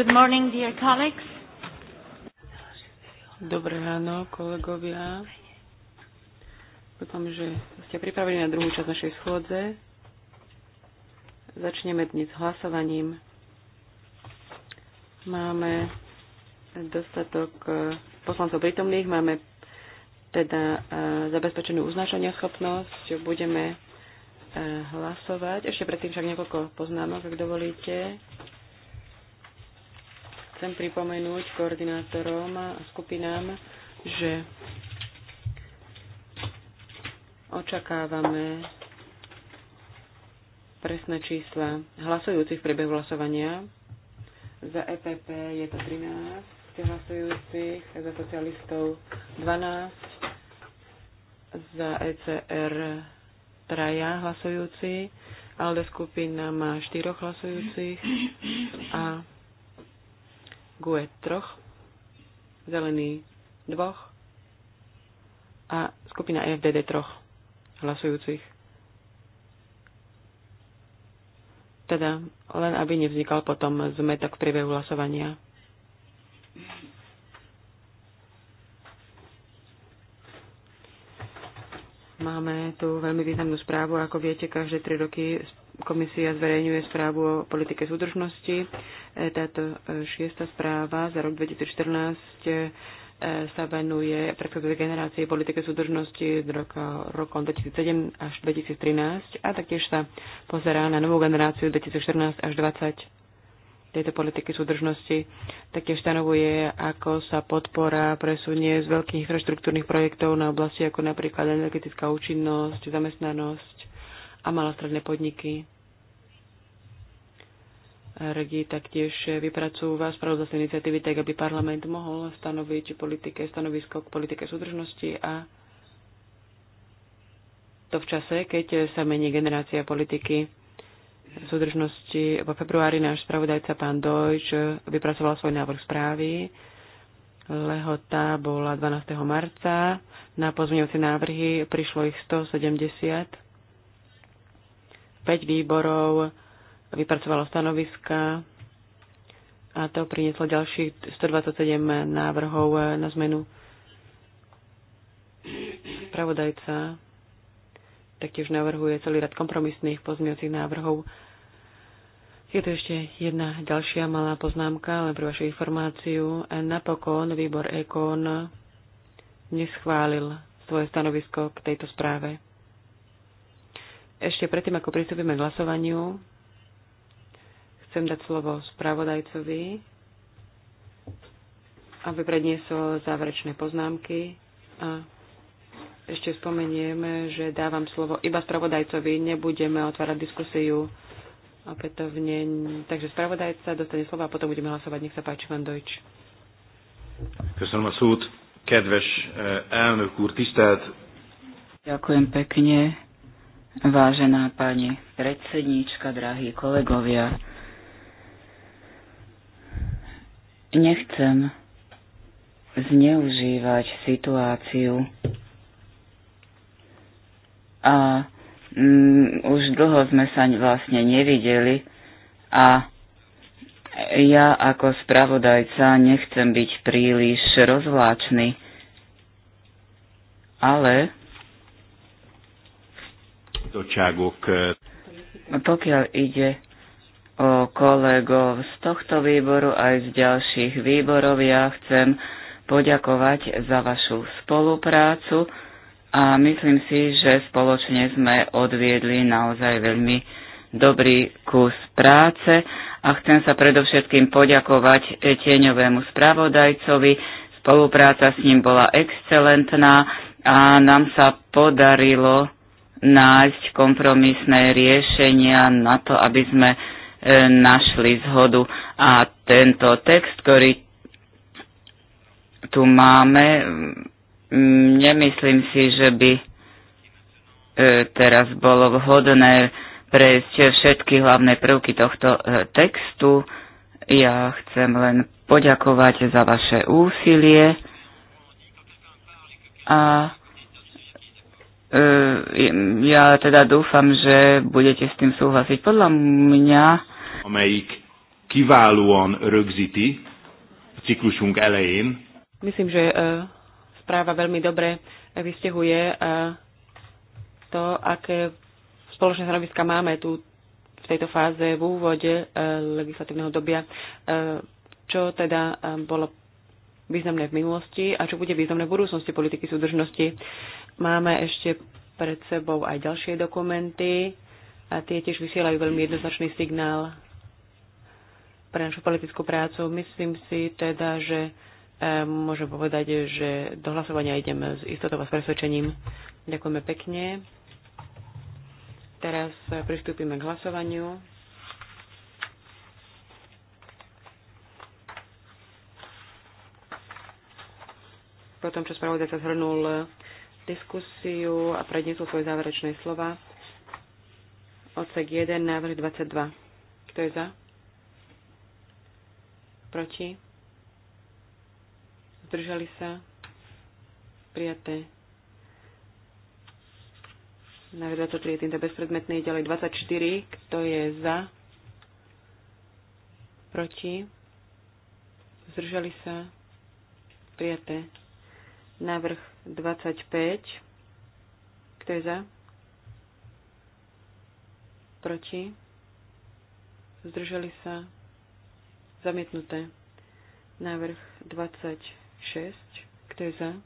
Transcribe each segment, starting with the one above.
Good morning, dear colleagues. Dobré ráno, kolegovia. Dúfam, že ste pripravili na druhú časť našej schôdze. Začneme dnes hlasovaním. Máme dostatok eh, poslancov prítomných, máme teda eh, zabezpečenú uznášania schopnosť. Budeme eh, hlasovať. Ešte predtým však niekoľko poznámok, ak dovolíte. Chcem pripomenúť koordinátorom a skupinám, že očakávame presné čísla hlasujúcich v priebehu hlasovania. Za EPP je to 13 hlasujúcich, za socialistov 12, za ECR traja hlasujúci, ALDE skupina má 4 hlasujúcich a GUE troch, zelený dvoch a skupina e FDD troch hlasujúcich. Teda len aby nevznikal potom zmetok v priebehu hlasovania. Máme tu veľmi významnú správu. Ako viete, každé tri roky komisia zverejňuje správu o politike súdržnosti. E, táto e, šiesta správa za rok 2014 e, sa venuje predchádzajúcej generácie politike súdržnosti z roka, rokom 2007 až 2013 a taktiež sa pozerá na novú generáciu 2014 až 2020 tejto politiky súdržnosti. Taktiež stanovuje, ako sa podpora presunie z veľkých infraštruktúrnych projektov na oblasti ako napríklad energetická účinnosť, zamestnanosť a malostredné podniky regi taktiež vypracúva spravodajské iniciatívy tak, aby parlament mohol stanoviť politike, stanovisko k politike súdržnosti a to v čase, keď sa mení generácia politiky súdržnosti. Vo februári náš spravodajca pán Dojč vypracoval svoj návrh správy. Lehota bola 12. marca. Na pozmeňujúce návrhy prišlo ich 170. 5 výborov vypracovalo stanoviska a to prinieslo ďalších 127 návrhov na zmenu. Pravodajca taktiež navrhuje celý rad kompromisných pozmiacich návrhov. Je to ešte jedna ďalšia malá poznámka, len pre vašu informáciu. Napokon výbor EKON neschválil svoje stanovisko k tejto správe. Ešte predtým, ako pristúpime k hlasovaniu, Chcem dať slovo spravodajcovi, aby predniesol záverečné poznámky a ešte spomenieme, že dávam slovo iba spravodajcovi, nebudeme otvárať diskusiu opätovne. Takže spravodajca dostane slovo a potom budeme hlasovať. Nech sa páči, pán Dojč. Köszönöm a szót, kedves eh, elnök úr, tisztelt! Ďakujem pekne, vážená pani predsedníčka, drahí kolegovia. Nechcem zneužívať situáciu a mm, už dlho sme sa vlastne nevideli a ja ako spravodajca nechcem byť príliš rozvláčny, ale pokiaľ ide kolegov z tohto výboru aj z ďalších výborov. Ja chcem poďakovať za vašu spoluprácu a myslím si, že spoločne sme odviedli naozaj veľmi dobrý kus práce a chcem sa predovšetkým poďakovať tieňovému spravodajcovi. Spolupráca s ním bola excelentná a nám sa podarilo nájsť kompromisné riešenia na to, aby sme E, našli zhodu. A tento text, ktorý tu máme, nemyslím si, že by e, teraz bolo vhodné prejsť všetky hlavné prvky tohto e, textu. Ja chcem len poďakovať za vaše úsilie a ja teda dúfam, že budete s tým súhlasiť. Podľa mňa amelyik kiválóan rögzíti a ciklusunk elején. Myslím, že e, správa veľmi dobre e, vystihuje e, to, aké spoločné stanoviska máme tu v tejto fáze v úvode legislatívneho dobia, čo teda bolo významné v minulosti a čo bude významné v budúcnosti politiky súdržnosti. Máme ešte pred sebou aj ďalšie dokumenty a tie tiež vysielajú veľmi jednoznačný signál pre našu politickú prácu. Myslím si teda, že e, môžem povedať, že do hlasovania ideme s istotou a s presvedčením. Ďakujeme pekne. Teraz e, pristúpime k hlasovaniu. Potom, čo sa zhrnul diskusiu a predniesol svoje záverečné slova, odsek 1, návrh 22. Kto je za? proti, zdržali sa, prijaté. Na 23 je týmto bezpredmetný, ďalej 24, kto je za, proti, zdržali sa, prijaté. Návrh 25, kto je za, proti, zdržali sa, Zamietnuté. Návrh 26. Kto je za?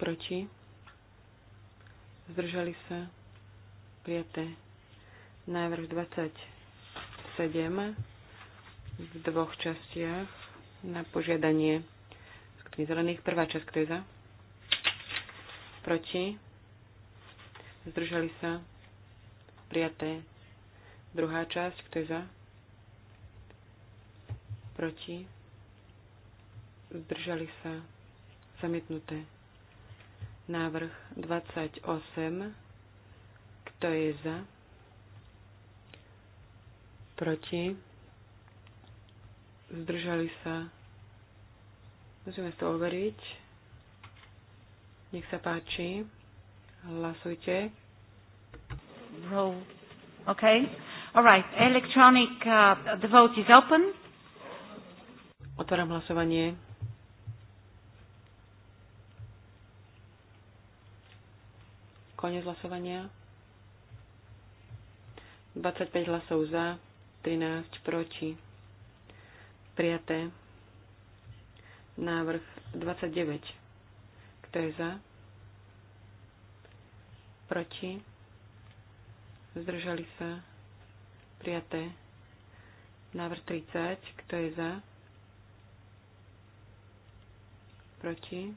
Proti? Zdržali sa? Prijaté. Návrh 27 v dvoch častiach na požiadanie skupiny zelených. Prvá časť, kto je za? Proti? Zdržali sa? Prijaté. Druhá časť, kto je za? proti, zdržali sa, zamietnuté. Návrh 28, kto je za, proti, zdržali sa, musíme to overiť, nech sa páči, hlasujte. Roll. Okay. All right. Electronic, uh, the vote is open. Otváram hlasovanie. Konec hlasovania. 25 hlasov za, 13 proti. Prijaté. Návrh 29. Kto je za? Proti? Zdržali sa? Prijaté. Návrh 30. Kto je za? proti,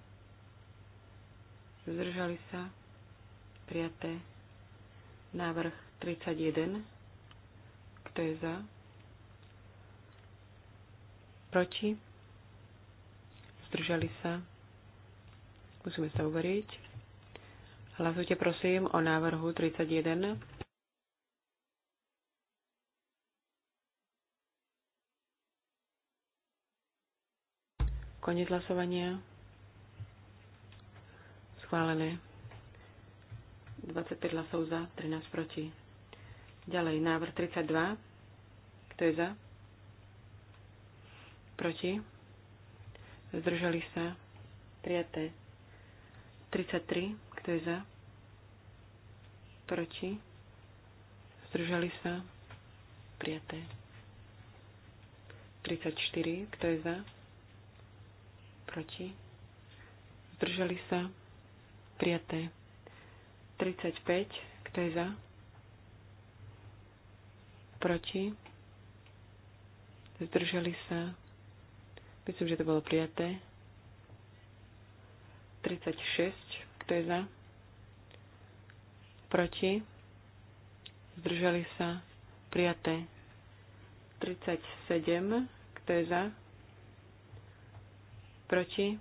zdržali sa, prijaté. Návrh 31, kto je za, proti, zdržali sa, musíme sa uveriť. Hlasujte prosím o návrhu 31. Konec hlasovania. Schválené. 25 hlasov za, 13 proti. Ďalej, návrh 32. Kto je za? Proti? Zdržali sa? Prijaté. 33. Kto je za? Proti? Zdržali sa? Prijaté. 34. Kto je za? Proti? Zdržali sa? Prijaté. 35. Kto je za? Proti? Zdržali sa? Myslím, že to bolo prijaté. 36. Kto je za? Proti? Zdržali sa? Prijaté. 37. Kto je za? Proti?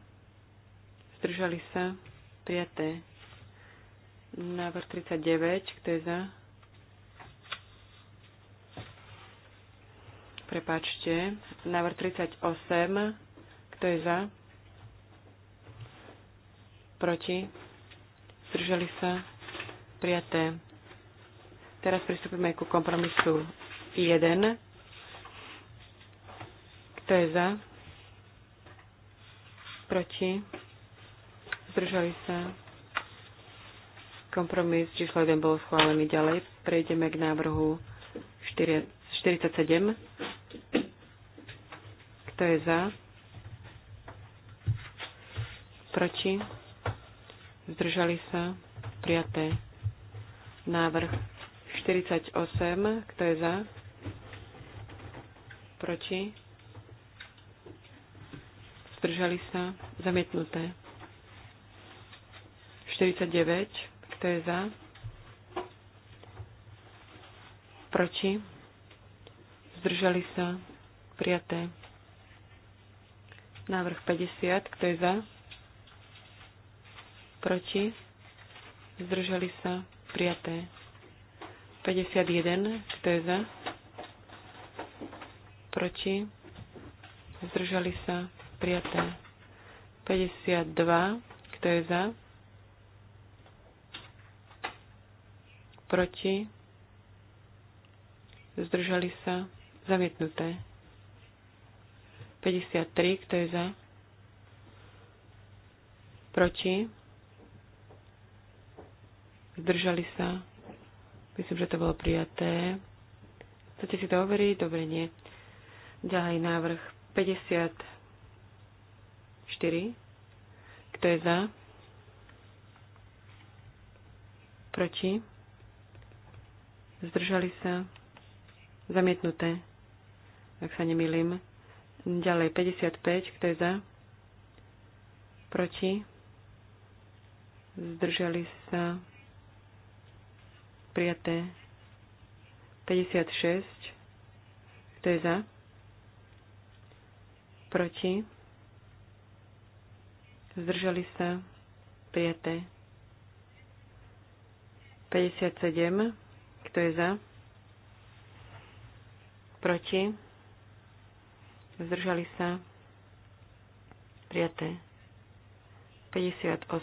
Zdržali sa? Prijaté. Návrh 39, kto je za? Prepačte. Návrh 38, kto je za? Proti? Zdržali sa? Prijaté. Teraz pristúpime ku kompromisu 1. Kto je za? Proti? Zdržali sa. Kompromis číslo 1 bol schválený ďalej. Prejdeme k návrhu 47. Kto je za? Proti? Zdržali sa? Prijaté. Návrh 48. Kto je za? Proti? Zdržali sa? Zamietnuté. 49. Kto je za? Proti? Zdržali sa? Prijaté. Návrh 50. Kto je za? Proti? Zdržali sa? Prijaté. 51. Kto je za? Proti? Zdržali sa? Prijaté. 52. Kto je za? proti, zdržali sa, zamietnuté. 53, kto je za, proti, zdržali sa, myslím, že to bolo prijaté. Chcete si to overiť? Dobre, nie. Ďalej návrh 54. Kto je za? Proti? zdržali sa, zamietnuté, ak sa nemýlim. Ďalej 55, kto je za, proti, zdržali sa, prijaté. 56, kto je za, proti, zdržali sa, prijaté. 57, kto je za? Proti? Zdržali sa? Prijaté. 58.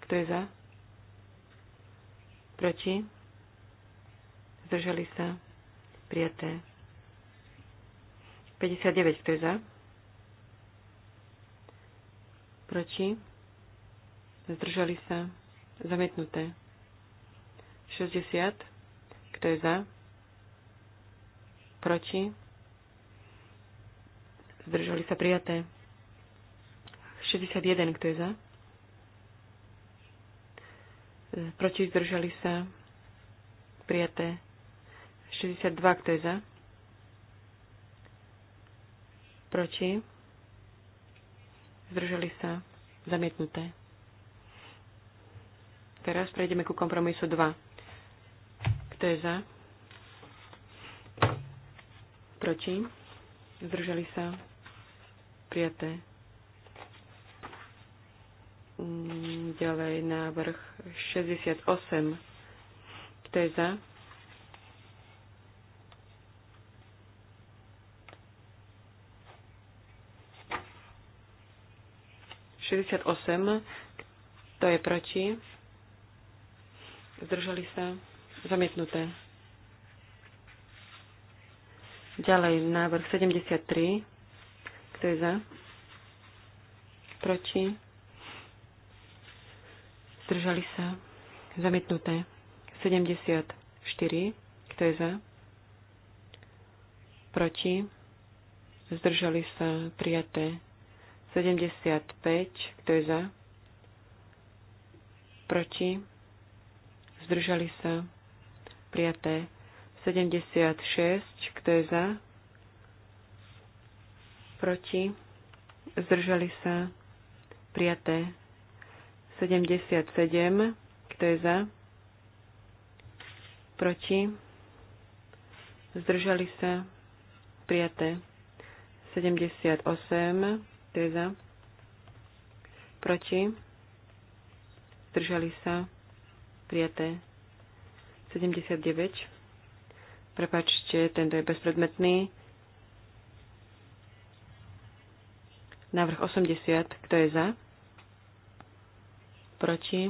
Kto je za? Proti? Zdržali sa? Prijaté. 59. Kto je za? Proti? Zdržali sa? Zamietnuté. 60 kto je za? Proti? Zdržali sa prijaté. 61, kto je za? Proti zdržali sa prijaté. 62, kto je za? Proti? Zdržali sa zamietnuté. Teraz prejdeme ku kompromisu 2. Kto je za? Proti? Zdržali sa? Prijaté. Mm, ďalej návrh 68. Kto je za? osem. Kto je proti? Zdržali sa? Zamietnuté. Ďalej návrh 73. Kto je za? Proti? Zdržali sa. Zamietnuté. 74. Kto je za? Proti? Zdržali sa. Prijaté. 75. Kto je za? Proti? Zdržali sa prijaté. 76, kto je za? Proti? Zdržali sa? Prijaté. 77, kto je za? Proti? Zdržali sa? Prijaté. 78, kto je za? Proti? Zdržali sa? Prijaté. 79. Prepačte, tento je bezpredmetný. Návrh 80. Kto je za? Proti?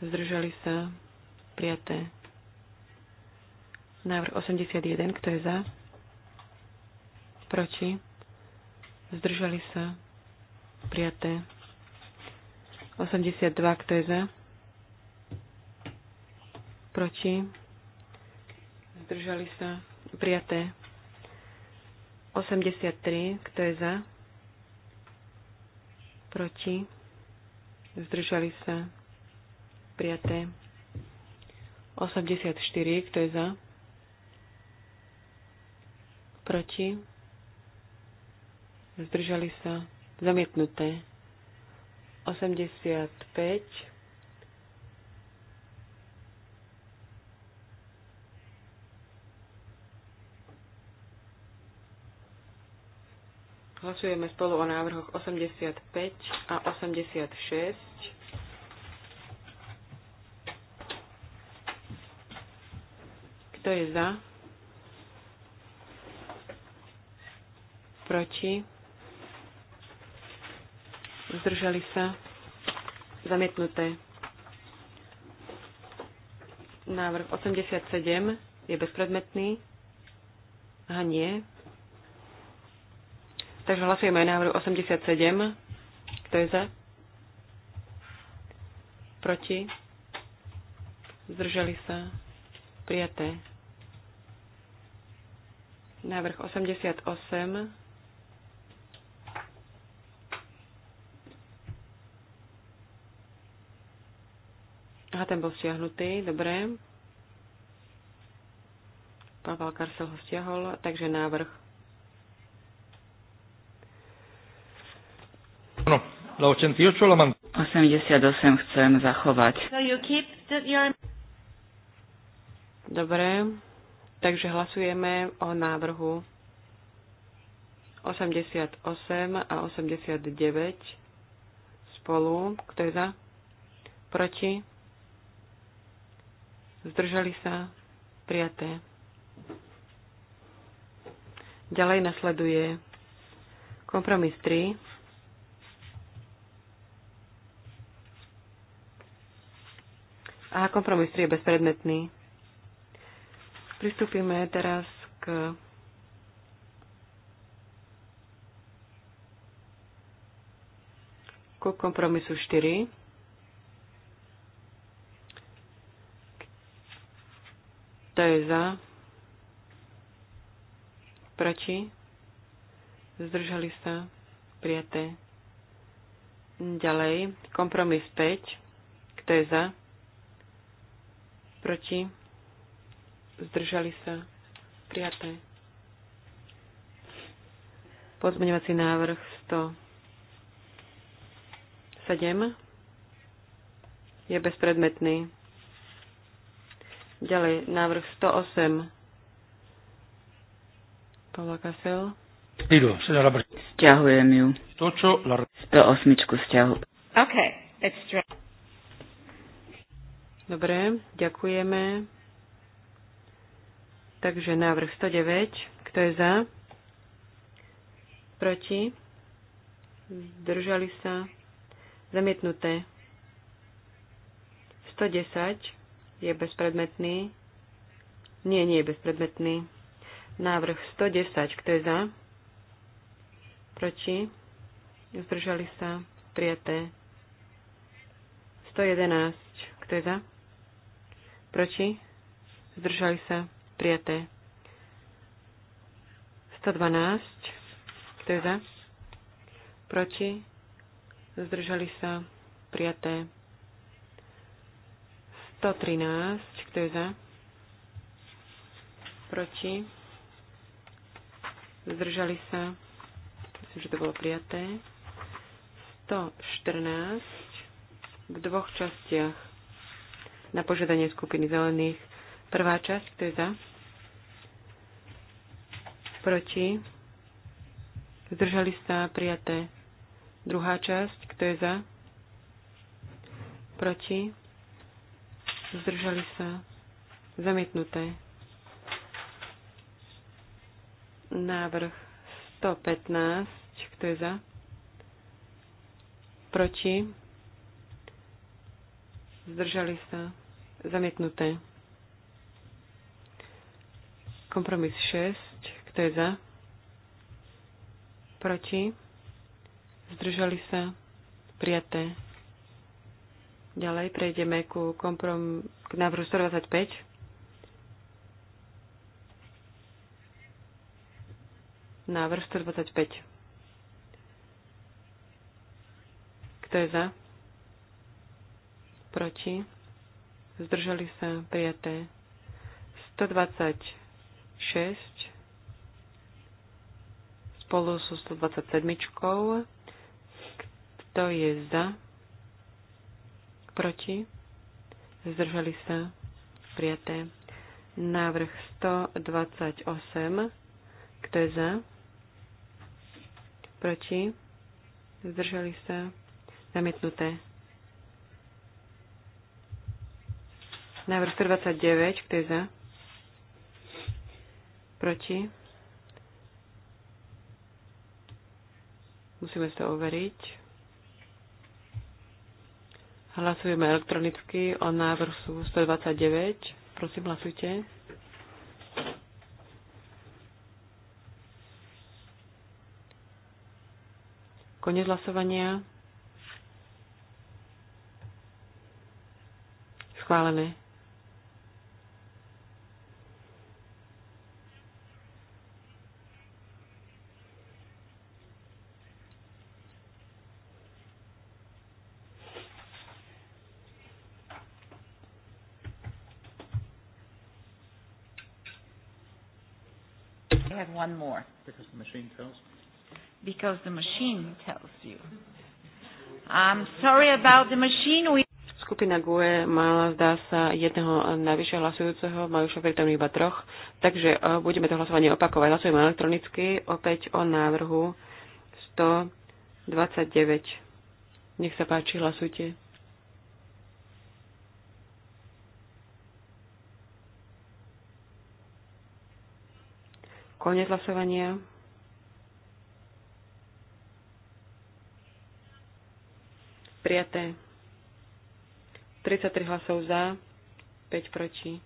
Zdržali sa? Prijaté. Návrh 81. Kto je za? Proti? Zdržali sa? Prijaté. 82. Kto je za? proti, zdržali sa, prijaté. 83, kto je za, proti, zdržali sa, prijaté. 84, kto je za, proti, zdržali sa, zamietnuté. 85, Hlasujeme spolu o návrhoch 85 a 86. Kto je za? Proti? Zdržali sa? Zamietnuté. Návrh 87 je bezpredmetný. A nie. Takže hlasujeme aj návrhu 87. Kto je za? Proti? Zdržali sa? Prijaté. Návrh 88. Aha, ten bol stiahnutý, dobre. Pavel Karsel ho stiahol, takže návrh 88 chcem zachovať. Dobre, takže hlasujeme o návrhu 88 a 89 spolu. Kto je za? Proti? Zdržali sa? Prijaté. Ďalej nasleduje kompromis 3. a kompromis 3 je bezpredmetný. Pristúpime teraz k ku kompromisu 4. To je za, proti, zdržali sa, prijaté. Ďalej, kompromis 5. Kto je za? proti, zdržali sa, prijaté. Pozmeňovací návrh 107 je bezpredmetný. Ďalej, návrh 108 Pavla Kasel. Stiahujem ju. 108 stiahu. OK, it's true. Dobre, ďakujeme. Takže návrh 109. Kto je za? Proti? Zdržali sa? Zamietnuté. 110 je bezpredmetný. Nie, nie je bezpredmetný. Návrh 110. Kto je za? Proti? Zdržali sa? Prijaté. 111. Kto je za? proti, zdržali sa, prijaté. 112, kto je za, proti, zdržali sa, prijaté. 113, kto je za, proti, zdržali sa, myslím, že to bolo prijaté. 114 v dvoch častiach na požiadanie skupiny zelených. Prvá časť, kto je za? Proti? Zdržali sa prijaté. Druhá časť, kto je za? Proti? Zdržali sa. Zamietnuté. Návrh 115, kto je za? Proti? Zdržali sa. Zamietnuté. Kompromis 6. Kto je za? Proti? Zdržali sa? Prijaté. Ďalej prejdeme ku komprom... k návrhu 125. Návrh 125. Kto je za? Proti? zdržali sa prijaté 126 spolu so 127. Kto je za? Proti? Zdržali sa prijaté návrh 128. Kto je za? Proti? Zdržali sa? Zamietnuté. vrch 129, kto je za? Proti? Musíme sa overiť. Hlasujeme elektronicky o návrhu 129. Prosím, hlasujte. Konec hlasovania. Schválené. I have one more. Because the machine tells me. Because the machine tells you. I'm sorry about the machine. We... Skupina GUE mala, zdá sa, jedného najvyššieho hlasujúceho, majú však pritom iba troch. Takže e, budeme to hlasovanie opakovať. Hlasujeme elektronicky, opäť o návrhu 129. Nech sa páči, hlasujte. Konec hlasovania. Prijaté. 33 hlasov za, 5 proti.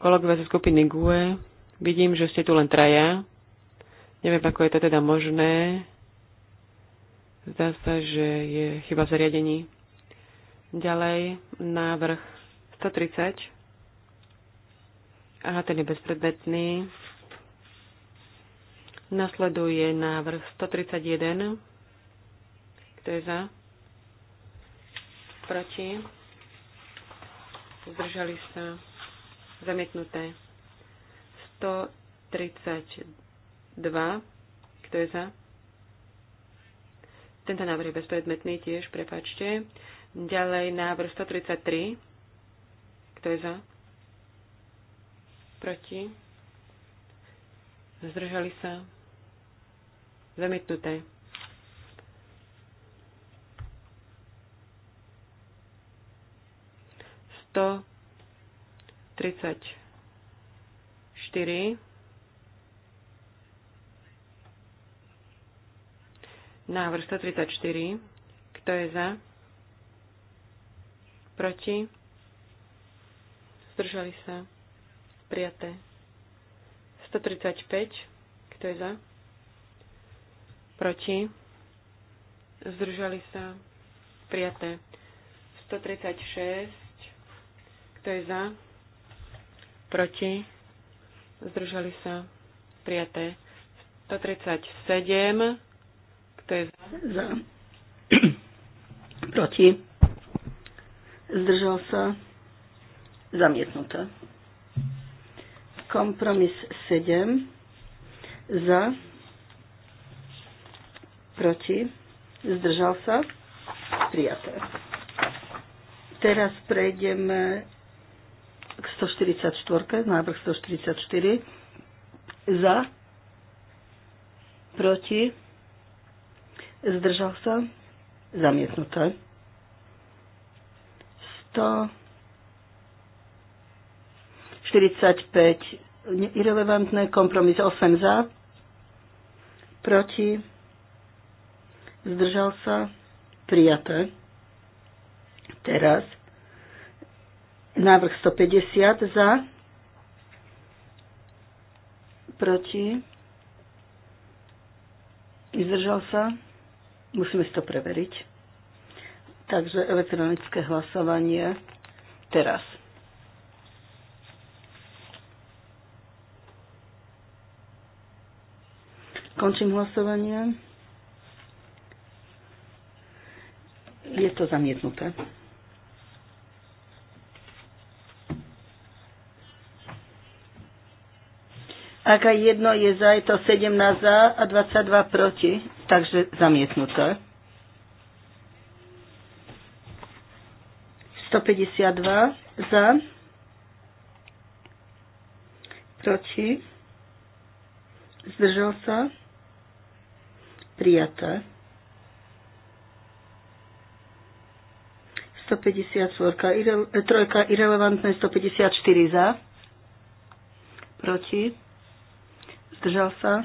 Kolegovia zo skupiny GUE, vidím, že ste tu len traja. Neviem, ako je to teda možné. Zdá sa, že je chyba v zariadení. Ďalej návrh 130. Aha, ten je bezpredmetný. Nasleduje návrh 131. Kto je za? Proti? Zdržali sa? Zamietnuté. 132. Kto je za? Tento návrh je bezpredmetný tiež, prepačte. Ďalej návrh 133. Kto je za? Proti? Zdržali sa? Zamietnuté. Sto tridsať štyri. Návrh 134. Kto je za? Proti? Zdržali sa? Prijaté. 135. Kto je za? Proti? Zdržali sa? Prijaté. 136. Kto je za? Proti? Zdržali sa? Prijaté. 137 kto je za? Proti? Zdržal sa? Zamietnuté. Kompromis 7. Za? Proti? Zdržal sa? Prijaté. Teraz prejdeme k 144, návrh 144. Za? Proti? zdržal sa, zamietnuté. 145 irrelevantné, kompromis 8 za, proti, zdržal sa, prijaté. Teraz návrh 150 za, proti, zdržal sa, Musíme si to preveriť. Takže elektronické hlasovanie teraz. Končím hlasovanie. Je to zamietnuté. Ak aj jedno je za, je to 17 za a 22 proti, takže zamietnuté. 152 za, proti, zdržal sa, prijaté. 154, trojka irrelevantné, 154 za, proti, zdržal sa,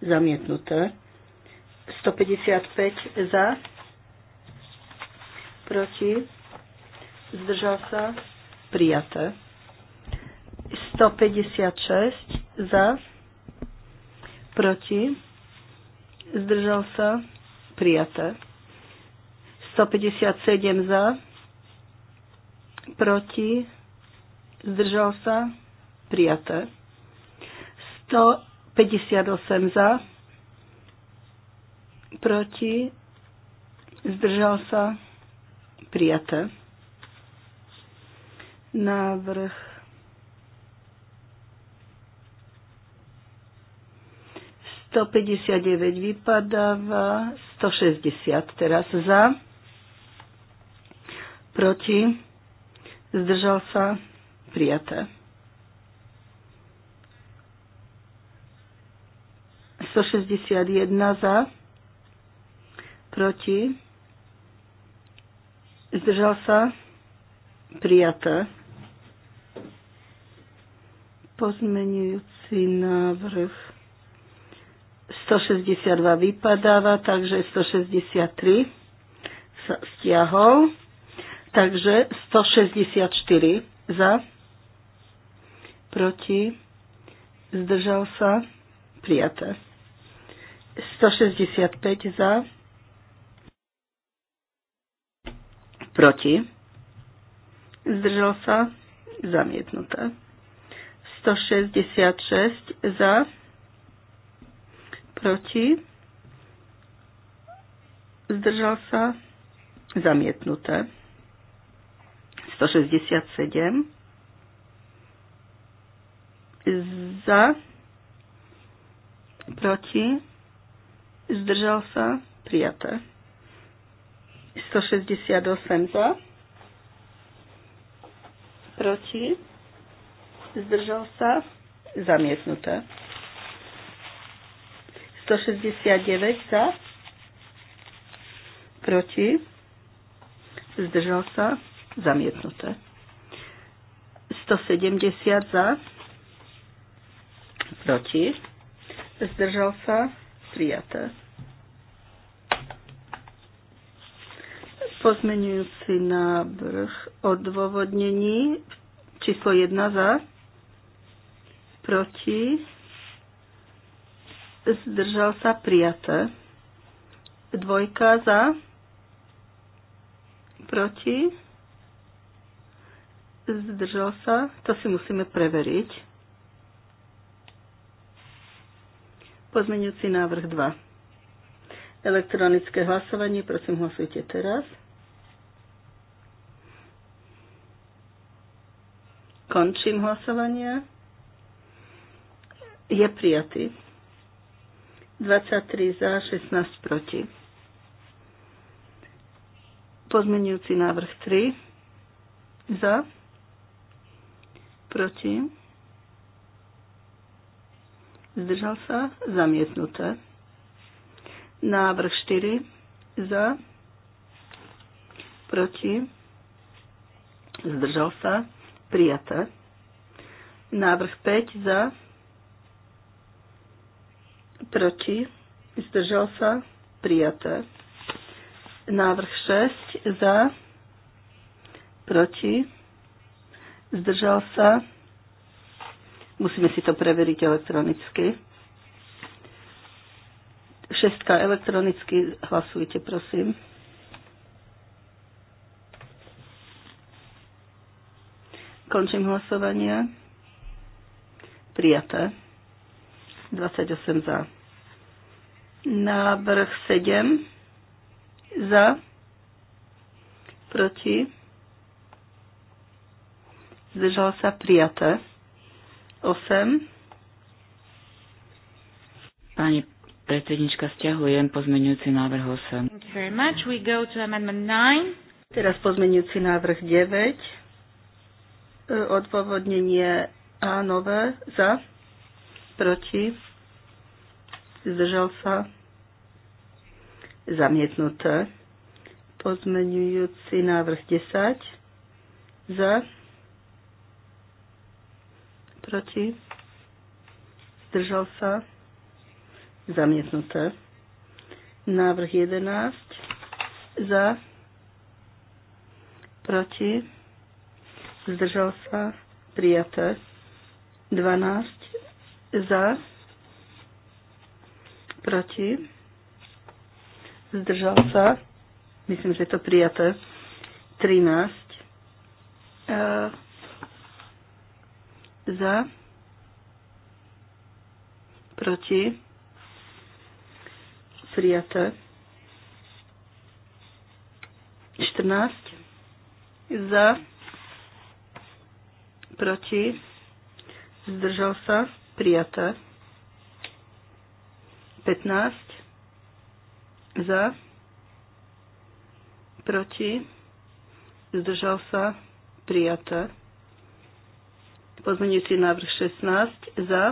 zamietnuté. 155 za, proti, zdržal sa, prijaté. 156 za, proti, zdržal sa, prijaté. 157 za, proti, zdržal sa, prijaté. 158 za, proti, zdržal sa, prijaté. Návrh 159 vypadáva, 160 teraz za, proti, zdržal sa, prijaté. 161 za, proti, zdržal sa, prijaté. Pozmenujúci návrh 162 vypadáva, takže 163 sa stiahol, takže 164 za, proti, zdržal sa, prijaté. 165 za, proti, zdržal sa, zamietnuté. 166 za, proti, zdržal sa, zamietnuté. 167 za, proti, zdržal sa, prijaté. 168 za, proti, zdržal sa, zamietnuté. 169 za, proti, zdržal sa, zamietnuté. 170 za, proti, zdržal sa, prijaté. Pozmenujúci návrh odôvodnení číslo 1 za, proti, zdržal sa prijaté. Dvojka za, proti, zdržal sa, to si musíme preveriť. Pozmeňujúci návrh 2. Elektronické hlasovanie, prosím, hlasujte teraz. Končím hlasovanie. Je prijatý. 23 za, 16 proti. Pozmeňujúci návrh 3 za, proti zdržal sa, zamietnuté. Návrh 4, za, proti, zdržal sa, prijaté. Návrh 5, za, proti, zdržal sa, prijaté. Návrh 6, za, proti, zdržal sa, prijaté Musíme si to preveriť elektronicky. Šestka elektronicky. Hlasujte, prosím. Končím hlasovanie. Prijaté. 28 za. Návrh 7 za. Proti. Zdržal sa prijaté. 8. Pani predsednička, stiahujem pozmeňujúci návrh 8. Thank you very much. We go to amendment 9. Teraz pozmeňujúci návrh 9. E, Odpovodnenie A nové za, proti, zdržal sa, zamietnuté. Pozmeňujúci návrh 10 za, proti, zdržal sa, zamietnuté. Návrh 11, za, proti, zdržal sa, prijaté. 12, za, proti, zdržal sa, myslím, že je to prijaté. 13, e za, proti, prijaté. 14 za, proti, zdržal sa, prijaté. 15 za, proti, zdržal sa, prijaté. Pozmeňujúci návrh 16 za.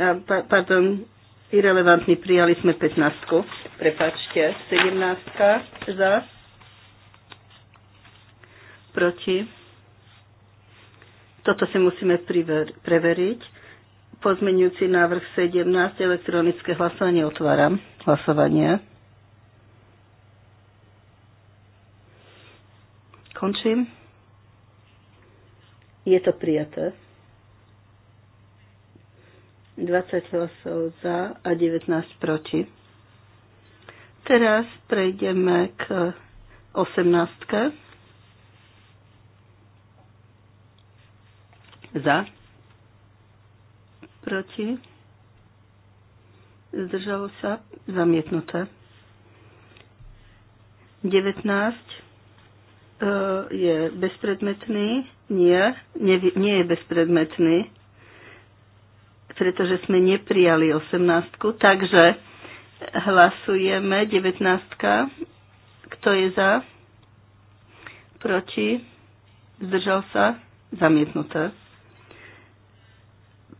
A, pa, pardon, irrelevantný, prijali sme 15. Prepačte, 17 za. Proti. Toto si musíme priver- preveriť. Pozmeňujúci návrh 17, elektronické hlasovanie otváram. Hlasovanie. Končím. Je to prijaté. 20 hlasov za a 19 proti. Teraz prejdeme k 18. Za. Proti. Zdržalo sa. Zamietnuté. 19. E, je bezpredmetný? Nie, nie, nie je bezpredmetný, pretože sme neprijali 18. Takže hlasujeme 19. Kto je za? Proti? Zdržal sa? Zamietnuté.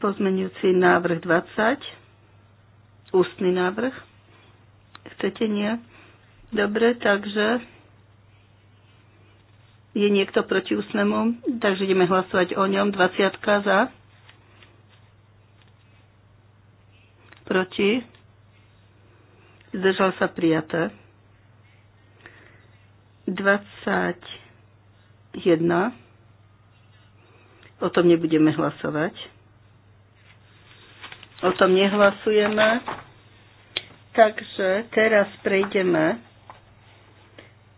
Pozmenujúci návrh 20. Ústny návrh. Chcete nie? Dobre, takže je niekto proti úsmemu? Takže ideme hlasovať o ňom. 20 za. Proti. Zdržal sa prijaté. 21. O tom nebudeme hlasovať. O tom nehlasujeme. Takže teraz prejdeme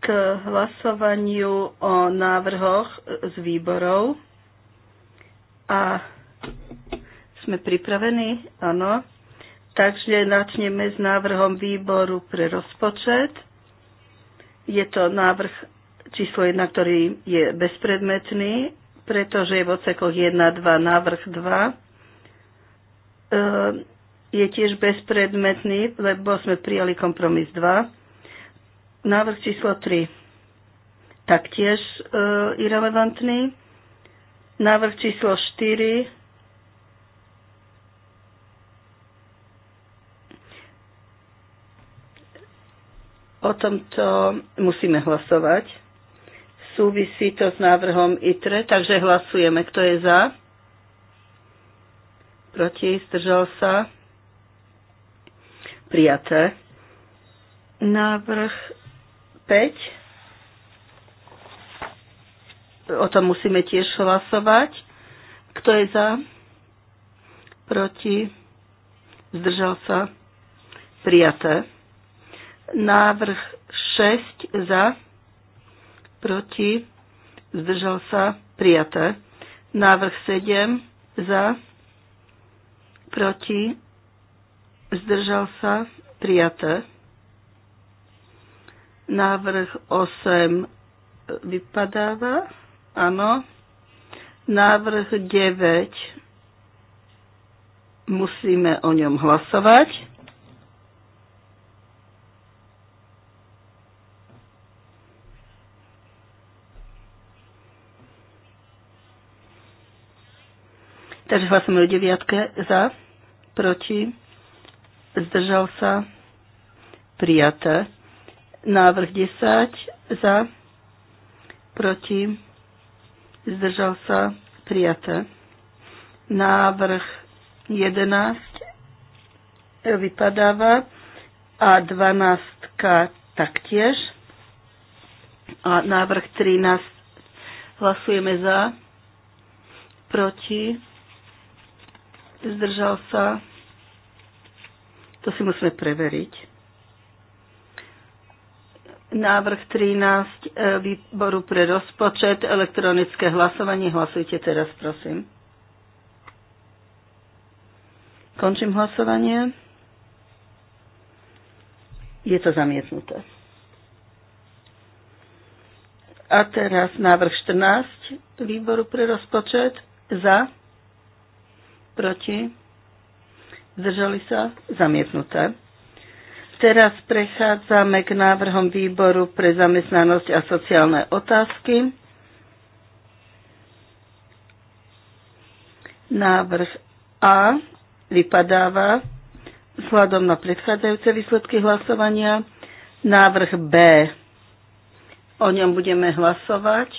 k hlasovaniu o návrhoch z výborov. A sme pripravení? Áno. Takže načneme s návrhom výboru pre rozpočet. Je to návrh číslo 1, ktorý je bezpredmetný, pretože je v ocekoch 1, 2, návrh 2. Ehm, je tiež bezpredmetný, lebo sme prijali kompromis 2. Návrh číslo 3. Taktiež e, irrelevantný. Návrh číslo 4. O tomto musíme hlasovať. Súvisí to s návrhom ITRE, takže hlasujeme. Kto je za? Proti? Zdržal sa? Prijaté. Návrh O tom musíme tiež hlasovať. Kto je za? Proti? Zdržal sa? Prijaté. Návrh 6 za? Proti? Zdržal sa? Prijaté. Návrh 7 za? Proti? Zdržal sa? Prijaté. Návrh 8 vypadáva. Áno. Návrh 9 musíme o ňom hlasovať. Takže hlasujeme o deviatke za, proti, zdržal sa, prijaté. Návrh 10 za, proti, zdržal sa, prijaté. Návrh 11 vypadáva a 12 taktiež. A návrh 13 hlasujeme za, proti, zdržal sa. To si musíme preveriť. Návrh 13 e, výboru pre rozpočet, elektronické hlasovanie. Hlasujte teraz, prosím. Končím hlasovanie. Je to zamietnuté. A teraz návrh 14 výboru pre rozpočet. Za. Proti. Zdržali sa. Zamietnuté. Teraz prechádzame k návrhom výboru pre zamestnanosť a sociálne otázky. Návrh A vypadáva vzhľadom na predchádzajúce výsledky hlasovania. Návrh B. O ňom budeme hlasovať.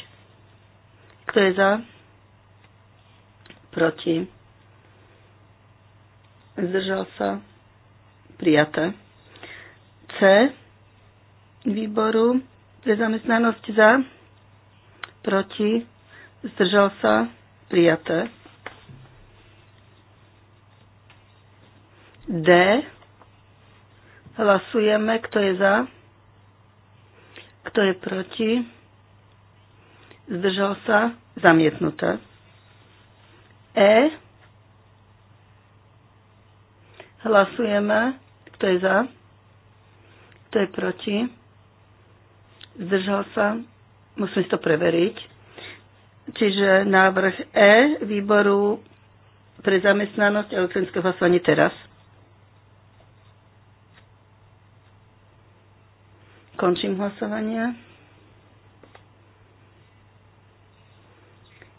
Kto je za? Proti. Zdržal sa. Prijaté. C výboru pre zamestnanosť za, proti, zdržal sa, prijaté. D. Hlasujeme, kto je za, kto je proti, zdržal sa, zamietnuté. E. Hlasujeme, kto je za, to je proti? Zdržal sa? Musím si to preveriť. Čiže návrh E výboru pre zamestnanosť a občianske hlasovanie teraz. Končím hlasovanie.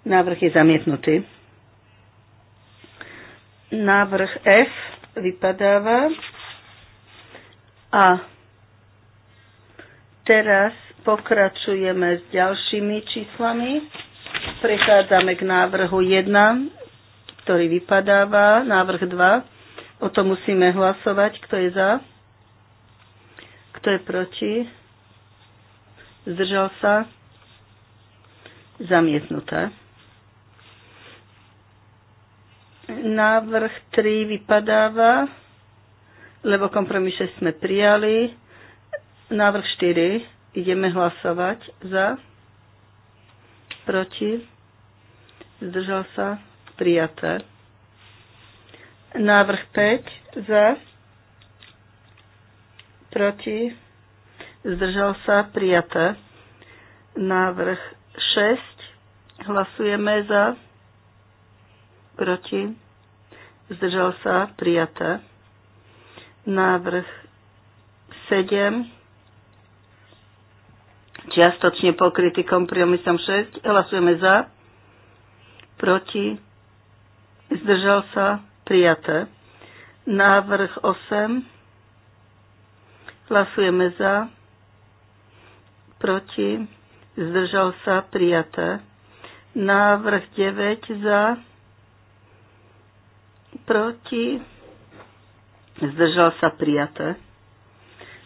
Návrh je zamietnutý. Návrh F vypadáva a Teraz pokračujeme s ďalšími číslami. Prechádzame k návrhu 1, ktorý vypadáva, návrh 2. O tom musíme hlasovať. Kto je za? Kto je proti? Zdržal sa? Zamietnuté. Návrh 3 vypadáva, lebo kompromise sme prijali. Návrh 4. Ideme hlasovať za, proti, zdržal sa, prijaté. Návrh 5. Za, proti, zdržal sa, prijaté. Návrh 6. Hlasujeme za, proti, zdržal sa, prijaté. Návrh 7 čiastočne pokrytý kompromisom 6. Hlasujeme za, proti, zdržal sa, prijaté. Návrh 8. Hlasujeme za, proti, zdržal sa, prijaté. Návrh 9 za, proti, zdržal sa, prijaté.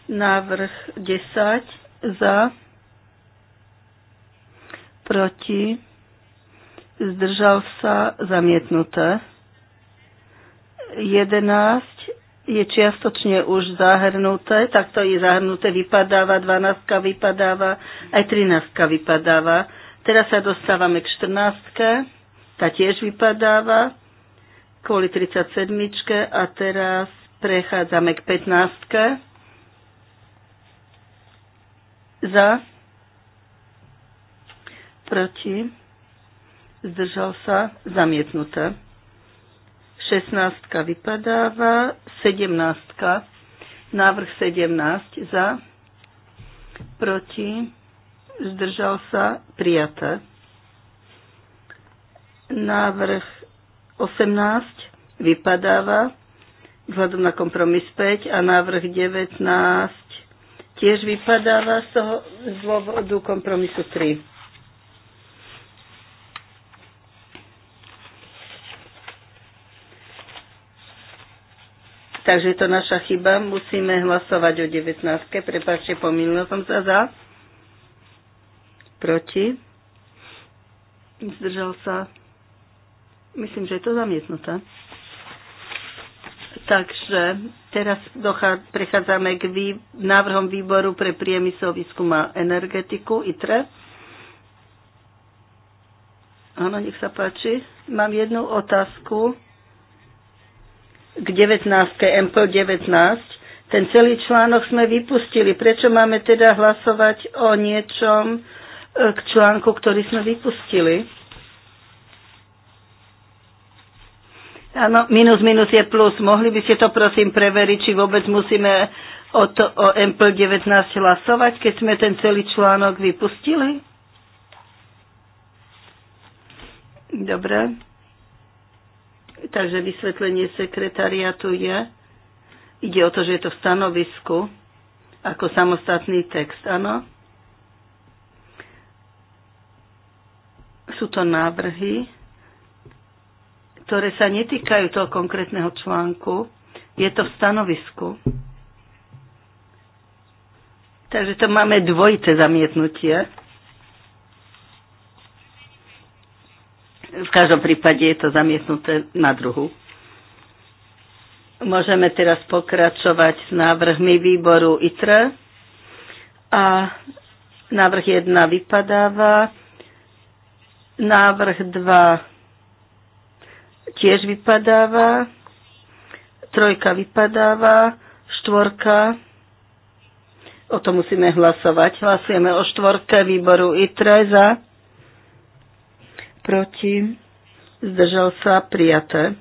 Návrh 10 za, proti, zdržal sa, zamietnuté. 11 je čiastočne už zahrnuté, tak to je zahrnuté, vypadáva, 12 vypadáva, aj 13 vypadáva. Teraz sa dostávame k 14, tá tiež vypadáva, kvôli 37 a teraz prechádzame k 15. Za proti, zdržal sa, zamietnuté. 16 vypadáva, 17, návrh 17 za, proti, zdržal sa, prijaté. Návrh 18 vypadáva, vzhľadom na kompromis 5 a návrh 19 tiež vypadáva z toho dôvodu kompromisu 3. Takže je to naša chyba. Musíme hlasovať o 19. Prepačte, pomýlila som sa za. Proti. Zdržal sa. Myslím, že je to zamietnuté. Takže teraz prechádzame k vý, návrhom výboru pre priemysel, výskum a energetiku ITRE. Áno, nech sa páči. Mám jednu otázku k 19. MPL 19. Ten celý článok sme vypustili. Prečo máme teda hlasovať o niečom e, k článku, ktorý sme vypustili? Áno, minus minus je plus. Mohli by ste to prosím preveriť, či vôbec musíme o, to, o mp 19 hlasovať, keď sme ten celý článok vypustili? Dobre. Takže vysvetlenie sekretariatu je, ide o to, že je to v stanovisku ako samostatný text, áno? Sú to návrhy, ktoré sa netýkajú toho konkrétneho článku. Je to v stanovisku. Takže to máme dvojité zamietnutie. V každom prípade je to zamietnuté na druhu. Môžeme teraz pokračovať s návrhmi výboru ITRE. A návrh 1 vypadáva, návrh 2 tiež vypadáva, trojka vypadáva, štvorka, o to musíme hlasovať. Hlasujeme o štvorke výboru ITRE za proti, zdržal sa, prijaté.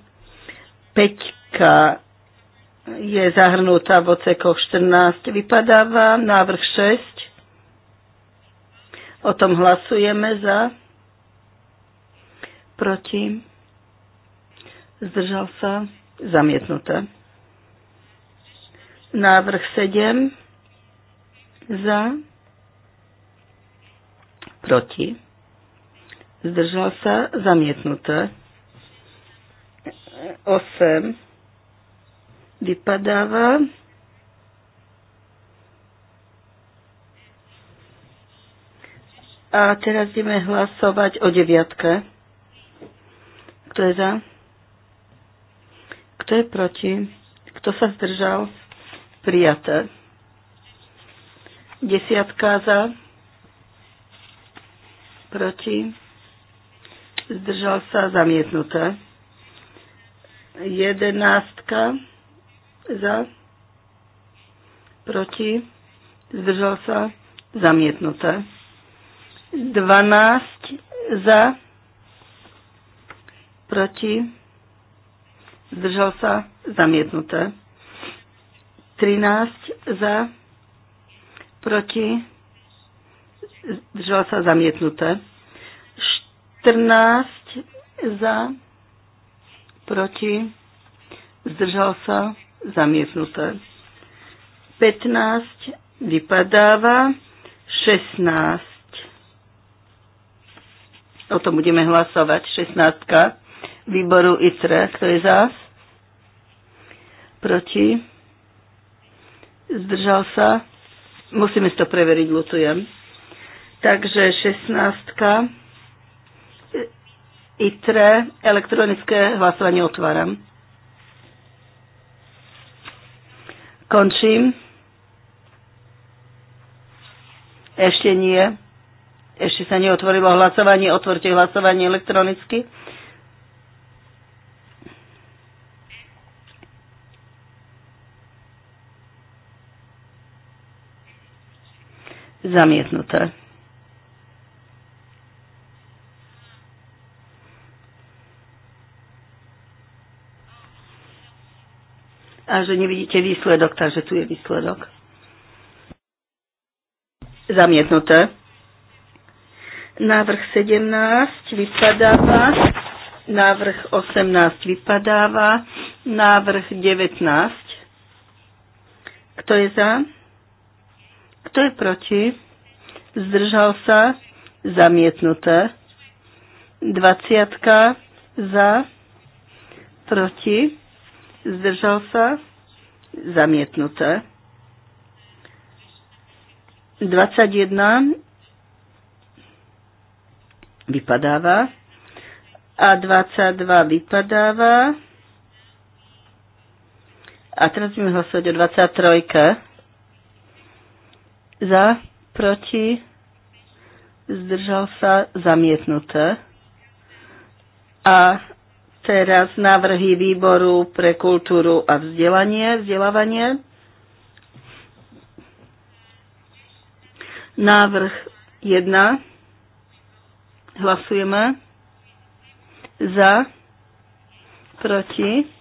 Peťka je zahrnutá v ocekoch 14, vypadáva návrh 6. O tom hlasujeme za, proti, zdržal sa, zamietnuté. Návrh 7 za, proti, zdržal sa, zamietnuté. 8 vypadáva. A teraz ideme hlasovať o deviatke. Kto je za? Kto je proti? Kto sa zdržal? Prijaté. Desiatka za. Proti zdržal sa, zamietnuté. Jedenáctka za, proti, zdržal sa, zamietnuté. Dvanáct za, proti, zdržal sa, zamietnuté. Trináct za, proti, zdržal sa, zamietnuté. 14 za, proti, zdržal sa, zamietnuté. 15 vypadáva, 16. O tom budeme hlasovať, 16. Výboru ITRE, kto je za? Proti? Zdržal sa? Musíme si to preveriť, lutujem. Takže 16. ITRE, elektronické hlasovanie otváram. Končím. Ešte nie. Ešte sa neotvorilo hlasovanie. Otvorte hlasovanie elektronicky. Zamietnuté. a že nevidíte výsledok, takže tu je výsledok. Zamietnuté. Návrh 17 vypadáva, návrh 18 vypadáva, návrh 19. Kto je za? Kto je proti? Zdržal sa? Zamietnuté. 20 za, proti, zdržal sa, zamietnuté. 21 vypadáva a 22 vypadáva. A teraz budeme hlasovať o 23. Za, proti, zdržal sa, zamietnuté. A Teraz návrhy výboru pre kultúru a vzdelanie, vzdelávanie. Návrh 1. Hlasujeme. Za. Proti.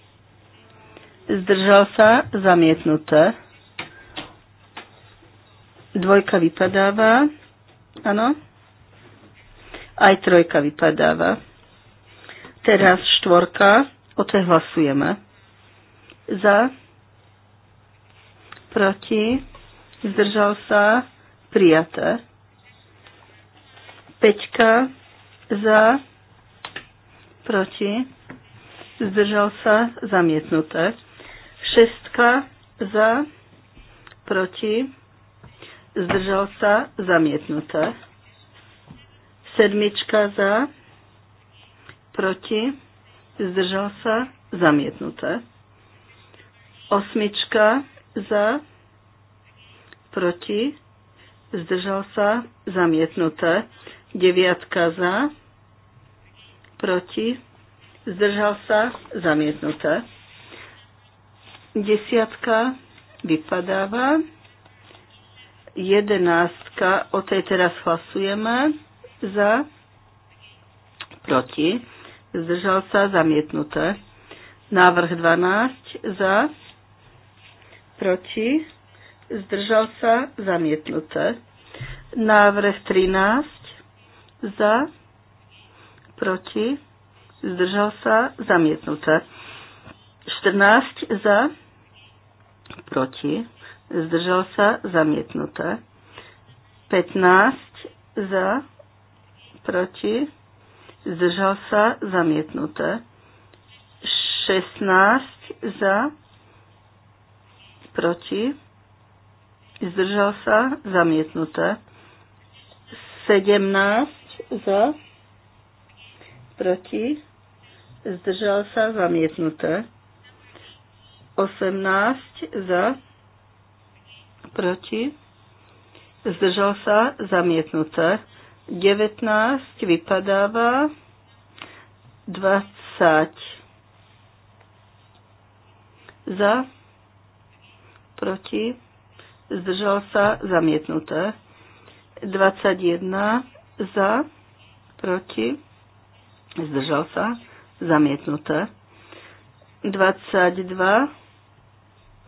Zdržal sa. Zamietnuté. Dvojka vypadáva. Áno. Aj trojka vypadáva. Teraz štvorka, o hlasujeme. Za, proti, zdržal sa, prijaté. Peťka, za, proti, zdržal sa, zamietnuté. Šestka, za, proti, zdržal sa, zamietnuté. Sedmička za, proti, zdržal sa, zamietnuté. Osmička za, proti, zdržal sa, zamietnuté. Deviatka za, proti, zdržal sa, zamietnuté. Desiatka vypadáva. Jedenáctka, o tej teraz hlasujeme, za, proti, zdržal sa, zamietnuté. Návrh 12 za, proti, zdržal sa, zamietnuté. Návrh 13 za, proti, zdržal sa, zamietnuté. 14 za, proti, zdržal sa, zamietnuté. 15 za, proti, zdržal sa, zamietnuté. 16 za, proti, zdržal sa, zamietnuté. 17 za, proti, zdržal sa, zamietnuté. 18 za, proti, zdržal sa, zamietnuté. 19 vypadáva. 20 za, proti, zdržal sa, zamietnuté. 21 za, proti, zdržal sa, zamietnuté. 22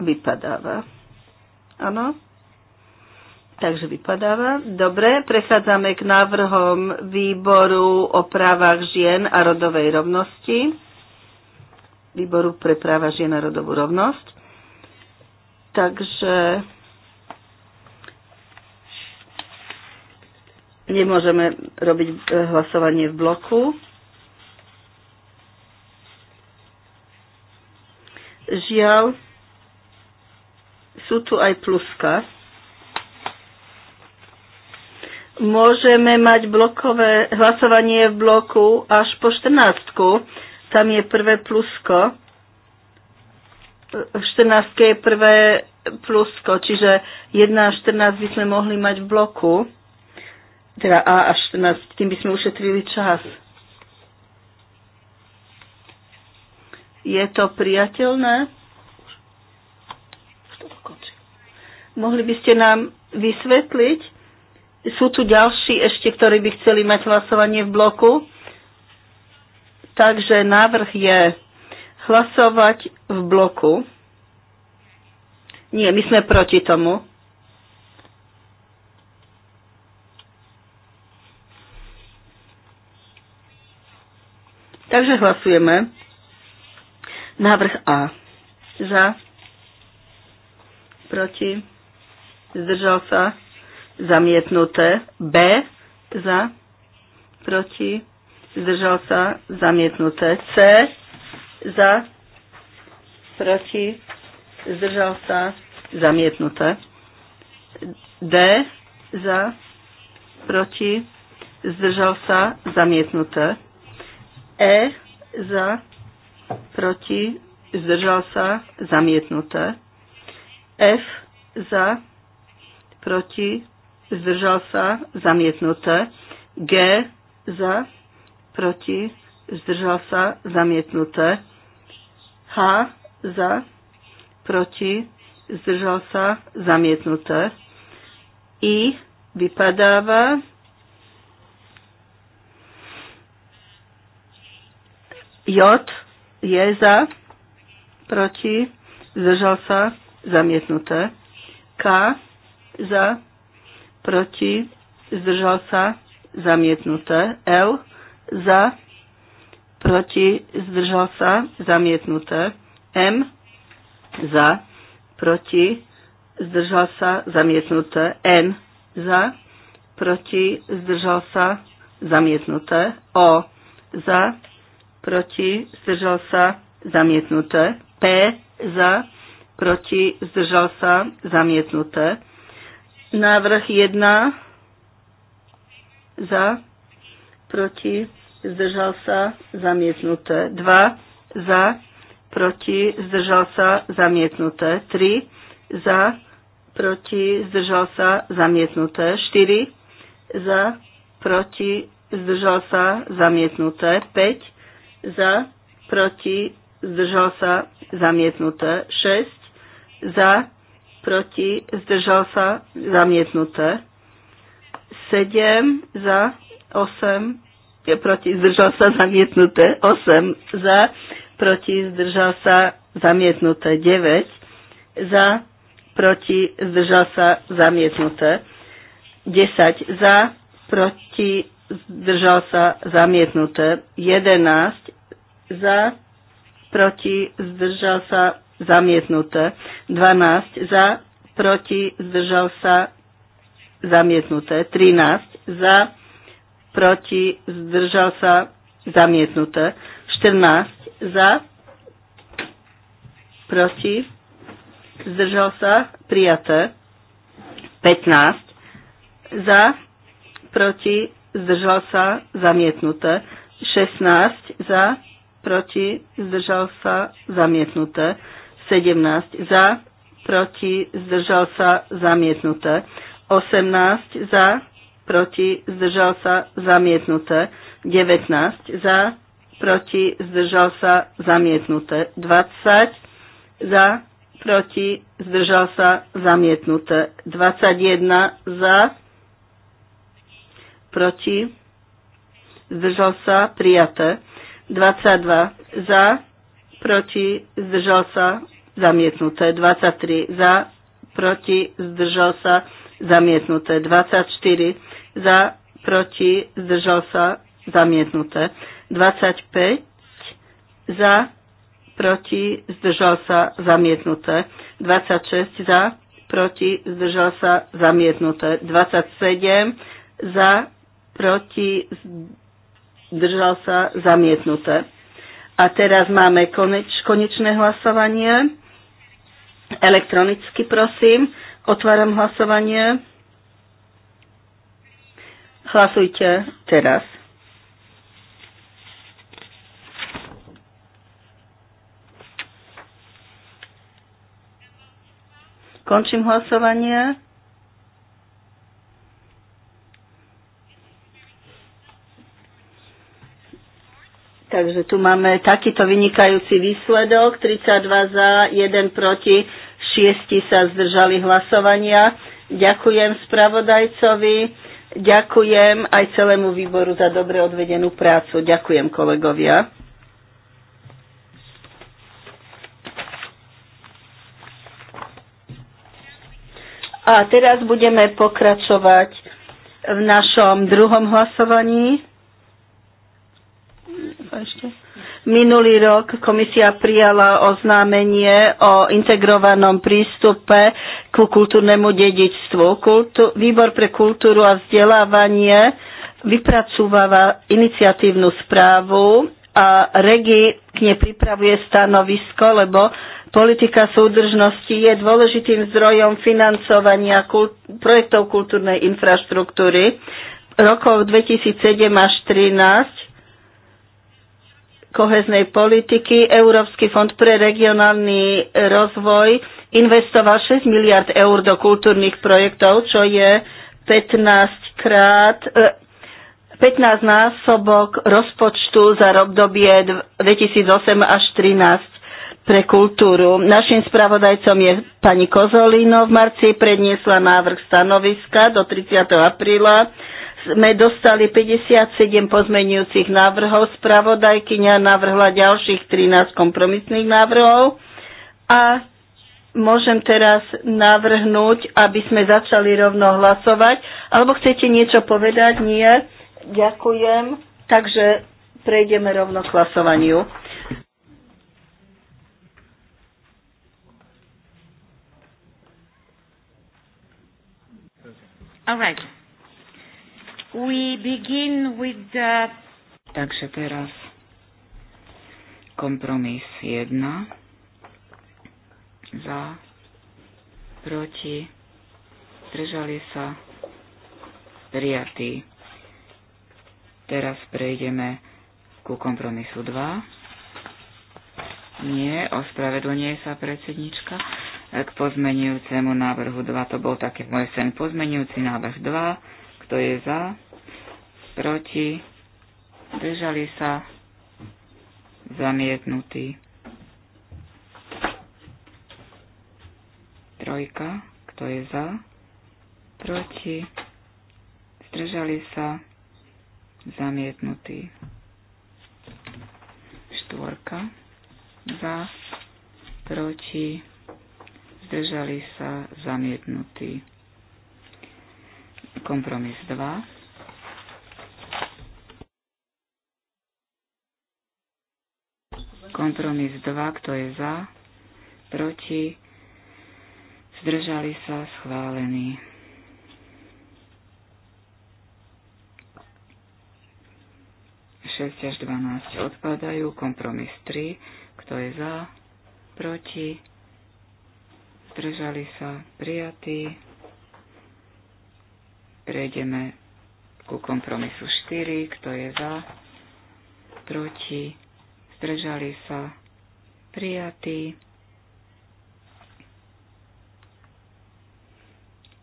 vypadáva. Áno. Takže vypadáva. Dobre, prechádzame k návrhom výboru o právach žien a rodovej rovnosti. Výboru pre práva žien a rodovú rovnosť. Takže nemôžeme robiť eh, hlasovanie v bloku. Žiaľ, sú tu aj pluska môžeme mať blokové hlasovanie v bloku až po 14. Tam je prvé plusko. V 14. je prvé plusko, čiže 1 až 14 by sme mohli mať v bloku. Teda A až 14, tým by sme ušetrili čas. Je to priateľné? Mohli by ste nám vysvetliť, sú tu ďalší ešte, ktorí by chceli mať hlasovanie v bloku? Takže návrh je hlasovať v bloku. Nie, my sme proti tomu. Takže hlasujeme. Návrh A. Za. Proti. Zdržal sa zamietnuté, B za, proti, zdržal sa, zamietnuté, C za, proti, zdržal sa, zamietnuté, D za, proti, zdržal sa, zamietnuté, E za, proti, zdržal sa, zamietnuté, F za, proti, zdržal sa, zamietnuté. G za, proti, zdržal sa, zamietnuté. H za, proti, zdržal sa, zamietnuté. I vypadáva. J je za, proti, zdržal sa, zamietnuté. K za, proti, zdržal sa, zamietnuté. L za, proti, zdržal sa, zamietnuté. M za, proti, zdržal sa, zamietnuté. N za, proti, zdržal sa, zamietnuté. O za, proti, zdržal sa, zamietnuté. P za, proti, zdržal sa, zamietnuté. Návrh 1 za, proti, zdržal sa, zamietnuté. 2 za, proti, zdržal sa, zamietnuté. 3 za, proti, zdržal sa, zamietnuté. 4 za, proti, zdržal sa, zamietnuté. 5 za, proti, zdržal sa, zamietnuté. 6 za, proti, zdržal sa, zamietnuté. 7 za, 8 proti, zdržal sa, zamietnuté. 8 za, proti, zdržal sa, zamietnuté. 9 za, proti, zdržal sa, zamietnuté. 10 za, proti, zdržal sa, zamietnuté. 11 za, proti, zdržal sa, zamietnuté. 12 za, proti, zdržal sa, zamietnuté. 13 za, proti, zdržal sa, zamietnuté. 14 za, proti, zdržal sa, prijaté. 15 za, proti, zdržal sa, zamietnuté. 16 za, proti, zdržal sa, zamietnuté. 17 za, proti, zdržal sa, zamietnuté. 18 za, proti, zdržal sa, zamietnuté. 19 za, proti, zdržal sa, zamietnuté. 20 za, proti, zdržal sa, zamietnuté. 21 za, proti, zdržal sa, prijaté. 22 za, proti, zdržal sa, zamietnuté 23 za, proti, zdržal sa, zamietnuté 24 za, proti, zdržal sa, zamietnuté 25 za, proti, zdržal sa, zamietnuté 26 za, proti, zdržal sa, zamietnuté 27 za, proti, zdržal sa, zamietnuté. A teraz máme koneč, konečné hlasovanie Elektronicky prosím. Otváram hlasovanie. Hlasujte teraz. Končím hlasovanie. Takže tu máme takýto vynikajúci výsledok. 32 za, 1 proti, 6 sa zdržali hlasovania. Ďakujem spravodajcovi, ďakujem aj celému výboru za dobre odvedenú prácu. Ďakujem kolegovia. A teraz budeme pokračovať v našom druhom hlasovaní ešte. Minulý rok komisia prijala oznámenie o integrovanom prístupe ku kultúrnemu dedičstvu. Kultu, výbor pre kultúru a vzdelávanie vypracúva iniciatívnu správu a regi k nej pripravuje stanovisko, lebo politika súdržnosti je dôležitým zdrojom financovania kult, projektov kultúrnej infraštruktúry. Rokov 2007 až 2013 koheznej politiky, Európsky fond pre regionálny rozvoj investoval 6 miliard eur do kultúrnych projektov, čo je 15 krát 15 e, násobok rozpočtu za obdobie 2008 až 2013 pre kultúru. Našim spravodajcom je pani Kozolino. V marci predniesla návrh stanoviska do 30. apríla sme dostali 57 pozmenujúcich návrhov, spravodajkyňa navrhla ďalších 13 kompromisných návrhov a môžem teraz navrhnúť, aby sme začali rovno hlasovať. Alebo chcete niečo povedať? Nie. Ďakujem. Takže prejdeme rovno k hlasovaniu. All right. We begin with the... Takže teraz kompromis 1 za, proti, držali sa, prijatý. Teraz prejdeme ku kompromisu 2. Nie, ospravedlňuje sa predsednička k pozmenujúcemu návrhu 2. To bol taký môj sen. Pozmenujúci návrh 2. Kto je za? proti, držali sa, zamietnutí. Trojka, kto je za, proti, zdržali sa, zamietnutí. Štvorka, za, proti, zdržali sa, zamietnutí. Kompromis 2 Kompromis 2, kto je za, proti, zdržali sa, schválený. Šesť až 12 odpadajú, kompromis 3, kto je za, proti, zdržali sa, prijatí, Prejdeme ku kompromisu 4, kto je za, proti, zdržali sa prijatí.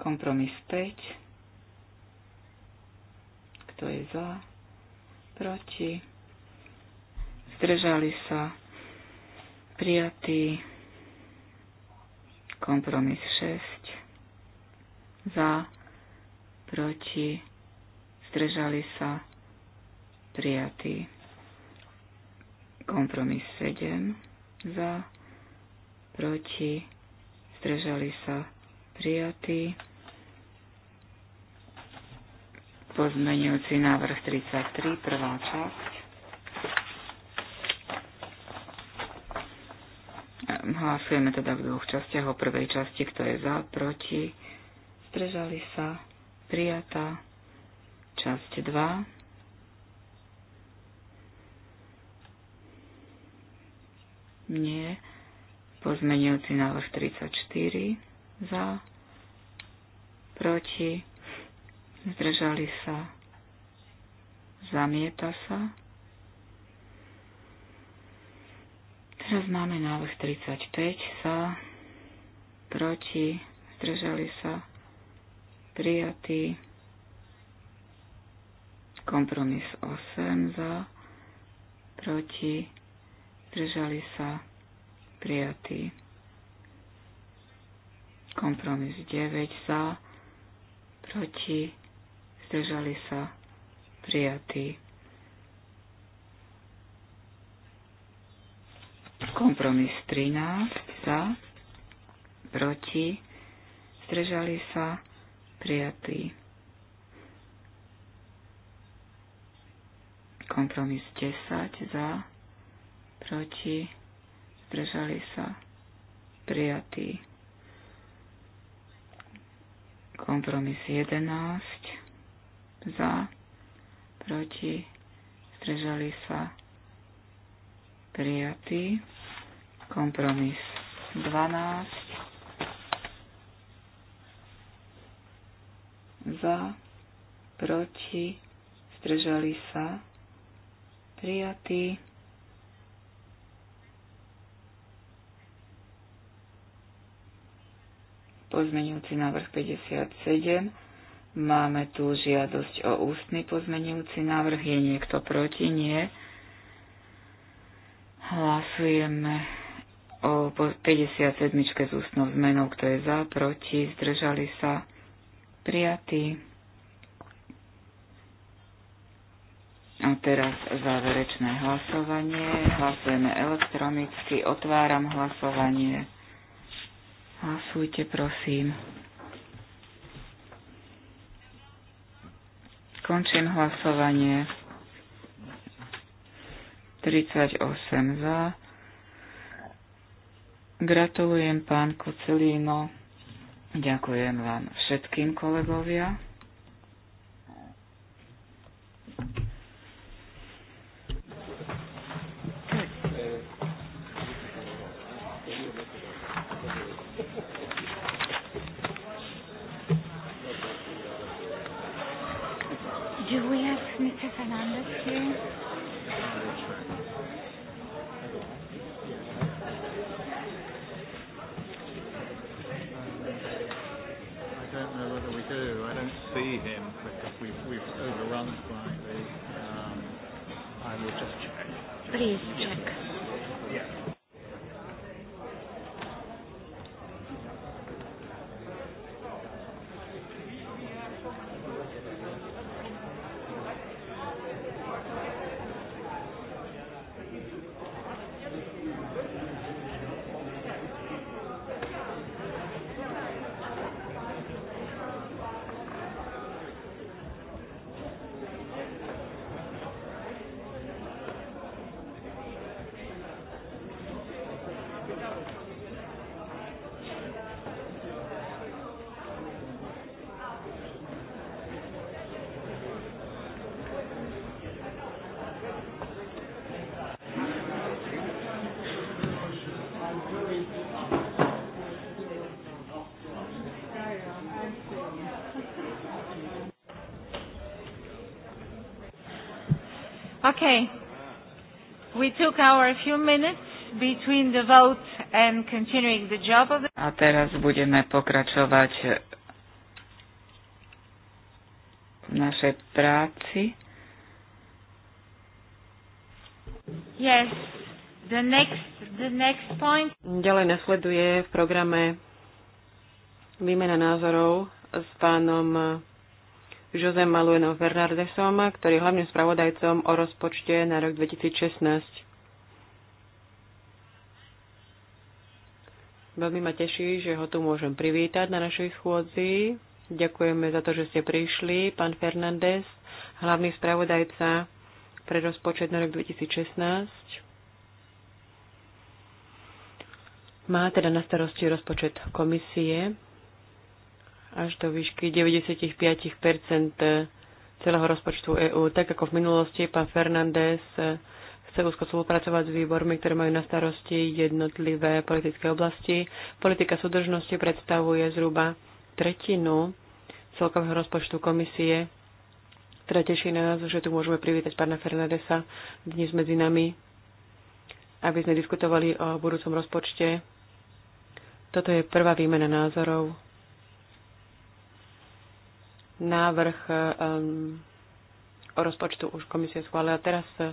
Kompromis 5. Kto je za? Proti? Zdržali sa prijatí. Kompromis 6. Za? Proti? Zdržali sa prijatí Kompromis 7 za, proti, zdržali sa prijatí. Pozmenujúci návrh 33, prvá časť. Hlasujeme teda v dvoch častiach o prvej časti, kto je za, proti, zdržali sa, prijatá, časť 2 Nie. Pozmenujúci návrh 34 za, proti, zdržali sa, zamieta sa. Teraz máme návrh 35 za, proti, zdržali sa, prijatý, kompromis 8 za, proti, Držali sa prijatí. Kompromis 9 za, proti, zdržali sa prijatí. Kompromis 13 za, proti, zdržali sa prijatí. Kompromis 10 za, proti, zdržali sa, prijatí. Kompromis 11, za, proti, zdržali sa, prijatí. Kompromis 12, za, proti, zdržali sa, prijatý Pozmenujúci návrh 57. Máme tu žiadosť o ústny pozmenujúci návrh. Je niekto proti? Nie. Hlasujeme o 57. s ústnou zmenou. Kto je za, proti, zdržali sa, prijatí. A teraz záverečné hlasovanie. Hlasujeme elektronicky. Otváram hlasovanie. Hlasujte, prosím. Končím hlasovanie. 38 za. Gratulujem pán Kocelino. Ďakujem vám všetkým kolegovia. We took our few minutes between the vote and continuing the job of the... A teraz budeme pokračovať v našej práci. Yes, the next, the next point. Ďalej nasleduje v programe výmena názorov s pánom Jose malueno Fernandesom, ktorý je hlavným spravodajcom o rozpočte na rok 2016. Veľmi ma teší, že ho tu môžem privítať na našej schôdzi. Ďakujeme za to, že ste prišli, pán Fernández, hlavný spravodajca pre rozpočet na rok 2016. Má teda na starosti rozpočet komisie až do výšky 95 celého rozpočtu EÚ. Tak ako v minulosti, pán Fernández chce úzko spolupracovať s výbormi, ktoré majú na starosti jednotlivé politické oblasti. Politika súdržnosti predstavuje zhruba tretinu celkového rozpočtu komisie. Teda teší nás, že tu môžeme privítať pána Fernandesa dnes medzi nami, aby sme diskutovali o budúcom rozpočte. Toto je prvá výmena názorov návrh um, o rozpočtu už komisia schválila. Teraz eh,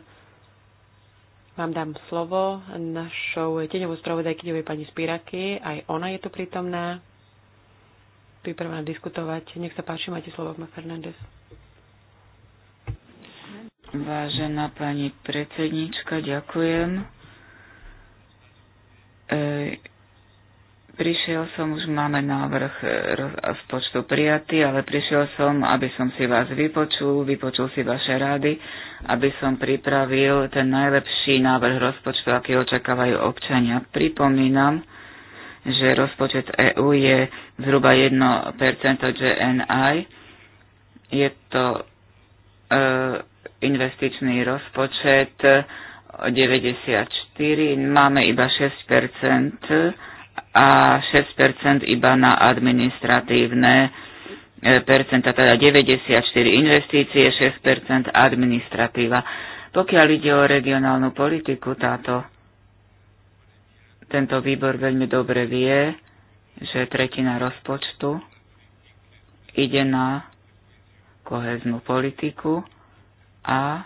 vám dám slovo našou tieňovú spravodajkyňovej pani Spiraky. Aj ona je tu prítomná, pripravená diskutovať. Nech sa páči, máte slovo, pán Fernández. Vážená pani predsednička, ďakujem. E, Prišiel som, už máme návrh e, rozpočtu prijatý, ale prišiel som, aby som si vás vypočul, vypočul si vaše rady, aby som pripravil ten najlepší návrh rozpočtu, aký očakávajú občania. Pripomínam, že rozpočet EÚ je zhruba 1% GNI. Je to e, investičný rozpočet 94, e, máme iba 6% a 6% iba na administratívne e, percenta, teda 94 investície, 6% administratíva. Pokiaľ ide o regionálnu politiku, táto, tento výbor veľmi dobre vie, že tretina rozpočtu ide na koheznú politiku a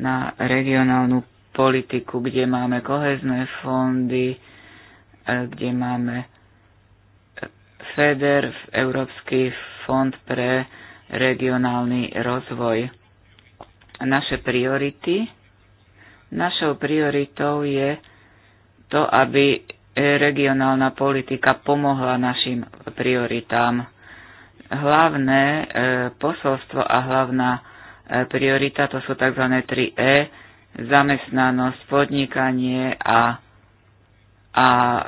na regionálnu politiku, kde máme kohezné fondy, kde máme FEDER, Európsky fond pre regionálny rozvoj. Naše priority. Našou prioritou je to, aby regionálna politika pomohla našim prioritám. Hlavné e, posolstvo a hlavná e, priorita to sú tzv. 3E, zamestnanosť, podnikanie a a e,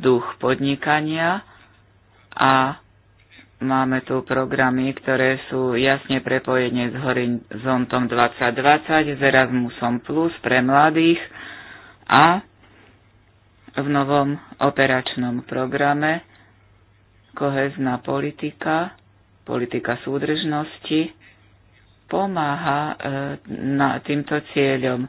duch podnikania a máme tu programy, ktoré sú jasne prepojené s horizontom 2020, s Erasmusom Plus pre mladých a v novom operačnom programe kohezná politika, politika súdržnosti pomáha e, na týmto cieľom.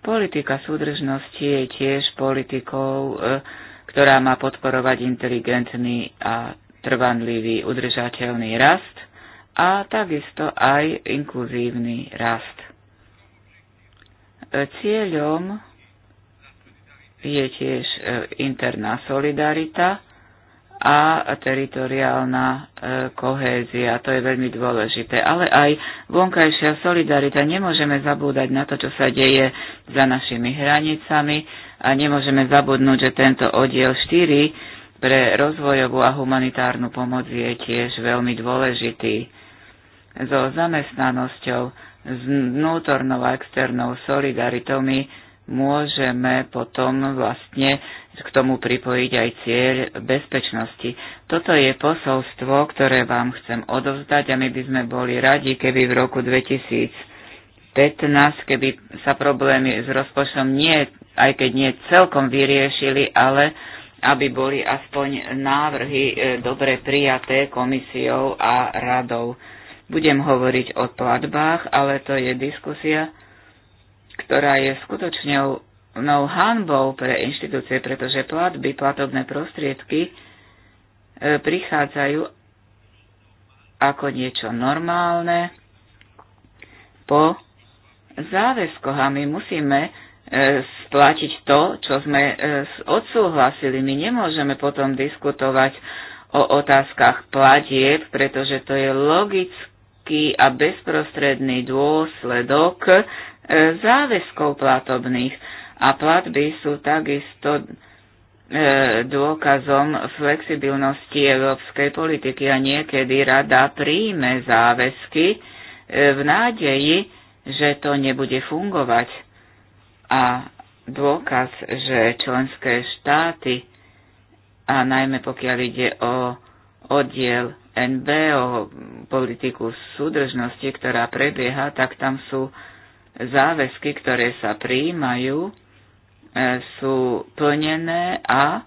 Politika súdržnosti je tiež politikou, e, ktorá má podporovať inteligentný a trvanlivý udržateľný rast a takisto aj inkluzívny rast. E, cieľom je tiež e, interná solidarita a teritoriálna e, kohézia. To je veľmi dôležité. Ale aj vonkajšia solidarita. Nemôžeme zabúdať na to, čo sa deje za našimi hranicami a nemôžeme zabudnúť, že tento oddiel 4 pre rozvojovú a humanitárnu pomoc je tiež veľmi dôležitý. So zamestnanosťou, s vnútornou a externou solidaritou my môžeme potom vlastne k tomu pripojiť aj cieľ bezpečnosti. Toto je posolstvo, ktoré vám chcem odovzdať a my by sme boli radi, keby v roku 2015, keby sa problémy s rozpočtom nie, aj keď nie celkom vyriešili, ale aby boli aspoň návrhy e, dobre prijaté komisiou a radou. Budem hovoriť o platbách, ale to je diskusia, ktorá je skutočnou no hanbou pre inštitúcie, pretože platby, platobné prostriedky e, prichádzajú ako niečo normálne po záväzkoch a my musíme e, splatiť to, čo sme e, odsúhlasili. My nemôžeme potom diskutovať o otázkach platieb, pretože to je logický a bezprostredný dôsledok záväzkov platobných a platby sú takisto e, dôkazom flexibilnosti európskej politiky a niekedy rada príjme záväzky e, v nádeji, že to nebude fungovať. A dôkaz, že členské štáty, a najmä pokiaľ ide o oddiel NB, o politiku súdržnosti, ktorá prebieha, tak tam sú záväzky, ktoré sa príjmajú, E, sú plnené a,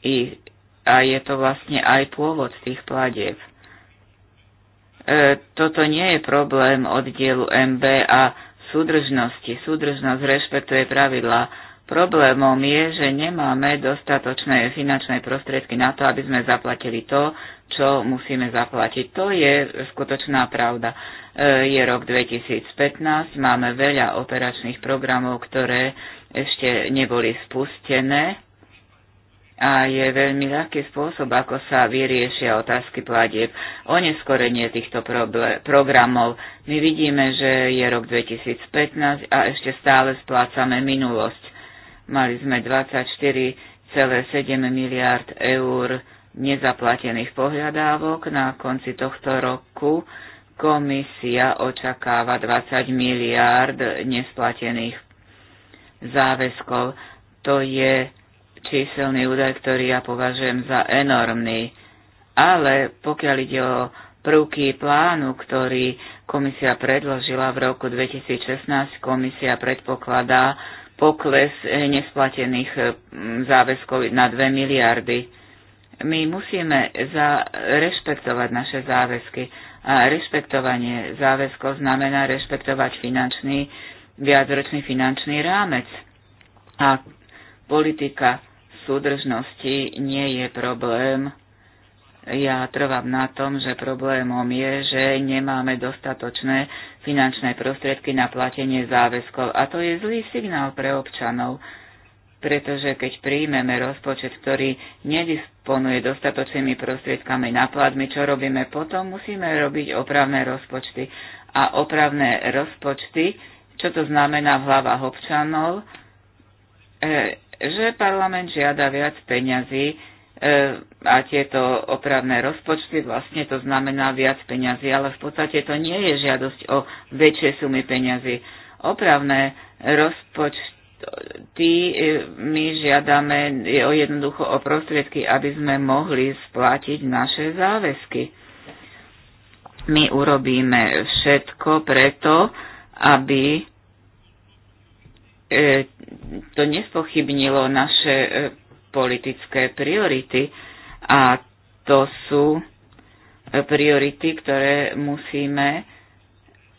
ich, a je to vlastne aj pôvod tých pladieb. E, toto nie je problém oddielu MB a súdržnosti. Súdržnosť rešpektuje pravidlá Problémom je, že nemáme dostatočné finančné prostriedky na to, aby sme zaplatili to, čo musíme zaplatiť. To je skutočná pravda. E, je rok 2015, máme veľa operačných programov, ktoré ešte neboli spustené a je veľmi ľahký spôsob, ako sa vyriešia otázky platieb. O neskorenie týchto programov my vidíme, že je rok 2015 a ešte stále splácame minulosť. Mali sme 24,7 miliard eur nezaplatených pohľadávok. Na konci tohto roku komisia očakáva 20 miliard nesplatených záväzkov. To je číselný údaj, ktorý ja považujem za enormný. Ale pokiaľ ide o prvky plánu, ktorý komisia predložila v roku 2016, komisia predpokladá pokles eh, nesplatených eh, záväzkov na 2 miliardy. My musíme za, rešpektovať naše záväzky a rešpektovanie záväzkov znamená rešpektovať finančný, viacročný finančný rámec. A politika súdržnosti nie je problém. Ja trvám na tom, že problémom je, že nemáme dostatočné finančné prostriedky na platenie záväzkov. A to je zlý signál pre občanov, pretože keď príjmeme rozpočet, ktorý nedisponuje dostatočnými prostriedkami na platby, čo robíme potom, musíme robiť opravné rozpočty. A opravné rozpočty, čo to znamená v hlavách občanov, e, že parlament žiada viac peňazí, E, a tieto opravné rozpočty, vlastne to znamená viac peňazí, ale v podstate to nie je žiadosť o väčšie sumy peňazí. Opravné rozpočty e, my žiadame o jednoducho o prostriedky, aby sme mohli splatiť naše záväzky. My urobíme všetko preto, aby e, to nespochybnilo naše politické priority a to sú priority, ktoré musíme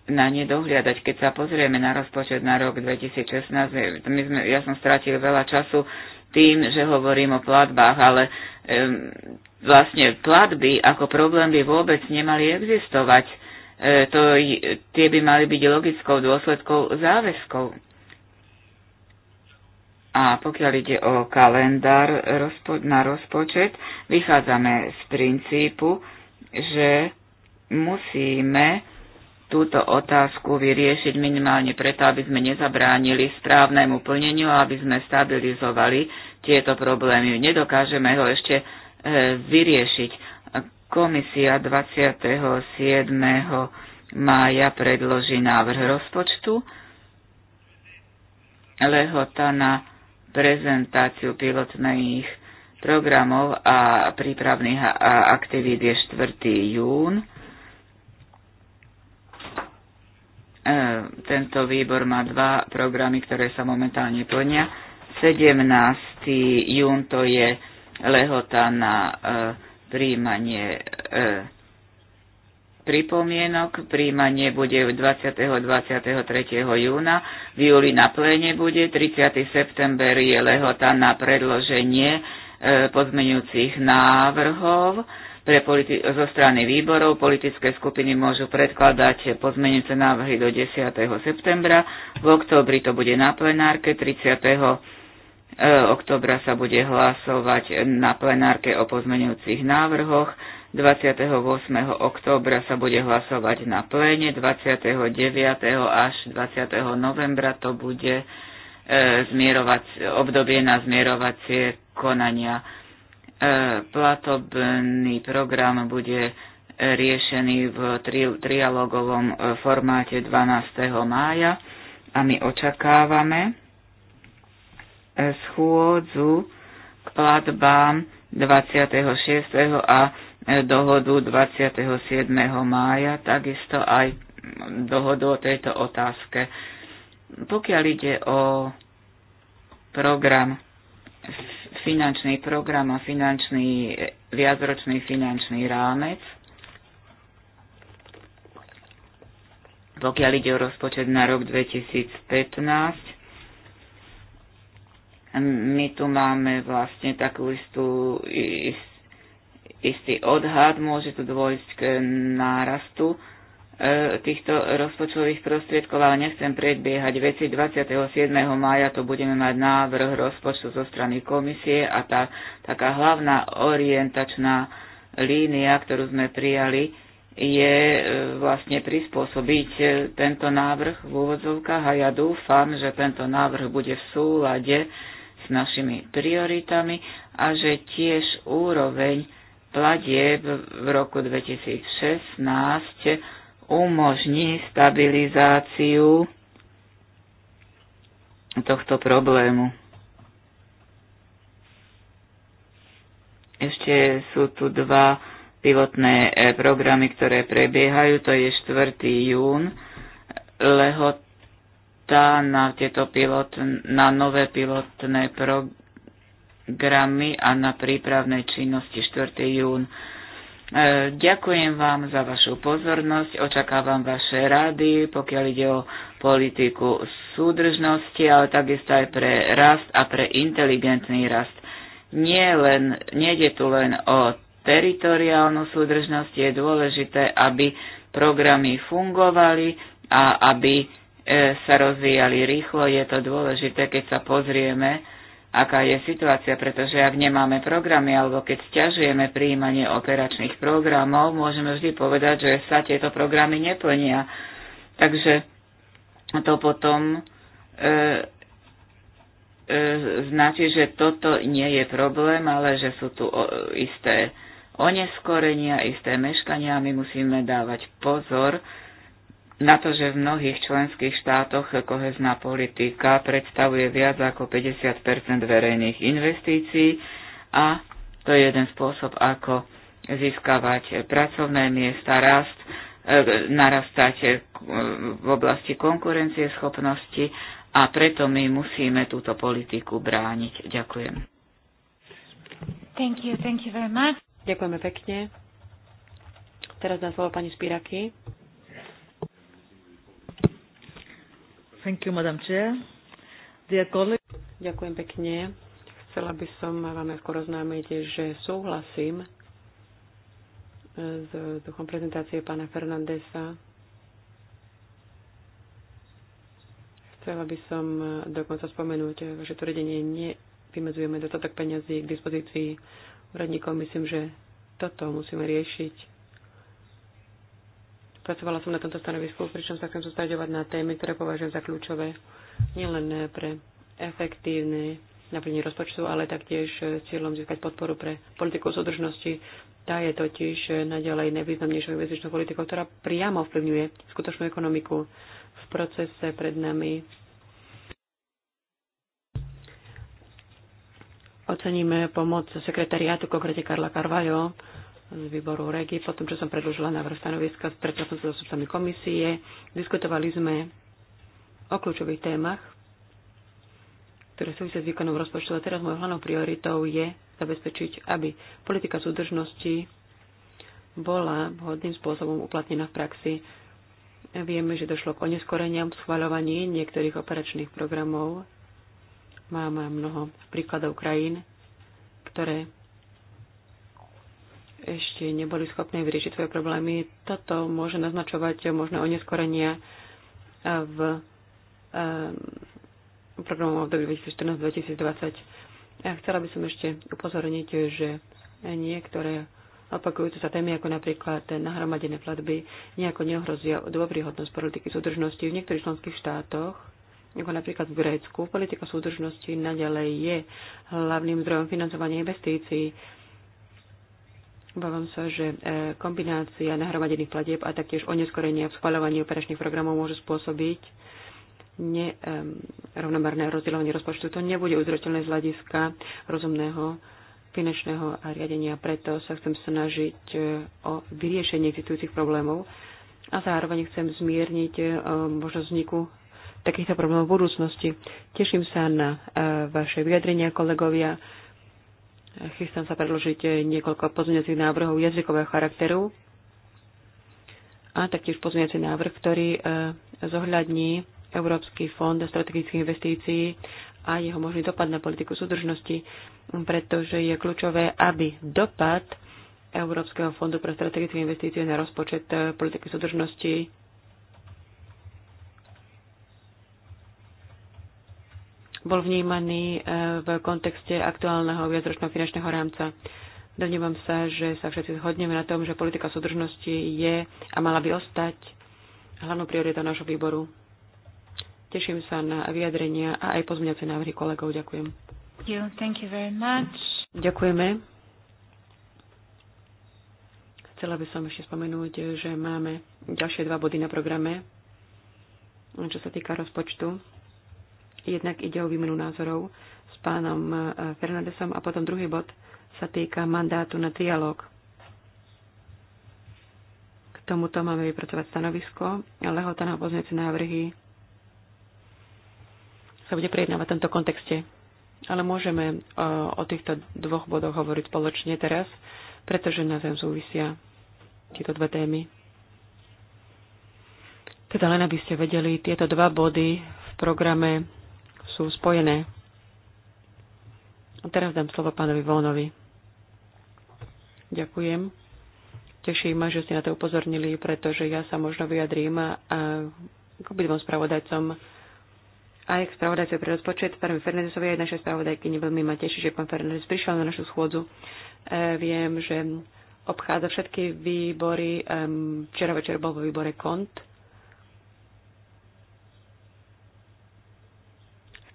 na ne dohliadať. Keď sa pozrieme na rozpočet na rok 2016, my sme, ja som strátil veľa času tým, že hovorím o platbách, ale um, vlastne platby ako problém by vôbec nemali existovať. E, to, tie by mali byť logickou dôsledkou záväzkov. A pokiaľ ide o kalendár na rozpočet, vychádzame z princípu, že musíme túto otázku vyriešiť minimálne preto, aby sme nezabránili správnemu plneniu a aby sme stabilizovali tieto problémy. Nedokážeme ho ešte e, vyriešiť. Komisia 27. mája predloží návrh rozpočtu. Lehota na prezentáciu pilotných programov a prípravných aktivít je 4. jún. E, tento výbor má dva programy, ktoré sa momentálne plnia. 17. jún to je lehota na e, príjmanie e, pripomienok. Príjmanie bude 20. 23. júna, v júli na pléne bude, 30. september je lehota na predloženie e, pozmenujúcich návrhov pre politi- zo strany výborov. Politické skupiny môžu predkladať pozmenujúce návrhy do 10. septembra. V októbri to bude na plenárke. 30. E, oktobra sa bude hlasovať na plenárke o pozmenujúcich návrhoch. 28. októbra sa bude hlasovať na pléne, 29. až 20. novembra to bude e, zmierovať, obdobie na zmierovacie konania. E, platobný program bude riešený v tri, trialogovom e, formáte 12. mája a my očakávame schôdzu k platbám 26. a dohodu 27. mája, takisto aj dohodu o tejto otázke. Pokiaľ ide o program, finančný program a finančný, viacročný finančný rámec, pokiaľ ide o rozpočet na rok 2015, my tu máme vlastne takú istú, ist, istý odhad, môže tu dôjsť k nárastu e, týchto rozpočtových prostriedkov, ale nechcem predbiehať veci. 27. mája to budeme mať návrh rozpočtu zo strany komisie a tá taká hlavná orientačná línia, ktorú sme prijali, je e, vlastne prispôsobiť e, tento návrh v úvodzovkách a ja dúfam, že tento návrh bude v súlade s našimi prioritami a že tiež úroveň platieb v roku 2016 umožní stabilizáciu tohto problému. Ešte sú tu dva pilotné e, programy, ktoré prebiehajú. To je 4. jún. Lehota na, tieto pilot, na nové pilotné programy gramy a na prípravnej činnosti 4. jún. E, ďakujem vám za vašu pozornosť, očakávam vaše rady, pokiaľ ide o politiku súdržnosti, ale takisto aj pre rast a pre inteligentný rast. Nie len, nejde tu len o teritoriálnu súdržnosť, je dôležité, aby programy fungovali a aby e, sa rozvíjali rýchlo. Je to dôležité, keď sa pozrieme aká je situácia, pretože ak nemáme programy alebo keď stiažujeme príjmanie operačných programov, môžeme vždy povedať, že sa tieto programy neplnia. Takže to potom e, e, značí, že toto nie je problém, ale že sú tu o, isté oneskorenia, isté meškania a my musíme dávať pozor, na to, že v mnohých členských štátoch kohezná politika predstavuje viac ako 50 verejných investícií a to je jeden spôsob, ako získavať pracovné miesta, rast, e, narastať e, v oblasti konkurencie schopnosti a preto my musíme túto politiku brániť. Ďakujem. Thank you, thank you very much. Ďakujeme pekne. Teraz na slovo pani Spiraky. Thank you, Madam Chair. Dear colleague... Ďakujem pekne. Chcela by som vám skoro oznámiť, že súhlasím s duchom prezentácie pána Fernandesa. Chcela by som dokonca spomenúť to tvrdenie, nevymedzujeme dostatok peňazí k dispozícii úradníkov. Myslím, že toto musíme riešiť Pracovala som na tomto stanovisku, pričom sa chcem sústredovať na témy, ktoré považujem za kľúčové nielen pre efektívne naplnenie rozpočtu, ale taktiež s cieľom získať podporu pre politiku súdržnosti. Tá je totiž naďalej najvýznamnejšou investičnou politikou, ktorá priamo vplyvňuje skutočnú ekonomiku v procese pred nami. Oceníme pomoc sekretariátu, konkrétne Karla Carvajo, z výboru REGI, potom, čo som predložila návrh stanoviska, stretla som sa s osobami komisie, diskutovali sme o kľúčových témach, ktoré súvisia s výkonom rozpočtu. A teraz mojou hlavnou prioritou je zabezpečiť, aby politika súdržnosti bola vhodným spôsobom uplatnená v praxi. Vieme, že došlo k oneskoreniam v schvaľovaní niektorých operačných programov. Máme mnoho príkladov krajín, ktoré ešte neboli schopní vyriešiť svoje problémy. Toto môže naznačovať možné oneskorenie v ehm, programovom období 2014-2020. chcela by som ešte upozorniť, že niektoré opakujúce sa témy, ako napríklad nahromadené platby, nejako neohrozia dôvryhodnosť politiky súdržnosti v niektorých členských štátoch, ako napríklad v Grécku. Politika súdržnosti naďalej je hlavným zdrojom financovania investícií Obávam sa, že e, kombinácia nahromadených platieb a taktiež oneskorenia v schváľovaní operačných programov môže spôsobiť nerovnomerné rozdielovanie rozpočtu. To nebude uzrateľné z hľadiska rozumného finančného riadenia, preto sa chcem snažiť e, o vyriešenie existujúcich problémov a zároveň chcem zmierniť e, možnosť vzniku takýchto problémov v budúcnosti. Teším sa na vaše vyjadrenia, kolegovia. Chystám sa predložiť niekoľko pozmeňacích návrhov jazykového charakteru a taktiež pozmeňací návrh, ktorý e, zohľadní Európsky fond strategických investícií a jeho možný dopad na politiku súdržnosti, pretože je kľúčové, aby dopad Európskeho fondu pre strategické investície na rozpočet e, politiky súdržnosti bol vnímaný e, v kontexte aktuálneho viacročného finančného rámca. Dovnímam sa, že sa všetci zhodneme na tom, že politika súdržnosti je a mala by ostať hlavnou prioritou nášho výboru. Teším sa na vyjadrenia a aj pozmeňovacie návrhy kolegov. Ďakujem. Thank you very much. Ďakujeme. Chcela by som ešte spomenúť, že máme ďalšie dva body na programe, čo sa týka rozpočtu. Jednak ide o výmenu názorov s pánom e, Fernandesom a potom druhý bod sa týka mandátu na dialog. K tomuto máme vypracovať stanovisko. Lehota na pozmeňujúce návrhy sa bude prejednávať v tomto kontexte. Ale môžeme e, o týchto dvoch bodoch hovoriť spoločne teraz, pretože na zem súvisia tieto dve témy. Teda len aby ste vedeli, tieto dva body v programe sú spojené. A teraz dám slovo pánovi Vónovi. Ďakujem. Teší ma, že ste na to upozornili, pretože ja sa možno vyjadrím k obidvom spravodajcom aj k spravodajcovi pre rozpočet, pánovi Fernandesovi aj našej spravodajkyni. Veľmi ma teší, že pán Fernandes prišiel na našu schôdzu. E, viem, že obchádza všetky výbory. E, včera večer bol vo výbore KONT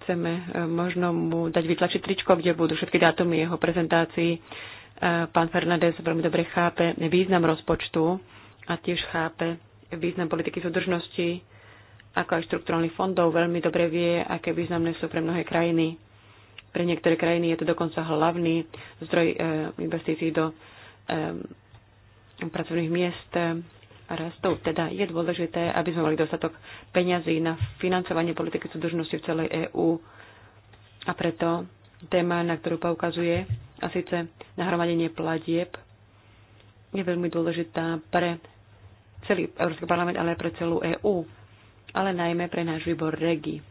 Chceme e, možno mu dať vytlačiť tričko, kde budú všetky dátumy jeho prezentácií. E, pán Fernández veľmi dobre chápe význam rozpočtu a tiež chápe význam politiky súdržnosti, ako aj štrukturálnych fondov. Veľmi dobre vie, aké významné sú pre mnohé krajiny. Pre niektoré krajiny je to dokonca hlavný zdroj e, investícií do pracovných miest rastov. Teda je dôležité, aby sme mali dostatok peňazí na financovanie politiky súdržnosti v celej EÚ. A preto téma, na ktorú poukazuje, a síce nahromadenie platieb, je veľmi dôležitá pre celý Európsky parlament, ale aj pre celú EÚ, ale najmä pre náš výbor REGI.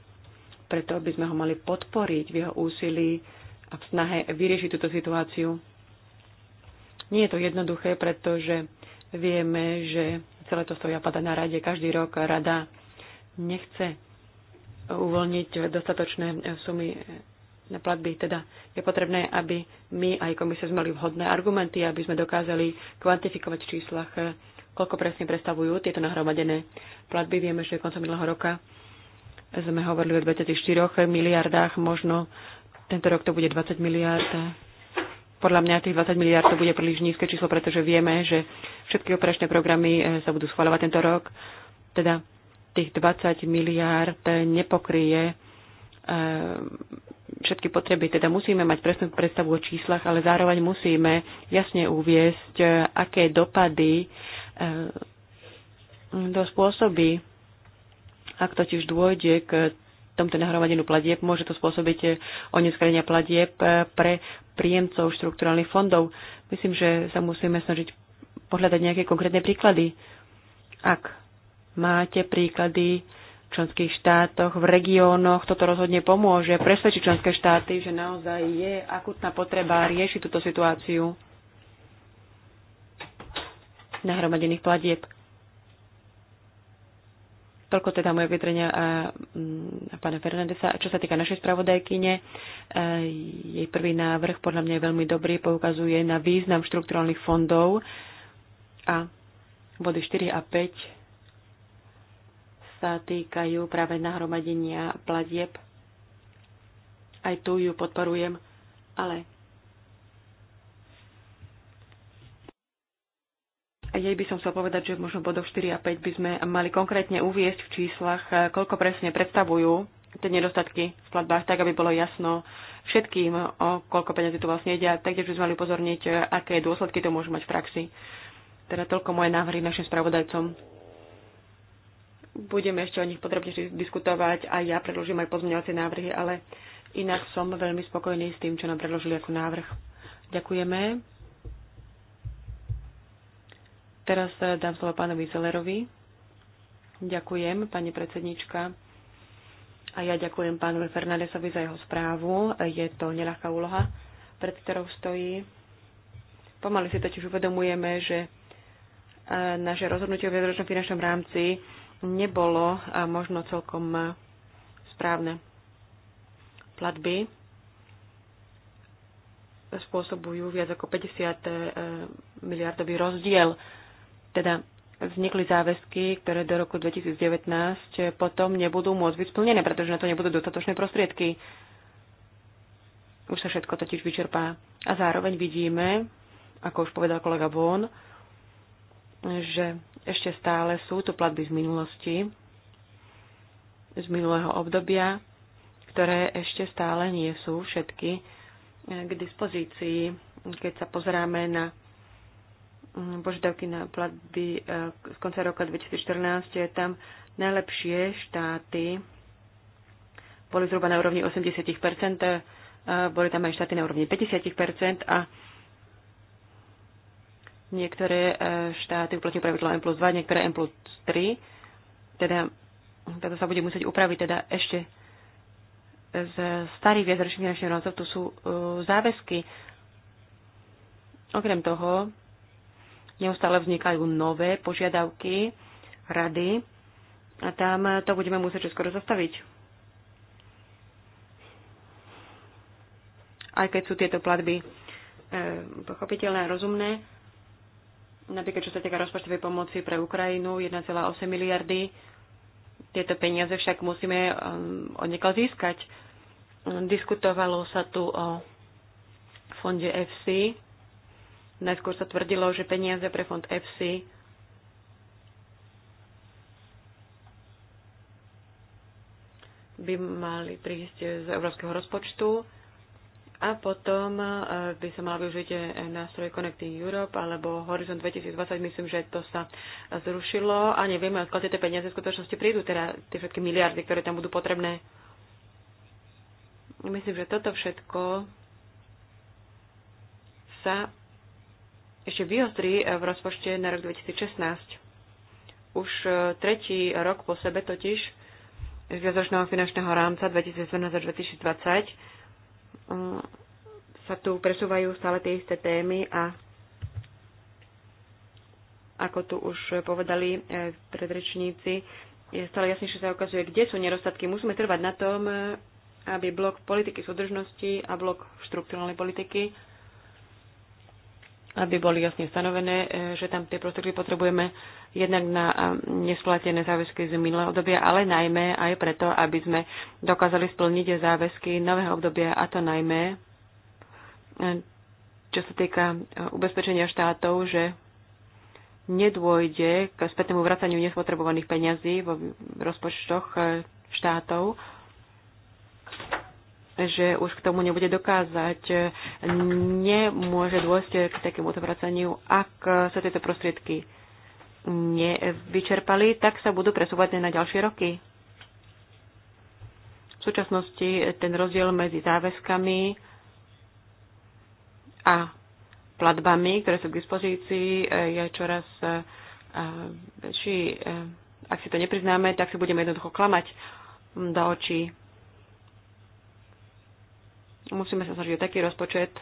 Preto by sme ho mali podporiť v jeho úsilí a v snahe vyriešiť túto situáciu. Nie je to jednoduché, pretože Vieme, že celé to stojí a pada na rade. Každý rok rada nechce uvoľniť dostatočné sumy na platby. Teda je potrebné, aby my aj komisie sme mali vhodné argumenty, aby sme dokázali kvantifikovať v číslach, koľko presne predstavujú tieto nahromadené platby. Vieme, že koncom minulého roka sme hovorili o 24 miliardách, možno tento rok to bude 20 miliard podľa mňa tých 20 miliard to bude príliš nízke číslo, pretože vieme, že všetky operačné programy e, sa budú schváľovať tento rok. Teda tých 20 miliard nepokrie e, všetky potreby. Teda musíme mať presnú predstavu o číslach, ale zároveň musíme jasne uviesť, e, aké dopady to spôsobí, ak totiž dôjde k tomto nahromadeniu platieb môže to spôsobiť eh, oneskorenia platieb eh, pre príjemcov štrukturálnych fondov. Myslím, že sa musíme snažiť pohľadať nejaké konkrétne príklady. Ak máte príklady v členských štátoch, v regiónoch, toto rozhodne pomôže presvedčiť členské štáty, že naozaj je akutná potreba riešiť túto situáciu nahromadených platieb. Toľko teda moje vyjadrenia a, eh, a mm, pána Fernandesa. Čo sa týka našej spravodajkyne, eh, jej prvý návrh podľa mňa je veľmi dobrý, poukazuje na význam štrukturálnych fondov a body 4 a 5 sa týkajú práve nahromadenia platieb. Aj tu ju podporujem, ale jej by som chcel povedať, že možno bodoch 4 a 5 by sme mali konkrétne uviesť v číslach, eh, koľko presne predstavujú tie nedostatky v platbách, tak aby bolo jasno všetkým, o koľko peniazy tu vlastne ide a taktiež by sme mali upozorniť, eh, aké dôsledky to môžu mať v praxi. Teda toľko moje návrhy našim spravodajcom. Budeme ešte o nich podrobne diskutovať a ja predložím aj pozmeňovacie návrhy, ale inak som veľmi spokojný s tým, čo nám predložili ako návrh. Ďakujeme. Teraz eh, dám slovo pánovi Zelerovi. Ďakujem, pani predsednička. A ja ďakujem pánovi Fernandesovi za jeho správu. Je to neľahká úloha, pred ktorou stojí. Pomaly si totiž uvedomujeme, že eh, naše rozhodnutie o viacročnom finančnom rámci nebolo eh, možno celkom správne. Platby spôsobujú viac ako 50 miliardový rozdiel teda vznikli záväzky, ktoré do roku 2019 potom nebudú môcť byť splnené, pretože na to nebudú dostatočné prostriedky. Už sa všetko totiž vyčerpá. A zároveň vidíme, ako už povedal kolega Von, že ešte stále sú tu platby z minulosti, z minulého obdobia, ktoré ešte stále nie sú všetky k dispozícii. Keď sa pozeráme na Mm, požiadavky na platby e, z konca roka 2014, tam najlepšie štáty boli zhruba na úrovni 80%, e, boli tam aj štáty na úrovni 50% a niektoré e, štáty uplatňujú pravidlo M plus 2, niektoré M plus 3, teda toto sa bude musieť upraviť teda ešte z starých viacročných finančných rámcov, tu sú záväzky. Okrem toho, neustále vznikajú nové požiadavky rady a tam to budeme musieť skoro zastaviť. Aj keď sú tieto platby e, pochopiteľné a rozumné, napríklad čo sa týka rozpočtovej pomoci pre Ukrajinu 1,8 miliardy, tieto peniaze však musíme e, od niekoho získať. Diskutovalo sa tu o fonde FC Najskôr sa tvrdilo, že peniaze pre fond EFSI by mali prísť z európskeho rozpočtu a potom e, by sa mal využiť nástroj Connecting Europe alebo Horizon 2020. Myslím, že to sa zrušilo a nevieme, odkiaľ tieto peniaze v skutočnosti prídu, teda tie všetky miliardy, ktoré tam budú potrebné. Myslím, že toto všetko sa ešte vyostrí eh, v rozpočte na rok 2016. Už eh, tretí rok po sebe totiž z viazočného finančného rámca 2017-2020 eh, sa tu presúvajú stále tie isté témy a ako tu už povedali predrečníci, je stále že sa ukazuje, kde sú nedostatky. Musíme trvať na tom, aby blok politiky súdržnosti a blok štruktúrnej politiky aby boli jasne stanovené, e, že tam tie prostriedky potrebujeme jednak na e, nesplatené záväzky z minulého obdobia, ale najmä aj preto, aby sme dokázali splniť záväzky nového obdobia, a to najmä, e, čo sa týka ubezpečenia štátov, že nedôjde k spätnému vracaniu nespotrebovaných peňazí vo rozpočtoch štátov že už k tomu nebude dokázať. Nemôže dôjsť k takémuto vracaniu, ak sa tieto prostriedky nevyčerpali, tak sa budú presúvať na ďalšie roky. V súčasnosti ten rozdiel medzi záväzkami a platbami, ktoré sú k dispozícii, je čoraz eh, väčší. Eh, ak si to nepriznáme, tak si budeme jednoducho klamať do očí. Musíme sa snažiť o taký rozpočet,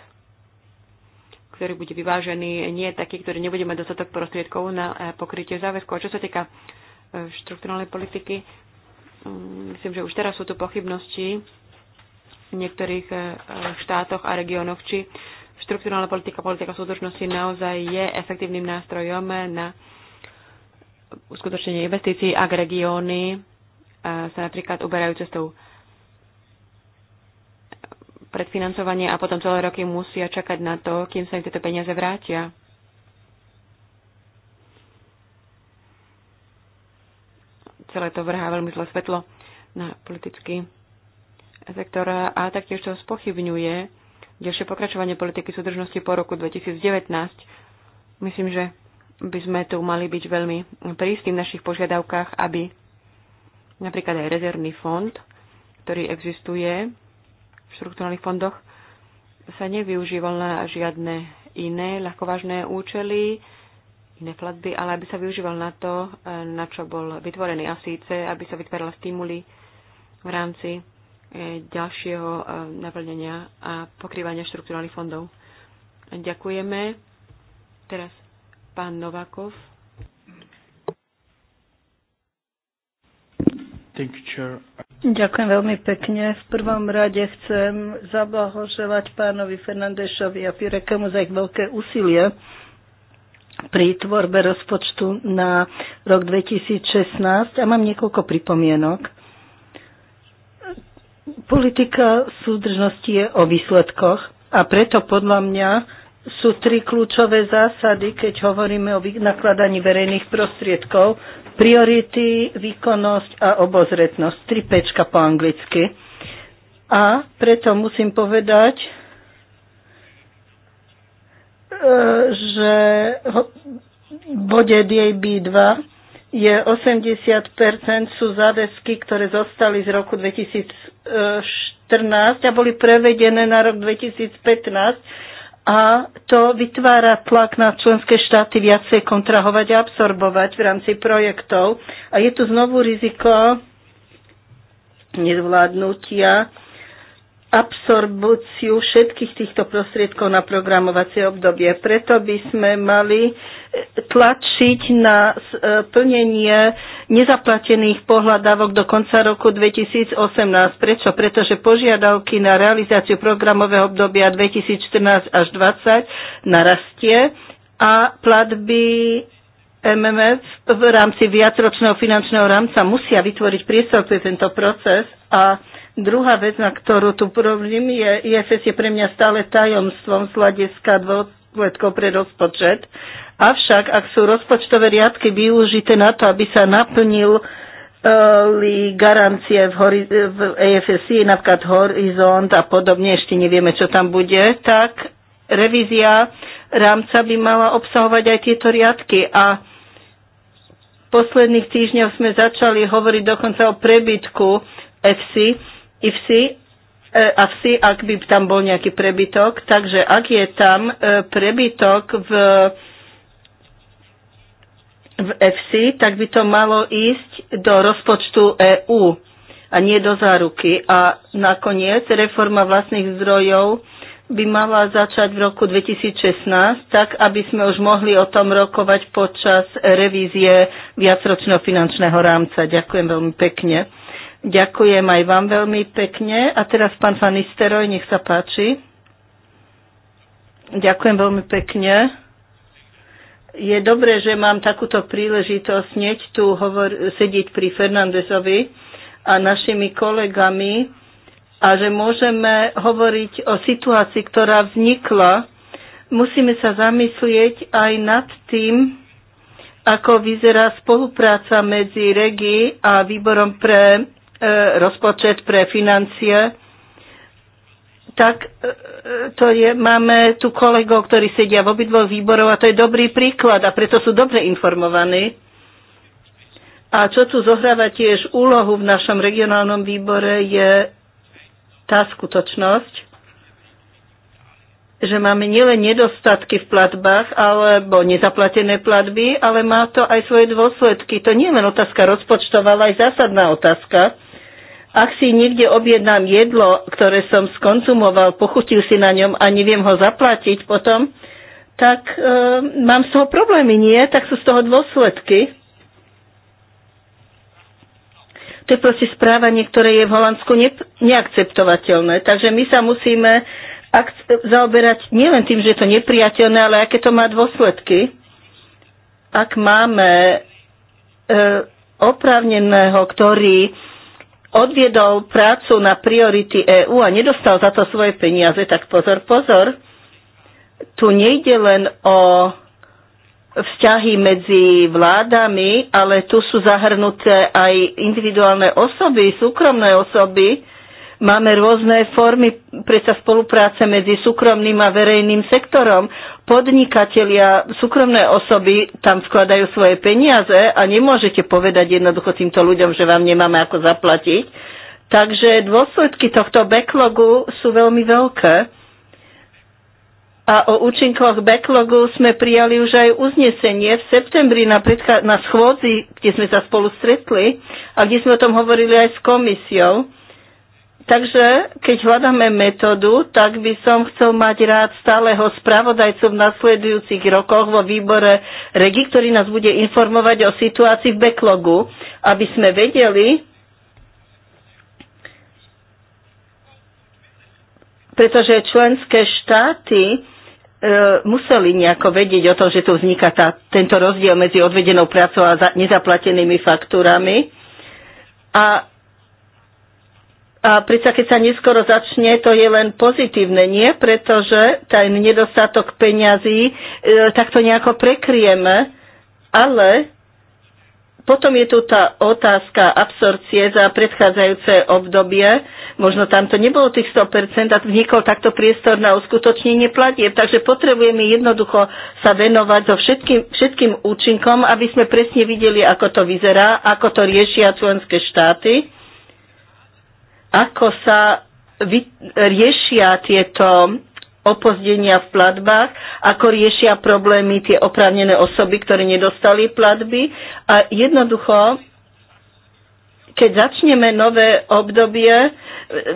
ktorý bude vyvážený, nie taký, ktorý nebude mať dostatok prostriedkov na e, pokrytie záväzkov. A čo sa týka e, štruktúrnej politiky, mm, myslím, že už teraz sú tu pochybnosti v niektorých e, štátoch a regiónoch, či štruktúrna politika, politika súdržnosti naozaj je efektívnym nástrojom na uskutočnenie investícií, ak regióny sa napríklad uberajú cestou predfinancovanie a potom celé roky musia čakať na to, kým sa im tieto peniaze vrátia. Celé to vrhá veľmi zlé svetlo na politický sektor a taktiež to spochybňuje ďalšie pokračovanie politiky súdržnosti po roku 2019. Myslím, že by sme tu mali byť veľmi prísni v našich požiadavkách, aby napríklad aj rezervný fond, ktorý existuje, štruktúrnych fondoch sa nevyužíval na žiadne iné ľahkovážne účely, iné platby, ale aby sa využíval na to, e, na čo bol vytvorený a síce, aby sa vytvárala stimuly v rámci e, ďalšieho e, naplnenia a pokrývania štruktúrnych fondov. Ďakujeme. Teraz pán Novakov. Thank you, Chair. Ďakujem veľmi pekne. V prvom rade chcem zablahoželať pánovi Fernandešovi a Pirekemu za ich veľké úsilie pri tvorbe rozpočtu na rok 2016 a mám niekoľko pripomienok. Politika súdržnosti je o výsledkoch a preto podľa mňa sú tri kľúčové zásady, keď hovoríme o nakladaní verejných prostriedkov. Priority, výkonnosť a obozretnosť. 3 pečka po anglicky. A preto musím povedať, e, že bode DAB 2 je 80% sú záväzky, ktoré zostali z roku 2014 e, a boli prevedené na rok 2015 a to vytvára tlak na členské štáty viacej kontrahovať a absorbovať v rámci projektov. A je tu znovu riziko nezvládnutia absorbúciu všetkých týchto prostriedkov na programovacie obdobie. Preto by sme mali e, tlačiť na e, plnenie nezaplatených pohľadávok do konca roku 2018. Prečo? Pretože požiadavky na realizáciu programového obdobia 2014 až 2020 narastie a platby MMF v rámci viacročného finančného rámca musia vytvoriť priestor pre tento proces a Druhá vec, na ktorú tu porovním, je, IFS je pre mňa stále tajomstvom z hľadiska dôsledkov pre rozpočet. Avšak, ak sú rozpočtové riadky využité na to, aby sa naplnil e, garancie v, hori- v EFSI, napríklad Horizont a podobne, ešte nevieme, čo tam bude, tak revízia rámca by mala obsahovať aj tieto riadky. A v posledných týždňoch sme začali hovoriť dokonca o prebytku EFSI, IFSI e, a vsi, ak by tam bol nejaký prebytok. Takže ak je tam e, prebytok v, v FC, tak by to malo ísť do rozpočtu EÚ a nie do záruky. A nakoniec reforma vlastných zdrojov by mala začať v roku 2016, tak aby sme už mohli o tom rokovať počas revízie viacročného finančného rámca. Ďakujem veľmi pekne. Ďakujem aj vám veľmi pekne. A teraz pán Fanisteroj, nech sa páči. Ďakujem veľmi pekne. Je dobré, že mám takúto príležitosť hneď tu hovor- sedieť pri Fernandezovi a našimi kolegami a že môžeme hovoriť o situácii, ktorá vznikla. Musíme sa zamyslieť aj nad tým, ako vyzerá spolupráca medzi REGI a výborom pre E, rozpočet pre financie, tak e, to je, máme tu kolegov, ktorí sedia v obidvoch výborov a to je dobrý príklad a preto sú dobre informovaní. A čo tu zohráva tiež úlohu v našom regionálnom výbore je tá skutočnosť, že máme nielen nedostatky v platbách alebo nezaplatené platby, ale má to aj svoje dôsledky. To nie je len otázka rozpočtová, ale aj zásadná otázka ak si niekde objednám jedlo, ktoré som skonzumoval, pochutil si na ňom a neviem ho zaplatiť potom, tak e, mám z toho problémy, nie? Tak sú z toho dôsledky. To je proste správanie, ktoré je v Holandsku ne- neakceptovateľné. Takže my sa musíme ak- zaoberať nielen tým, že je to nepriateľné, ale aké to má dôsledky. Ak máme e, oprávneného, ktorý odviedol prácu na priority EÚ a nedostal za to svoje peniaze, tak pozor, pozor. Tu nejde len o vzťahy medzi vládami, ale tu sú zahrnuté aj individuálne osoby, súkromné osoby, Máme rôzne formy predsa spolupráce medzi súkromným a verejným sektorom. Podnikatelia, súkromné osoby tam skladajú svoje peniaze a nemôžete povedať jednoducho týmto ľuďom, že vám nemáme ako zaplatiť. Takže dôsledky tohto backlogu sú veľmi veľké. A o účinkoch backlogu sme prijali už aj uznesenie v septembri na, na schôdzi, kde sme sa spolu stretli a kde sme o tom hovorili aj s komisiou. Takže keď hľadáme metódu, tak by som chcel mať rád stáleho spravodajcu v nasledujúcich rokoch vo výbore REGI, ktorý nás bude informovať o situácii v backlogu, aby sme vedeli, pretože členské štáty e, museli nejako vedieť o tom, že tu vzniká tá, tento rozdiel medzi odvedenou prácou a za, nezaplatenými faktúrami. A a predsa keď sa neskoro začne, to je len pozitívne, nie? Pretože ten nedostatok peňazí e, takto nejako prekrieme, ale potom je tu tá otázka absorcie za predchádzajúce obdobie. Možno tam to nebolo tých 100% a vznikol takto priestor na uskutočnenie platieb. Takže potrebujeme jednoducho sa venovať so všetkým, všetkým účinkom, aby sme presne videli, ako to vyzerá, ako to riešia členské štáty ako sa riešia tieto opozdenia v platbách, ako riešia problémy tie oprávnené osoby, ktoré nedostali platby. A jednoducho keď začneme nové obdobie,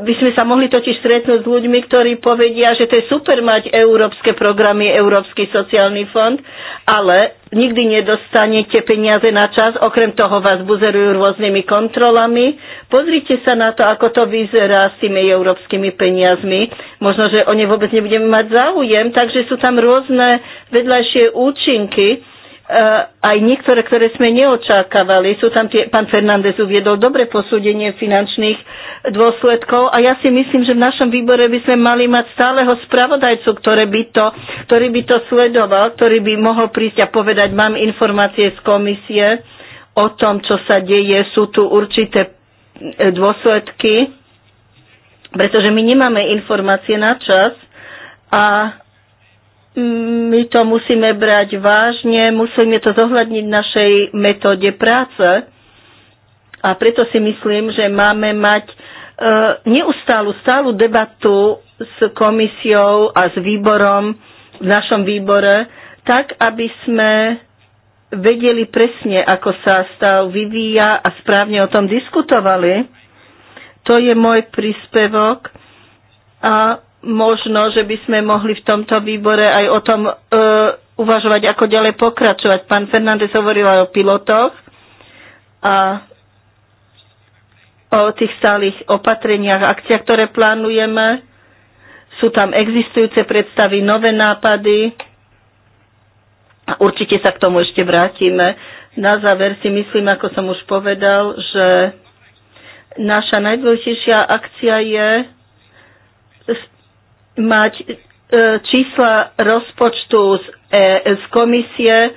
by sme sa mohli totiž stretnúť s ľuďmi, ktorí povedia, že to je super mať európske programy, Európsky sociálny fond, ale nikdy nedostanete peniaze na čas, okrem toho vás buzerujú rôznymi kontrolami. Pozrite sa na to, ako to vyzerá s tými európskymi peniazmi. Možno, že o ne vôbec nebudeme mať záujem, takže sú tam rôzne vedľajšie účinky Eh, aj niektoré, ktoré sme neočakávali. Sú tam tie, pán Fernández uviedol dobre posúdenie finančných dôsledkov a ja si myslím, že v našom výbore by sme mali mať stáleho spravodajcu, ktoré by to, ktorý by to sledoval, ktorý by mohol prísť a povedať, mám informácie z komisie o tom, čo sa deje, sú tu určité eh, dôsledky, pretože my nemáme informácie na čas a my to musíme brať vážne, musíme to zohľadniť v našej metóde práce a preto si myslím, že máme mať e, neustálu, stálu debatu s komisiou a s výborom v našom výbore, tak, aby sme vedeli presne, ako sa stav vyvíja a správne o tom diskutovali. To je môj príspevok a možno, že by sme mohli v tomto výbore aj o tom e, uvažovať, ako ďalej pokračovať. Pán Fernández hovoril aj o pilotoch a o tých stálych opatreniach, akciách, ktoré plánujeme. Sú tam existujúce predstavy, nové nápady a určite sa k tomu ešte vrátime. Na záver si myslím, ako som už povedal, že naša najdôležitejšia akcia je mať e, čísla rozpočtu z, e, z komisie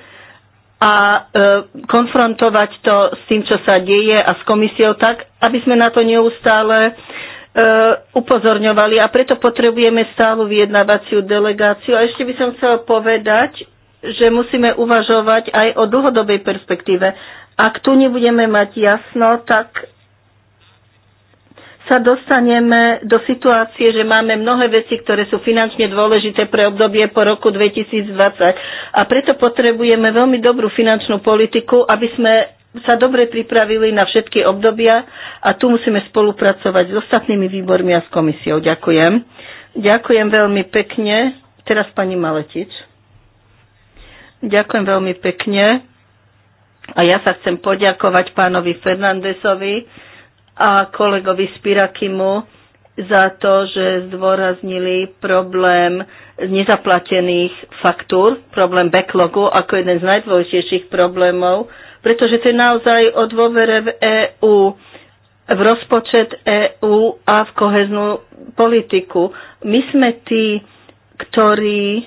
a e, konfrontovať to s tým, čo sa deje a s komisiou tak, aby sme na to neustále upozorňovali a preto potrebujeme stálu vyjednávaciu delegáciu. A ešte by som chcela povedať, že musíme uvažovať aj o dlhodobej perspektíve. Ak tu nebudeme mať jasno, tak sa dostaneme do situácie, že máme mnohé veci, ktoré sú finančne dôležité pre obdobie po roku 2020. A preto potrebujeme veľmi dobrú finančnú politiku, aby sme sa dobre pripravili na všetky obdobia a tu musíme spolupracovať s ostatnými výbormi a s komisiou. Ďakujem. Ďakujem veľmi pekne. Teraz pani Maletič. Ďakujem veľmi pekne. A ja sa chcem poďakovať pánovi Fernandesovi, a kolegovi Spirakimu za to, že zdôraznili problém nezaplatených faktúr, problém backlogu ako jeden z najdôležitejších problémov, pretože to je naozaj o dôvere v EÚ, v rozpočet EÚ a v koheznú politiku. My sme tí, ktorí e,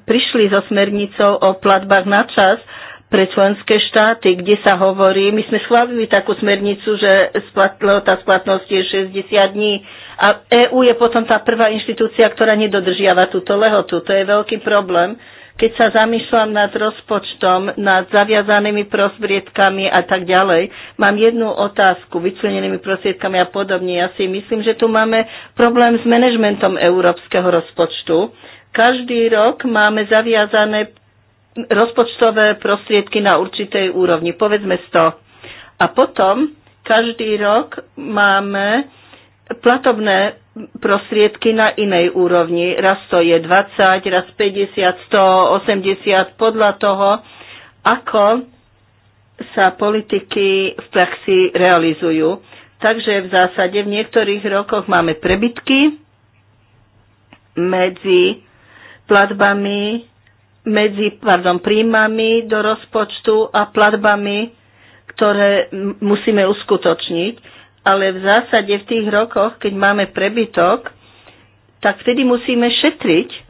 prišli so smernicou o platbách na čas pre členské štáty, kde sa hovorí, my sme schválili takú smernicu, že tá splatnosti je 60 dní a EÚ je potom tá prvá inštitúcia, ktorá nedodržiava túto lehotu. To je veľký problém. Keď sa zamýšľam nad rozpočtom, nad zaviazanými prostriedkami a tak ďalej, mám jednu otázku, vyčlenenými prostriedkami a podobne. Ja si myslím, že tu máme problém s manažmentom európskeho rozpočtu. Každý rok máme zaviazané rozpočtové prostriedky na určitej úrovni, povedzme 100. A potom každý rok máme platobné prostriedky na inej úrovni. Raz to je 20, raz 50, 100, 80, podľa toho, ako sa politiky v praxi realizujú. Takže v zásade v niektorých rokoch máme prebytky medzi platbami medzi pardon, príjmami do rozpočtu a platbami, ktoré musíme uskutočniť. Ale v zásade v tých rokoch, keď máme prebytok, tak vtedy musíme šetriť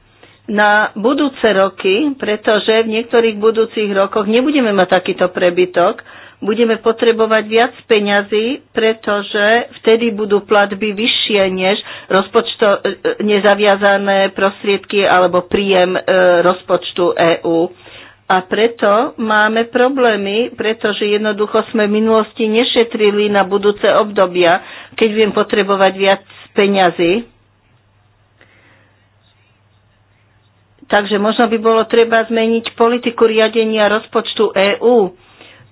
na budúce roky, pretože v niektorých budúcich rokoch nebudeme mať takýto prebytok budeme potrebovať viac peňazí, pretože vtedy budú platby vyššie než rozpočto, e, e, nezaviazané prostriedky alebo príjem e, rozpočtu EÚ. A preto máme problémy, pretože jednoducho sme v minulosti nešetrili na budúce obdobia, keď viem potrebovať viac peňazí. Takže možno by bolo treba zmeniť politiku riadenia rozpočtu EÚ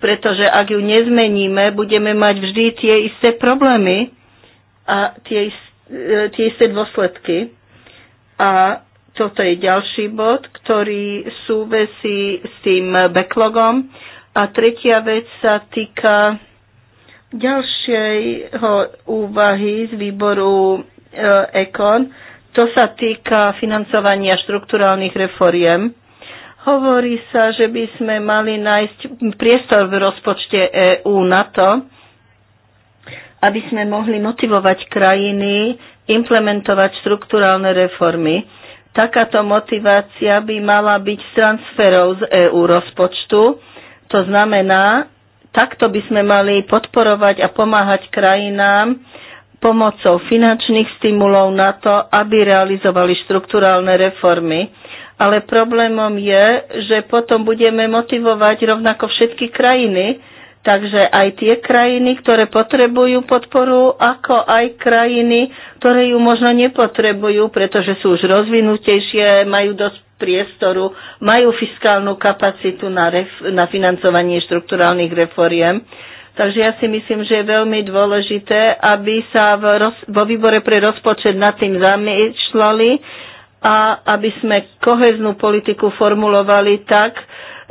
pretože ak ju nezmeníme, budeme mať vždy tie isté problémy a tie, e, tie isté dôsledky. A toto je ďalší bod, ktorý súvisí s tým backlogom. A tretia vec sa týka ďalšieho úvahy z výboru e, ECON. To sa týka financovania štrukturálnych reforiem. Hovorí sa, že by sme mali nájsť priestor v rozpočte EÚ na to, aby sme mohli motivovať krajiny implementovať štruktúrálne reformy. Takáto motivácia by mala byť s transferov z EÚ rozpočtu. To znamená, takto by sme mali podporovať a pomáhať krajinám pomocou finančných stimulov na to, aby realizovali štruktúrálne reformy ale problémom je, že potom budeme motivovať rovnako všetky krajiny, takže aj tie krajiny, ktoré potrebujú podporu, ako aj krajiny, ktoré ju možno nepotrebujú, pretože sú už rozvinutejšie, majú dosť priestoru, majú fiskálnu kapacitu na, ref- na financovanie štrukturálnych reforiem. Takže ja si myslím, že je veľmi dôležité, aby sa v roz- vo výbore pre rozpočet nad tým zamýšľali, a aby sme koheznú politiku formulovali tak,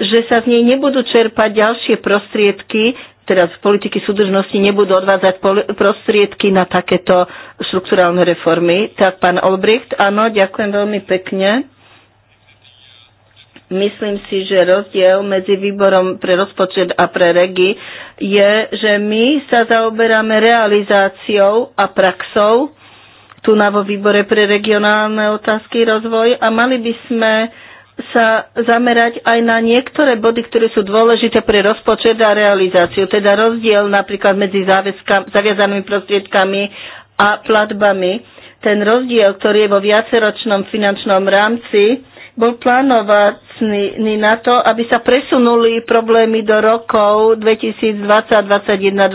že sa z nej nebudú čerpať ďalšie prostriedky, teraz politiky súdržnosti nebudú odvádzať prostriedky na takéto štruktúralne reformy. Tak pán Olbricht, áno, ďakujem veľmi pekne. Myslím si, že rozdiel medzi výborom pre rozpočet a pre regi je, že my sa zaoberáme realizáciou a praxou tu na vo výbore pre regionálne otázky rozvoj a mali by sme sa zamerať aj na niektoré body, ktoré sú dôležité pre rozpočet a realizáciu, teda rozdiel napríklad medzi záväzka, zaviazanými prostriedkami a platbami. Ten rozdiel, ktorý je vo viaceročnom finančnom rámci, bol plánovaný na to, aby sa presunuli problémy do rokov 2020, 2021,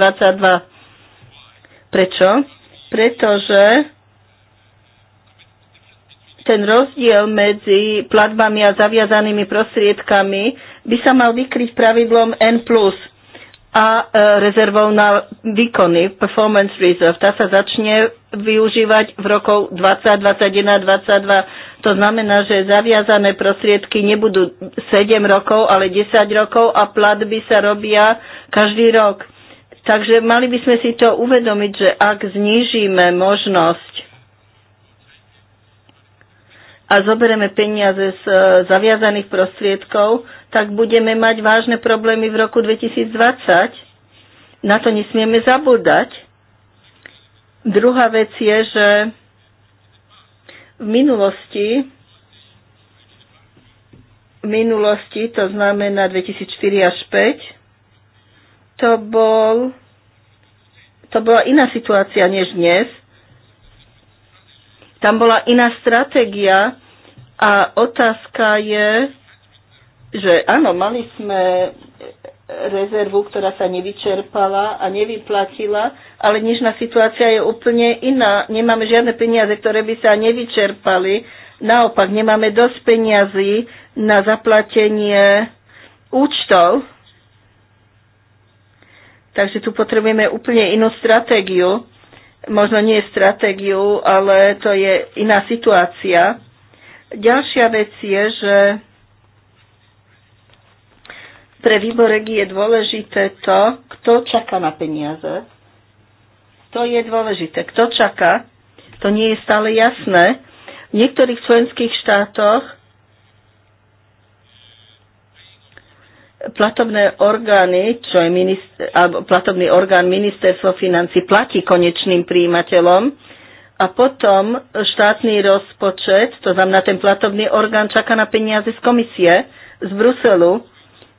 2022. Prečo? Pretože ten rozdiel medzi platbami a zaviazanými prostriedkami by sa mal vykryť pravidlom N+, a e, rezervou na výkony, performance reserve. Tá sa začne využívať v rokoch 2021 21, 22. To znamená, že zaviazané prostriedky nebudú 7 rokov, ale 10 rokov a platby sa robia každý rok. Takže mali by sme si to uvedomiť, že ak znížime možnosť a zoberieme peniaze z e, zaviazaných prostriedkov, tak budeme mať vážne problémy v roku 2020. Na to nesmieme zabúdať. Druhá vec je, že v minulosti v minulosti, to znamená 2004 až 2005, to, bol, to bola iná situácia než dnes. Tam bola iná stratégia a otázka je, že áno, mali sme rezervu, ktorá sa nevyčerpala a nevyplatila, ale dnešná situácia je úplne iná. Nemáme žiadne peniaze, ktoré by sa nevyčerpali. Naopak, nemáme dosť peniazy na zaplatenie účtov. Takže tu potrebujeme úplne inú stratégiu možno nie stratégiu, ale to je iná situácia. Ďalšia vec je, že pre výbor je dôležité to, kto čaká na peniaze. To je dôležité. Kto čaká, to nie je stále jasné. V niektorých členských štátoch platobné orgány, čo je minister, alebo platobný orgán ministerstvo financí platí konečným príjimateľom a potom štátny rozpočet, to znamená ten platobný orgán čaká na peniaze z komisie, z Bruselu.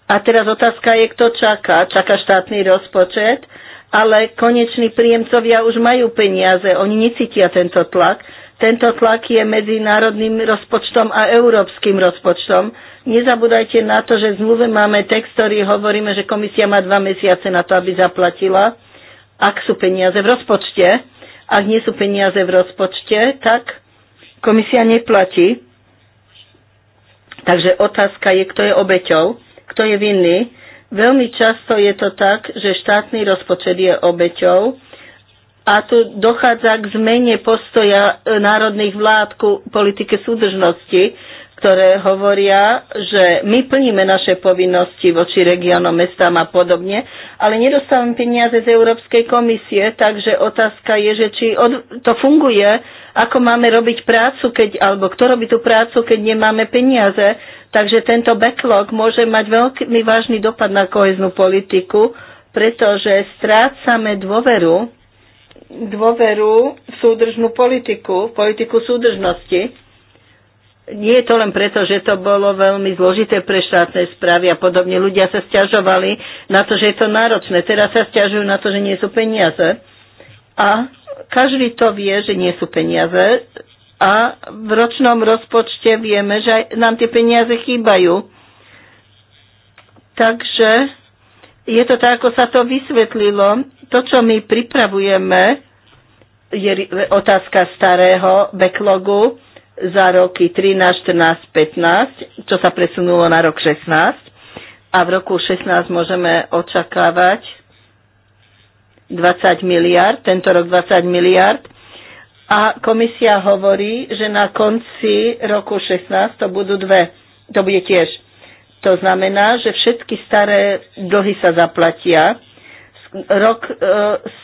A teraz otázka je, kto čaká. Čaká štátny rozpočet, ale koneční príjemcovia už majú peniaze, oni necítia tento tlak. Tento tlak je medzinárodným rozpočtom a európskym rozpočtom. Nezabúdajte na to, že v zmluve máme text, ktorý hovoríme, že komisia má dva mesiace na to, aby zaplatila, ak sú peniaze v rozpočte. Ak nie sú peniaze v rozpočte, tak komisia neplatí. Takže otázka je, kto je obeťou, kto je vinný. Veľmi často je to tak, že štátny rozpočet je obeťou a tu dochádza k zmene postoja e, národných vlád ku politike súdržnosti ktoré hovoria, že my plníme naše povinnosti voči regiónom, mestám a podobne, ale nedostávame peniaze z Európskej komisie, takže otázka je, že či od, to funguje, ako máme robiť prácu, keď, alebo kto robí tú prácu, keď nemáme peniaze. Takže tento backlog môže mať veľmi vážny dopad na koheznú politiku, pretože strácame dôveru dôveru v súdržnú politiku, v politiku súdržnosti nie je to len preto, že to bolo veľmi zložité pre štátne správy a podobne. Ľudia sa stiažovali na to, že je to náročné. Teraz sa stiažujú na to, že nie sú peniaze. A každý to vie, že nie sú peniaze. A v ročnom rozpočte vieme, že aj nám tie peniaze chýbajú. Takže je to tak, ako sa to vysvetlilo. To, čo my pripravujeme, je otázka starého backlogu za roky 13, 14, 15, čo sa presunulo na rok 16. A v roku 16 môžeme očakávať 20 miliard, tento rok 20 miliard. A komisia hovorí, že na konci roku 16 to budú dve, to bude tiež. To znamená, že všetky staré dlhy sa zaplatia. Rok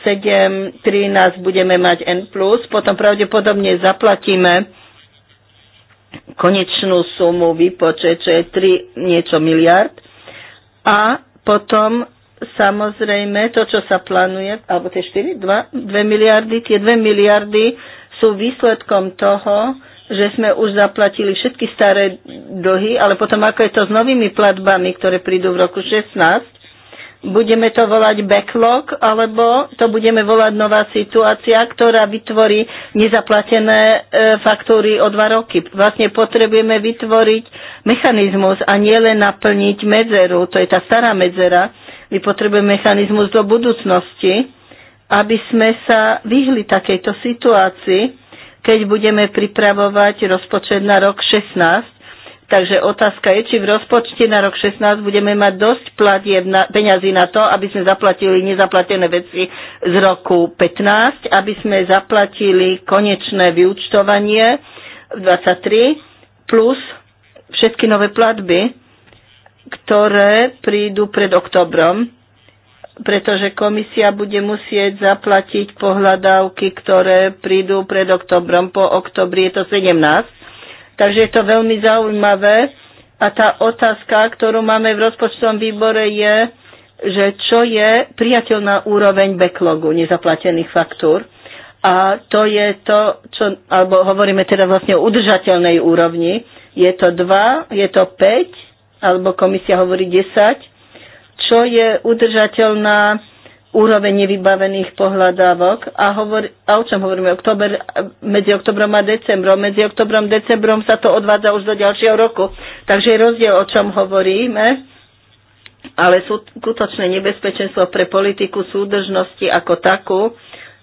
7, e, 13 budeme mať N+, potom pravdepodobne zaplatíme konečnú sumu vypočet, čo je 3 niečo miliard. A potom samozrejme to, čo sa plánuje, alebo tie 4, 2, 2 miliardy, tie 2 miliardy sú výsledkom toho, že sme už zaplatili všetky staré dlhy, ale potom ako je to s novými platbami, ktoré prídu v roku 16, Budeme to volať backlog, alebo to budeme volať nová situácia, ktorá vytvorí nezaplatené e, faktúry o dva roky. Vlastne potrebujeme vytvoriť mechanizmus a nielen naplniť medzeru, to je tá stará medzera. My potrebujeme mechanizmus do budúcnosti, aby sme sa vyhli takejto situácii, keď budeme pripravovať rozpočet na rok 16 Takže otázka je, či v rozpočte na rok 16 budeme mať dosť platieb na, peňazí na to, aby sme zaplatili nezaplatené veci z roku 15, aby sme zaplatili konečné vyúčtovanie v 23 plus všetky nové platby, ktoré prídu pred oktobrom, pretože komisia bude musieť zaplatiť pohľadávky, ktoré prídu pred oktobrom. Po oktobri je to 17 Takže je to veľmi zaujímavé. A tá otázka, ktorú máme v rozpočtovom výbore, je, že čo je priateľná úroveň backlogu nezaplatených faktúr. A to je to, čo, alebo hovoríme teda vlastne o udržateľnej úrovni. Je to 2, je to 5, alebo komisia hovorí 10. Čo je udržateľná úroveň nevybavených pohľadávok a, hovor, a o čom hovoríme? Oktober, medzi oktobrom a decembrom. Medzi oktobrom a decembrom sa to odvádza už do ďalšieho roku. Takže je rozdiel, o čom hovoríme, ale sú skutočné nebezpečenstvo pre politiku súdržnosti ako takú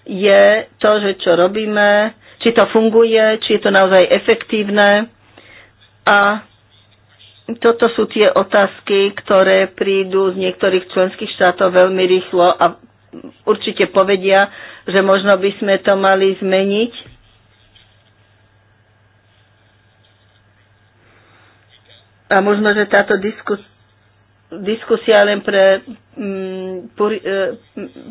je to, že čo robíme, či to funguje, či je to naozaj efektívne a toto sú tie otázky, ktoré prídu z niektorých členských štátov veľmi rýchlo a určite povedia, že možno by sme to mali zmeniť. A možno, že táto diskus, diskusia len pre, mm, e,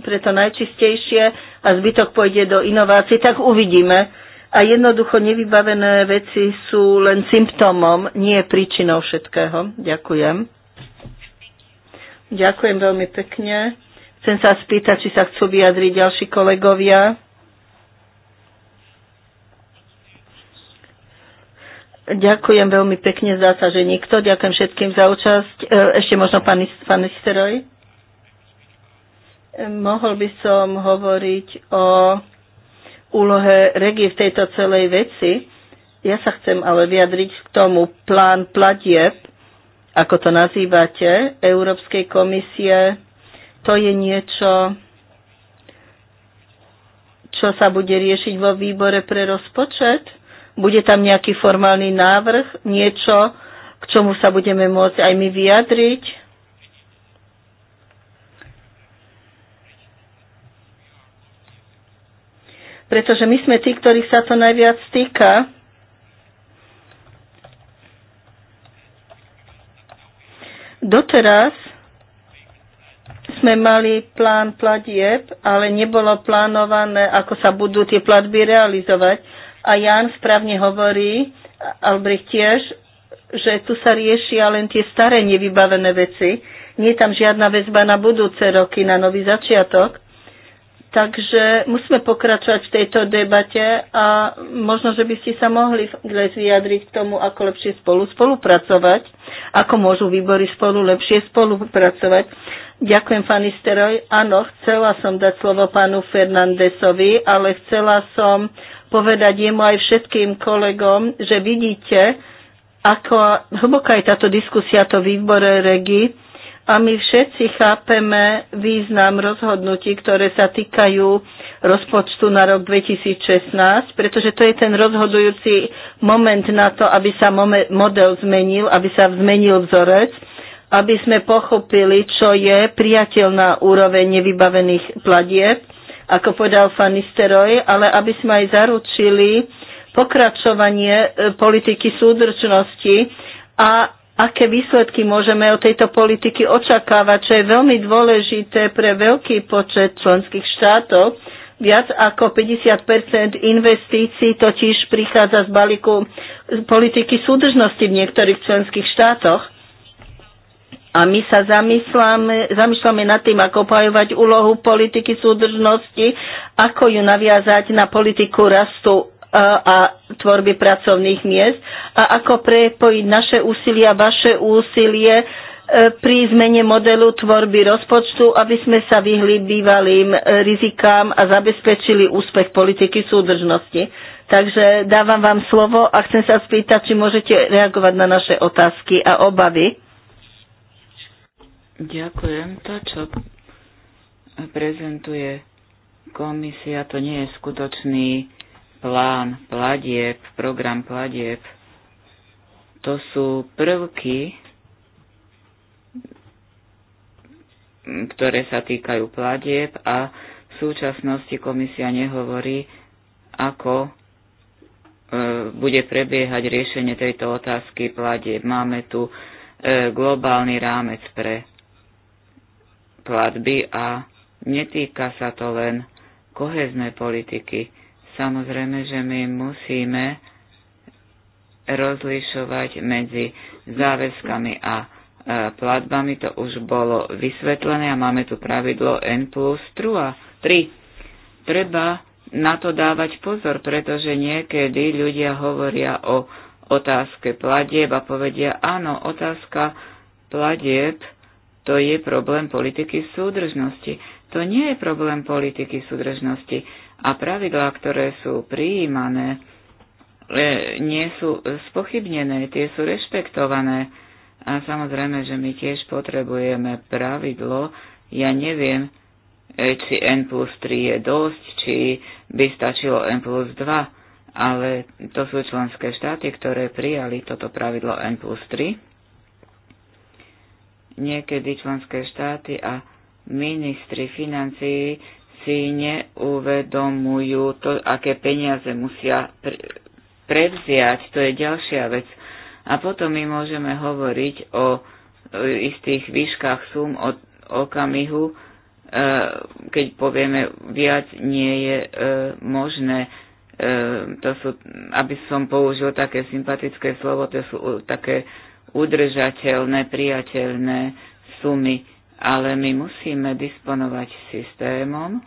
pre to najčistejšie a zbytok pôjde do inovácií, tak uvidíme a jednoducho nevybavené veci sú len symptómom, nie príčinou všetkého. Ďakujem. Ďakujem veľmi pekne. Chcem sa spýtať, či sa chcú vyjadriť ďalší kolegovia. Ďakujem veľmi pekne, za sa, že nikto. Ďakujem všetkým za účasť. E, ešte možno pán, pán Isteroj. E, mohol by som hovoriť o úlohe regie v tejto celej veci. Ja sa chcem ale vyjadriť k tomu plán platieb, ako to nazývate, Európskej komisie. To je niečo, čo sa bude riešiť vo výbore pre rozpočet. Bude tam nejaký formálny návrh, niečo, k čomu sa budeme môcť aj my vyjadriť pretože my sme tí, ktorých sa to najviac týka. Doteraz sme mali plán platieb, ale nebolo plánované, ako sa budú tie platby realizovať. A Jan správne hovorí, Albrecht tiež, že tu sa riešia len tie staré nevybavené veci. Nie je tam žiadna väzba na budúce roky, na nový začiatok. Takže musíme pokračovať v tejto debate a možno, že by ste sa mohli dnes vyjadriť k tomu, ako lepšie spolu spolupracovať, ako môžu výbory spolu lepšie spolupracovať. Ďakujem, pani Steroj. Áno, chcela som dať slovo pánu Fernandesovi, ale chcela som povedať jemu aj všetkým kolegom, že vidíte, ako hlboká je táto diskusia to výbore regi a my všetci chápeme význam rozhodnutí, ktoré sa týkajú rozpočtu na rok 2016, pretože to je ten rozhodujúci moment na to, aby sa model zmenil, aby sa zmenil vzorec, aby sme pochopili, čo je priateľná úroveň nevybavených platieb, ako povedal Fanisteroj, ale aby sme aj zaručili pokračovanie e, politiky súdržnosti a aké výsledky môžeme od tejto politiky očakávať, čo je veľmi dôležité pre veľký počet členských štátov. Viac ako 50 investícií totiž prichádza z balíku politiky súdržnosti v niektorých členských štátoch. A my sa zamýšľame, zamýšľame nad tým, ako opajovať úlohu politiky súdržnosti, ako ju naviazať na politiku rastu a tvorby pracovných miest a ako prepojiť naše úsilie a vaše úsilie e, pri zmene modelu tvorby rozpočtu, aby sme sa vyhli bývalým e, rizikám a zabezpečili úspech politiky súdržnosti. Takže dávam vám slovo a chcem sa spýtať, či môžete reagovať na naše otázky a obavy. Ďakujem. To, čo prezentuje komisia, to nie je skutočný plán platieb, program platieb, to sú prvky, ktoré sa týkajú platieb a v súčasnosti komisia nehovorí, ako e, bude prebiehať riešenie tejto otázky platieb. Máme tu e, globálny rámec pre platby a netýka sa to len kohezné politiky Samozrejme, že my musíme rozlišovať medzi záväzkami a e, platbami, to už bolo vysvetlené a máme tu pravidlo N plus 3. Treba na to dávať pozor, pretože niekedy ľudia hovoria o otázke platieb a povedia, áno, otázka platieb to je problém politiky súdržnosti. To nie je problém politiky súdržnosti a pravidlá, ktoré sú prijímané, e, nie sú spochybnené, tie sú rešpektované. A samozrejme, že my tiež potrebujeme pravidlo. Ja neviem, e, či N plus 3 je dosť, či by stačilo N plus 2, ale to sú členské štáty, ktoré prijali toto pravidlo N plus 3. Niekedy členské štáty a ministri financií si neuvedomujú to, aké peniaze musia prevziať. To je ďalšia vec. A potom my môžeme hovoriť o istých výškach sum od okamihu, e, keď povieme viac nie je e, možné. E, to sú, aby som použil také sympatické slovo, to sú také udržateľné, priateľné sumy ale my musíme disponovať systémom,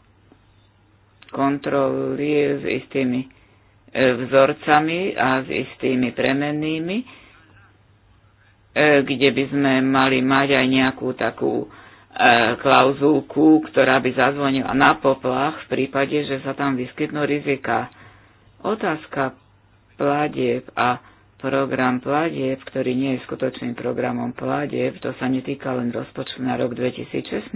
kontroly s istými e, vzorcami a s istými premennými, e, kde by sme mali mať aj nejakú takú e, klauzulku, ktorá by zazvonila na poplach v prípade, že sa tam vyskytnú rizika. Otázka pladieb a program pladieb, ktorý nie je skutočným programom pladieb, to sa netýka len rozpočtu na rok 2016,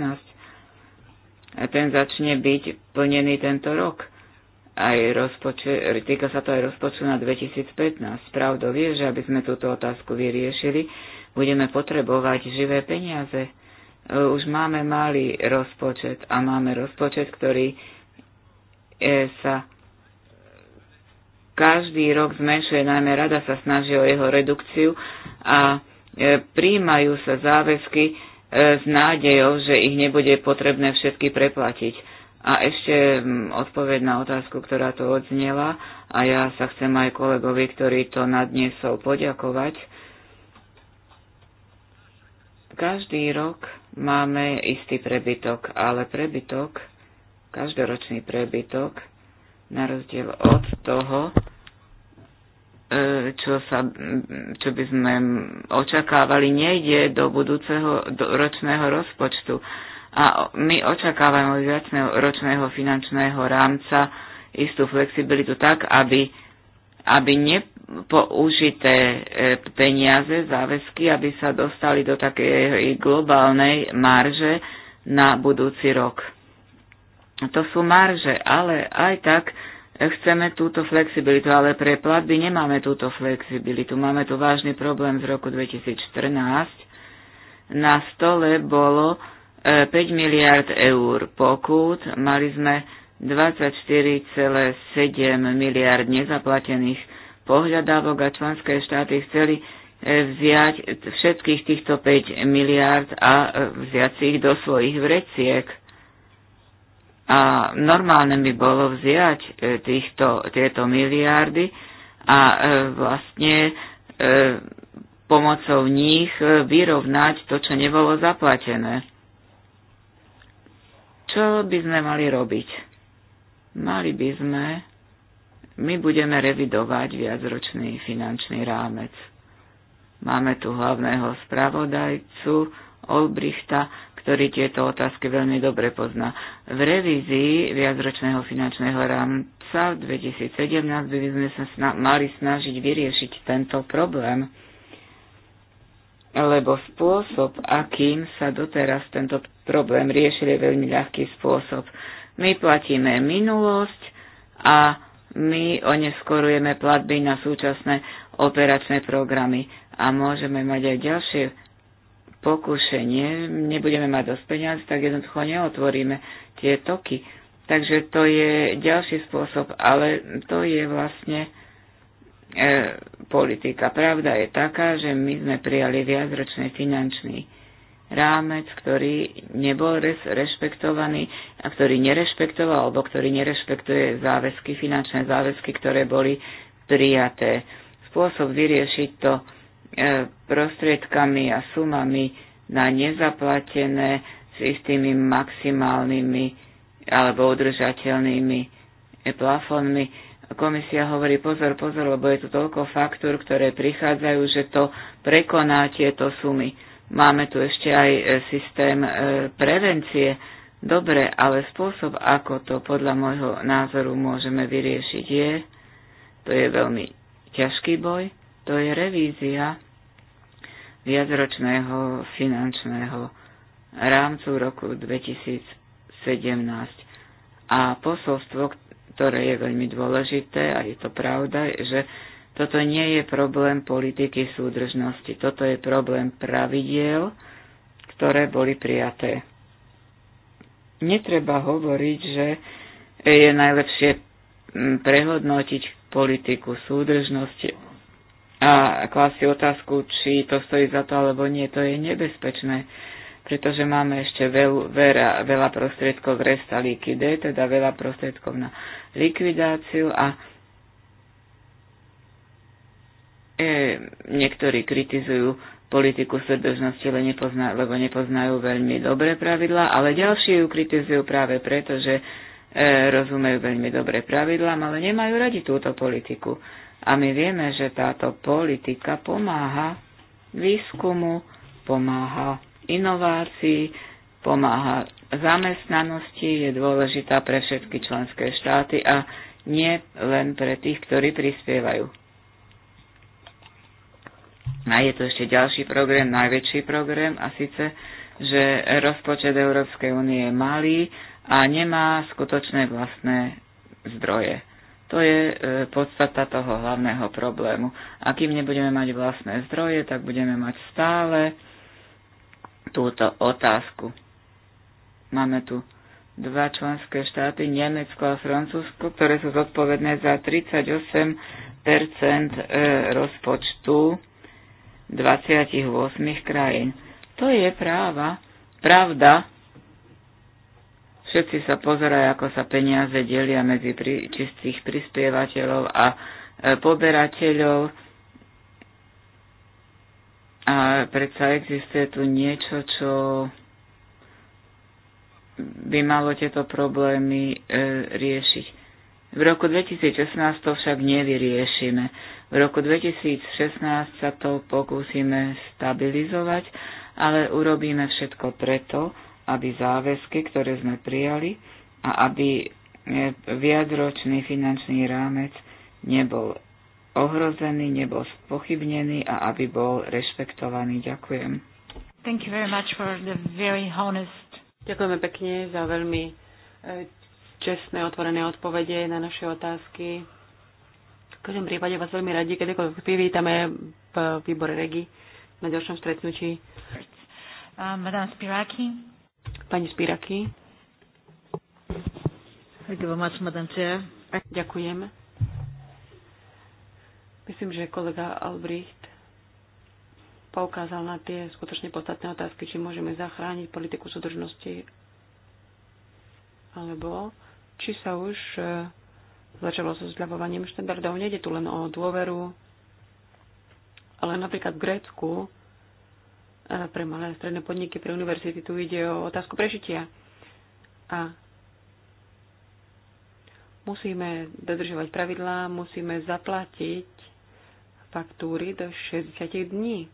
a ten začne byť plnený tento rok. Aj rozpoče- týka sa to aj rozpočtu na 2015. Pravdou je, že aby sme túto otázku vyriešili, budeme potrebovať živé peniaze. E, už máme malý rozpočet a máme rozpočet, ktorý e, sa každý rok zmenšuje, najmä rada sa snaží o jeho redukciu a e, príjmajú sa záväzky, E, s nádejou, že ich nebude potrebné všetky preplatiť. A ešte odpoveď na otázku, ktorá tu odznela, a ja sa chcem aj kolegovi, ktorý to nadniesol, poďakovať. Každý rok máme istý prebytok, ale prebytok, každoročný prebytok, na rozdiel od toho, E, čo, sa, čo by sme očakávali, nejde do budúceho do ročného rozpočtu. A my očakávame od ročného finančného rámca istú flexibilitu tak, aby, aby nepoužité e, peniaze, záväzky, aby sa dostali do takej globálnej marže na budúci rok. To sú marže, ale aj tak Chceme túto flexibilitu, ale pre platby nemáme túto flexibilitu. Máme tu vážny problém z roku 2014. Na stole bolo 5 e, miliard eur pokút, mali sme 24,7 miliard nezaplatených pohľadávok a členské štáty chceli e, vziať všetkých týchto 5 miliard a e, vziať si ich do svojich vreciek. A normálne by bolo vziať e, týchto, tieto miliardy a e, vlastne e, pomocou nich vyrovnať to, čo nebolo zaplatené. Čo by sme mali robiť? Mali by sme, my budeme revidovať viacročný finančný rámec. Máme tu hlavného spravodajcu Olbrichta, ktorý tieto otázky veľmi dobre pozná. V revízii viacročného finančného rámca 2017 by sme sa sna- mali snažiť vyriešiť tento problém, lebo spôsob, akým sa doteraz tento problém riešil, je veľmi ľahký spôsob. My platíme minulosť a my oneskorujeme platby na súčasné operačné programy a môžeme mať aj ďalšie pokušenie, nebudeme mať dosť peniazy, tak jednoducho neotvoríme tie toky. Takže to je ďalší spôsob, ale to je vlastne e, politika. Pravda je taká, že my sme prijali viacročný finančný rámec, ktorý nebol res, rešpektovaný a ktorý nerešpektoval, alebo ktorý nerešpektuje záväzky, finančné záväzky, ktoré boli prijaté. Spôsob vyriešiť to E, prostriedkami a sumami na nezaplatené s istými maximálnymi alebo udržateľnými e, plafonmi. Komisia hovorí pozor, pozor, lebo je tu toľko faktúr, ktoré prichádzajú, že to prekoná tieto sumy. Máme tu ešte aj e, systém prevencie. Dobre, ale spôsob, ako to podľa môjho názoru môžeme vyriešiť, je, to je veľmi ťažký boj to je revízia viacročného finančného rámcu roku 2017. A posolstvo, ktoré je veľmi dôležité, a je to pravda, že toto nie je problém politiky súdržnosti, toto je problém pravidiel, ktoré boli prijaté. Netreba hovoriť, že je najlepšie mm, prehodnotiť politiku súdržnosti a klásť si otázku, či to stojí za to alebo nie, to je nebezpečné, pretože máme ešte veľ, veľa, veľa prostriedkov v resta likide, teda veľa prostriedkov na likvidáciu a e, niektorí kritizujú politiku srdečnosti, le nepozna, lebo nepoznajú veľmi dobré pravidlá, ale ďalší ju kritizujú práve preto, že e, rozumejú veľmi dobré pravidlám, ale nemajú radi túto politiku. A my vieme, že táto politika pomáha výskumu, pomáha inovácii, pomáha zamestnanosti, je dôležitá pre všetky členské štáty a nie len pre tých, ktorí prispievajú. A je tu ešte ďalší program, najväčší program, a síce, že rozpočet Európskej únie je malý a nemá skutočné vlastné zdroje. To je e, podstata toho hlavného problému. A kým nebudeme mať vlastné zdroje, tak budeme mať stále túto otázku. Máme tu dva členské štáty, Nemecko a Francúzsko, ktoré sú zodpovedné za 38 e, rozpočtu 28 krajín. To je práva, pravda, Všetci sa pozerajú, ako sa peniaze delia medzi pri, čistých prispievateľov a e, poberateľov. A predsa existuje tu niečo, čo by malo tieto problémy e, riešiť. V roku 2016 to však nevyriešime. V roku 2016 sa to pokúsime stabilizovať, ale urobíme všetko preto, aby záväzky, ktoré sme prijali a aby e, viacročný finančný rámec nebol ohrozený, nebol spochybnený a aby bol rešpektovaný. Ďakujem. Thank you very much for the very honest. Ďakujeme pekne za veľmi e, čestné, otvorené odpovede na naše otázky. V každom prípade vás veľmi radi, kedykoľvek privítame v výbore REGI na ďalšom stretnutí. Um, Madame Spiraki. Pani Spiraky. Ďakujem. Myslím, že kolega Albricht poukázal na tie skutočne podstatné otázky, či môžeme zachrániť politiku súdržnosti, alebo či sa už e, začalo so zľavovaním štandardov. Nede tu len o dôveru, ale napríklad v Grécku pre malé a stredné podniky, pre univerzity. Tu ide o otázku prežitia. A musíme dodržovať pravidlá, musíme zaplatiť faktúry do 60 dní.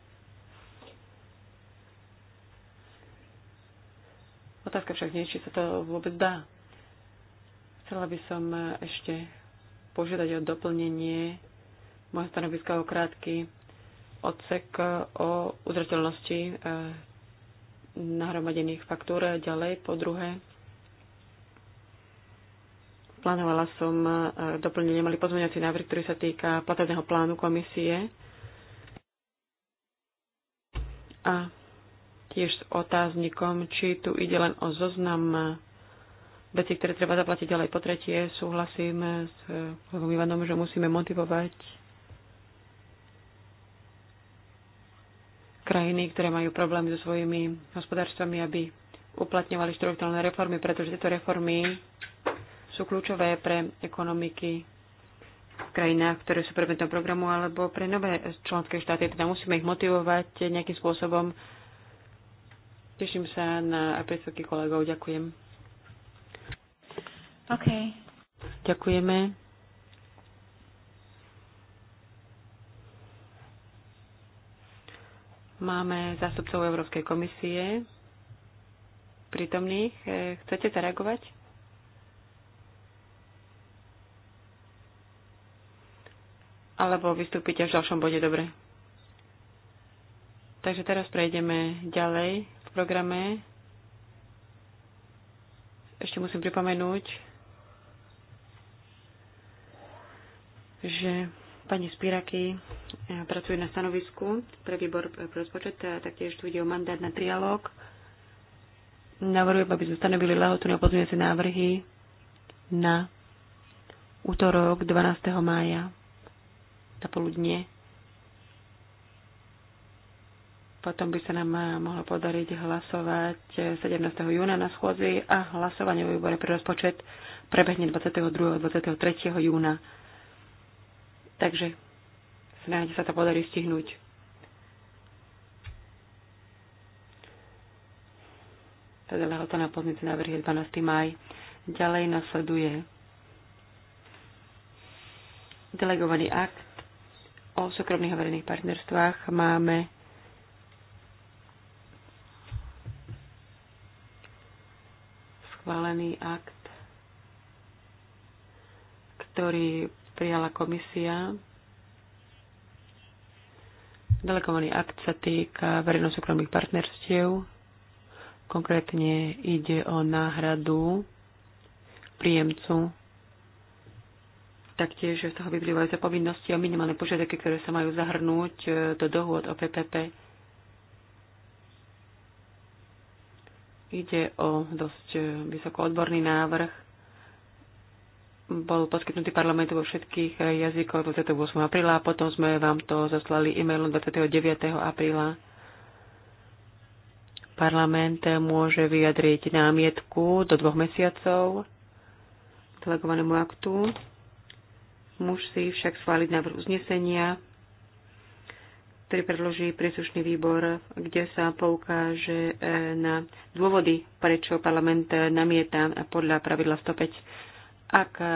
Otázka však nie, či sa to vôbec dá. Chcela by som ešte požiadať o doplnenie môjho stanoviska o krátky odsek e, o udržateľnosti e, nahromadených faktúr. Ďalej, po druhé, plánovala som e, doplnenie malý pozmeňovací návrh, ktorý sa týka platebného plánu komisie a tiež s otáznikom, či tu ide len o zoznam veci, ktoré treba zaplatiť ďalej. Po tretie, súhlasím s kolegom Ivanom, že musíme motivovať krajiny, ktoré majú problémy so svojimi hospodárstvami, aby uplatňovali štruktúrne reformy, pretože tieto reformy sú kľúčové pre ekonomiky v krajinách, ktoré sú predmetom programu, alebo pre nové členské štáty. Teda musíme ich motivovať nejakým spôsobom. Teším sa na príspevky kolegov. Ďakujem. OK. Ďakujeme. Máme zástupcov Európskej komisie prítomných. E, chcete zareagovať? Alebo vystúpite v ďalšom bode, dobre. Takže teraz prejdeme ďalej v programe. Ešte musím pripomenúť, že Pani Spiraky e, pracuje na stanovisku pre výbor e, pre rozpočet, taktiež tu ide o mandát na trialóg. Navrhujem, aby sme stanovili lehotu na návrhy na útorok 12. mája na poludne. Potom by sa nám e, mohlo podariť hlasovať 17. júna na schôdzi a hlasovanie o výbore pre rozpočet prebehne 22. a 23. júna. Takže snáď sa to podarí stihnúť. Teda lehota na poznice návrhy 12. maj. Ďalej nasleduje delegovaný akt o súkromných a verejných partnerstvách. Máme schválený akt, ktorý prijala komisia. Delegovaný akt sa týka verejno-súkromných partnerstiev. Konkrétne ide o náhradu príjemcu. Taktiež z toho vyplývajú sa povinnosti a minimálne požiadavky, ktoré sa majú zahrnúť e, do dohôd o PPP. Ide o dosť e, vysoko odborný návrh bol poskytnutý parlamentu vo všetkých jazykoch 28. apríla a potom sme vám to zaslali e-mailom 29. apríla. Parlament môže vyjadriť námietku do dvoch mesiacov delegovanému aktu. Musí však schváliť návrh uznesenia, ktorý predloží príslušný výbor, kde sa poukáže eh, na dôvody, prečo parlament namieta podľa pravidla 105 ak e,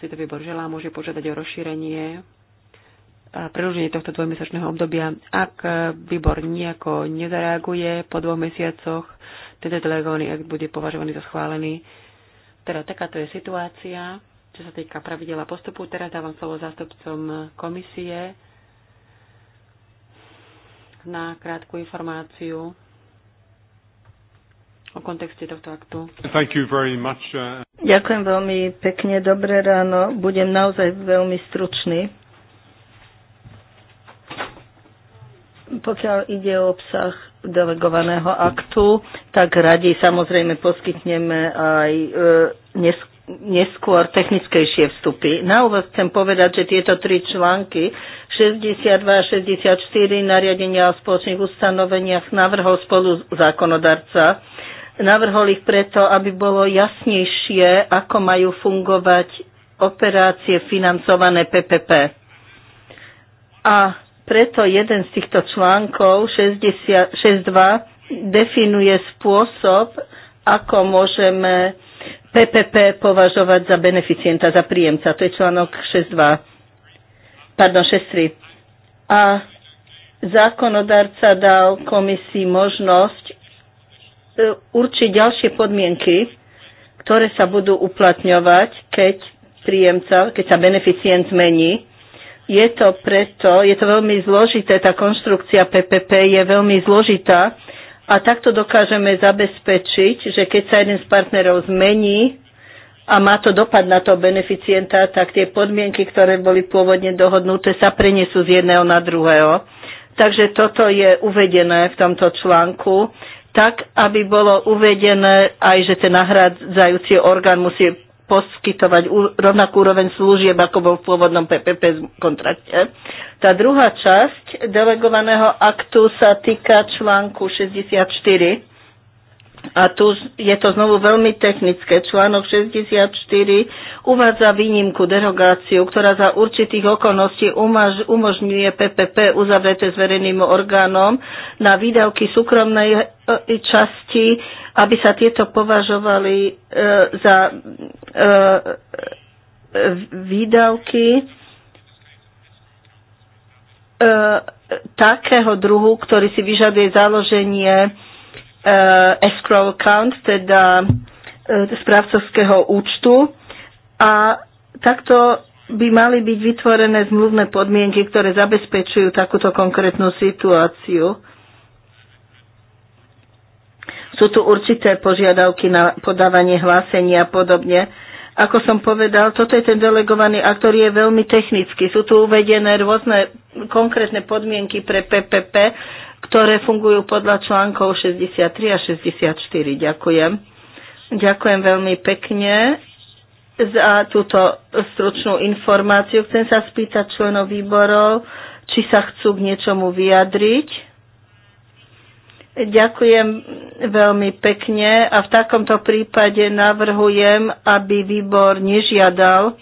si to výbor želá, môže požiadať o rozšírenie e, preloženie tohto dvojmesačného obdobia. Ak e, výbor nejako nezareaguje po dvoch mesiacoch, teda delegovaný akt bude považovaný za schválený. Teda takáto je situácia, čo sa týka pravidela postupu. Teraz dávam slovo zástupcom komisie na krátku informáciu o kontexte tohto aktu. Thank you very much. Uh, Ďakujem veľmi pekne, dobré ráno. Budem naozaj veľmi stručný. Pokiaľ ide o obsah delegovaného aktu, tak radi samozrejme poskytneme aj e, neskôr technickejšie vstupy. Na úvod chcem povedať, že tieto tri články 62 a 64 nariadenia o spoločných ustanoveniach navrhol spolu zákonodarca Navrhol ich preto, aby bolo jasnejšie, ako majú fungovať operácie financované PPP. A preto jeden z týchto článkov 6.2 definuje spôsob, ako môžeme PPP považovať za beneficienta, za príjemca. To je článok 6.2. Pardon, 6.3. A zákonodárca dal komisii možnosť určiť ďalšie podmienky, ktoré sa budú uplatňovať, keď príjemca, keď sa beneficient zmení. Je to preto, je to veľmi zložité, tá konštrukcia PPP je veľmi zložitá a takto dokážeme zabezpečiť, že keď sa jeden z partnerov zmení a má to dopad na toho beneficienta, tak tie podmienky, ktoré boli pôvodne dohodnuté, sa prenesú z jedného na druhého. Takže toto je uvedené v tomto článku tak, aby bolo uvedené aj, že ten nahradzajúci orgán musí poskytovať rovnakú úroveň služieb, ako bol v pôvodnom PPP kontrakte. Tá druhá časť delegovaného aktu sa týka článku 64 a tu je to znovu veľmi technické. Článok 64 uvádza výnimku, derogáciu, ktorá za určitých okolností umožňuje PPP uzavreté s verejným orgánom na výdavky súkromnej e, časti, aby sa tieto považovali e, za e, výdavky takého druhu, ktorý si vyžaduje založenie Eh, escrow account, teda eh, správcovského účtu a takto by mali byť vytvorené zmluvné podmienky, ktoré zabezpečujú takúto konkrétnu situáciu. Sú tu určité požiadavky na podávanie hlásenia a podobne. Ako som povedal, toto je ten delegovaný akt, ktorý je veľmi technický. Sú tu uvedené rôzne konkrétne podmienky pre PPP, ktoré fungujú podľa článkov 63 a 64. Ďakujem. Ďakujem veľmi pekne za túto stručnú informáciu. Chcem sa spýtať členov výborov, či sa chcú k niečomu vyjadriť. Ďakujem veľmi pekne a v takomto prípade navrhujem, aby výbor nežiadal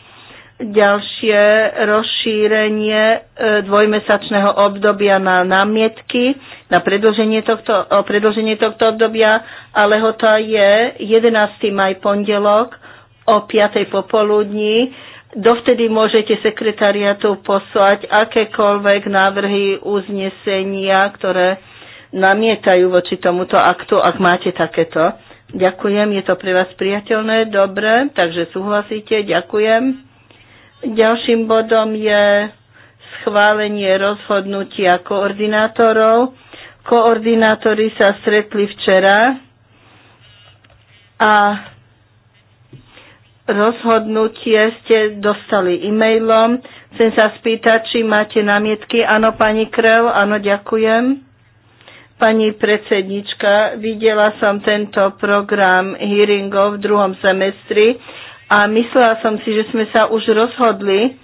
ďalšie rozšírenie e, dvojmesačného obdobia na námietky, na predlženie tohto, predlženie tohto obdobia, ale hota je 11. maj pondelok o 5. popoludní. Dovtedy môžete sekretariatu poslať akékoľvek návrhy uznesenia, ktoré namietajú voči tomuto aktu, ak máte takéto. Ďakujem, je to pre vás priateľné, dobre, takže súhlasíte, ďakujem. Ďalším bodom je schválenie rozhodnutia koordinátorov. Koordinátori sa stretli včera a rozhodnutie ste dostali e-mailom. Chcem sa spýtať, či máte námietky. Áno, pani Krel, áno, ďakujem. Pani predsednička, videla som tento program hearingov v druhom semestri a myslela som si, že sme sa už rozhodli,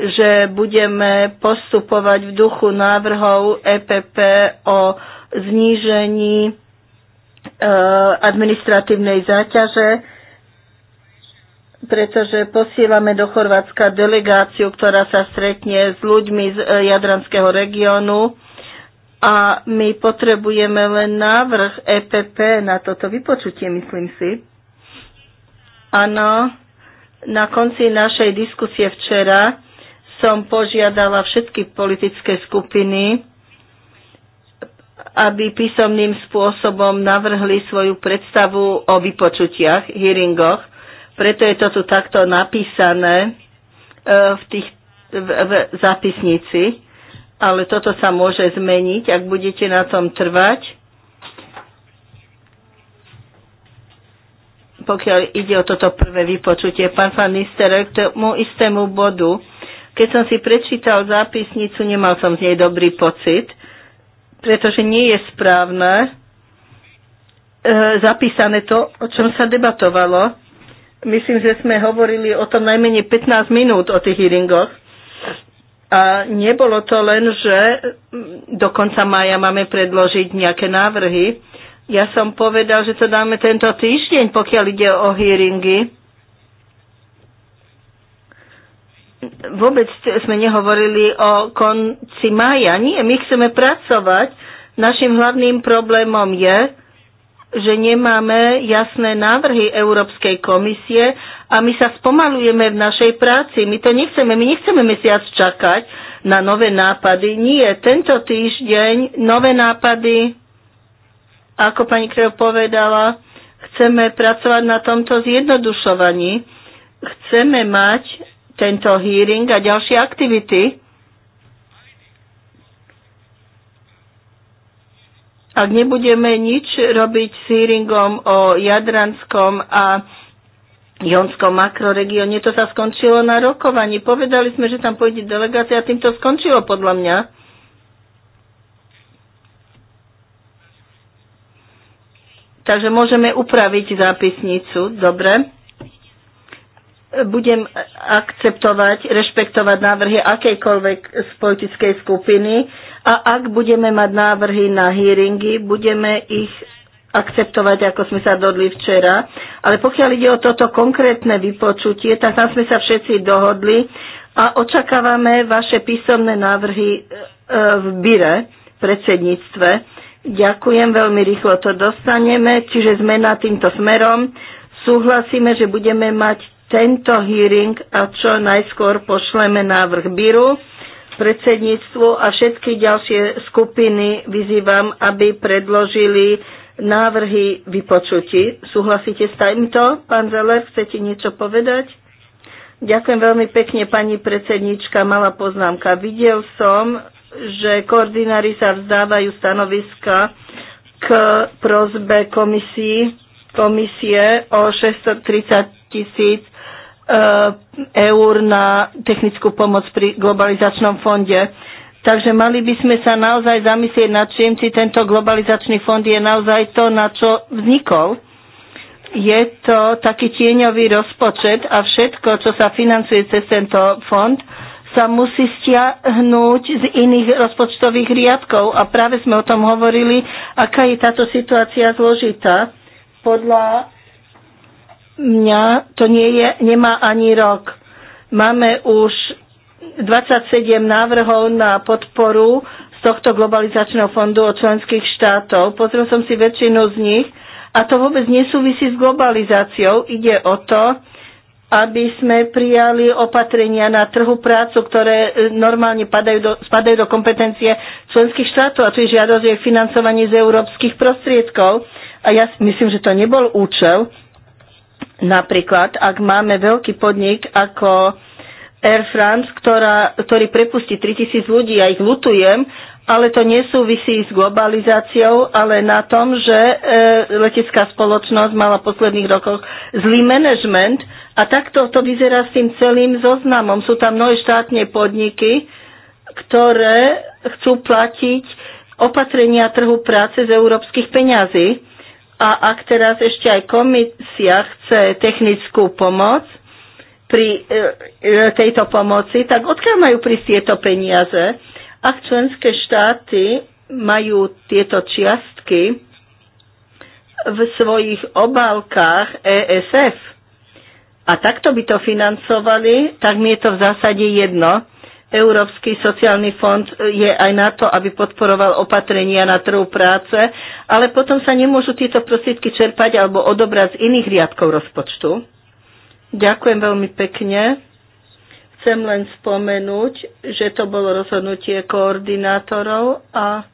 že budeme postupovať v duchu návrhov EPP o znížení e, administratívnej záťaže, pretože posielame do Chorvátska delegáciu, ktorá sa stretne s ľuďmi z e, Jadranského regiónu a my potrebujeme len návrh EPP na toto vypočutie, myslím si. Áno, na konci našej diskusie včera som požiadala všetky politické skupiny, aby písomným spôsobom navrhli svoju predstavu o vypočutiach, hearingoch. Preto je to tu takto napísané e, v, tých, v, v zápisnici, ale toto sa môže zmeniť, ak budete na tom trvať pokiaľ ide o toto prvé vypočutie. Pán pán minister, k tomu istému bodu, keď som si prečítal zápisnicu, nemal som z nej dobrý pocit, pretože nie je správne e, zapísané to, o čom sa debatovalo. Myslím, že sme hovorili o tom najmenej 15 minút, o tých hearingoch. A nebolo to len, že do konca mája máme predložiť nejaké návrhy, ja som povedal, že to dáme tento týždeň, pokiaľ ide o hearingy. Vôbec sme nehovorili o konci mája. Nie, my chceme pracovať. Našim hlavným problémom je, že nemáme jasné návrhy Európskej komisie a my sa spomalujeme v našej práci. My to nechceme, my nechceme mesiac čakať na nové nápady. Nie, tento týždeň nové nápady ako pani Kreo povedala, chceme pracovať na tomto zjednodušovaní. Chceme mať tento hearing a ďalšie aktivity. Ak nebudeme nič robiť s hearingom o Jadranskom a Jonskom makroregióne, to sa skončilo na rokovaní. Povedali sme, že tam pôjde delegácia a tým to skončilo podľa mňa. Takže môžeme upraviť zápisnicu, dobre? Budem akceptovať, rešpektovať návrhy akejkoľvek z politickej skupiny a ak budeme mať návrhy na hearingy, budeme ich akceptovať, ako sme sa dodli včera. Ale pokiaľ ide o toto konkrétne vypočutie, tak tam sme sa všetci dohodli a očakávame vaše písomné návrhy e, e, v Bire, predsedníctve. Ďakujem, veľmi rýchlo to dostaneme, čiže sme na týmto smerom. Súhlasíme, že budeme mať tento hearing a čo najskôr pošleme návrh Biru predsedníctvu a všetky ďalšie skupiny vyzývam, aby predložili návrhy vypočutí. Súhlasíte s týmto? Pán Zeller, chcete niečo povedať? Ďakujem veľmi pekne, pani predsednička. Malá poznámka. Videl som že koordinári sa vzdávajú stanoviska k prozbe komisii, komisie o 630 tisíc eh, eur na technickú pomoc pri globalizačnom fonde. Takže mali by sme sa naozaj zamyslieť nad čím, či tento globalizačný fond je naozaj to, na čo vznikol. Je to taký tieňový rozpočet a všetko, čo sa financuje cez tento fond, sa musí stiahnuť z iných rozpočtových riadkov. A práve sme o tom hovorili, aká je táto situácia zložitá. Podľa mňa to nie je, nemá ani rok. Máme už 27 návrhov na podporu z tohto globalizačného fondu od členských štátov. Pozrel som si väčšinu z nich a to vôbec nesúvisí s globalizáciou. Ide o to, aby sme prijali opatrenia na trhu prácu, ktoré e, normálne padajú do, spadajú do kompetencie členských štátov a tu je žiadosť o financovanie z európskych prostriedkov. A ja myslím, že to nebol účel. Napríklad, ak máme veľký podnik ako Air France, ktorá, ktorý prepustí 3000 ľudí, ja ich lutujem, ale to nesúvisí s globalizáciou, ale na tom, že e, letecká spoločnosť mala v posledných rokoch zlý manažment a takto to vyzerá s tým celým zoznamom. Sú tam mnohé štátne podniky, ktoré chcú platiť opatrenia trhu práce z európskych peňazí. A ak teraz ešte aj komisia chce technickú pomoc pri e, e tejto pomoci, tak odkiaľ majú prísť tieto peniaze? Ak členské štáty majú tieto čiastky v svojich obálkach ESF a takto by to financovali, tak mi je to v zásade jedno. Európsky sociálny fond je aj na to, aby podporoval opatrenia na trhu práce, ale potom sa nemôžu tieto prostriedky čerpať alebo odobrať z iných riadkov rozpočtu. Ďakujem veľmi pekne. Chcem len spomenúť, že to bolo rozhodnutie koordinátorov a,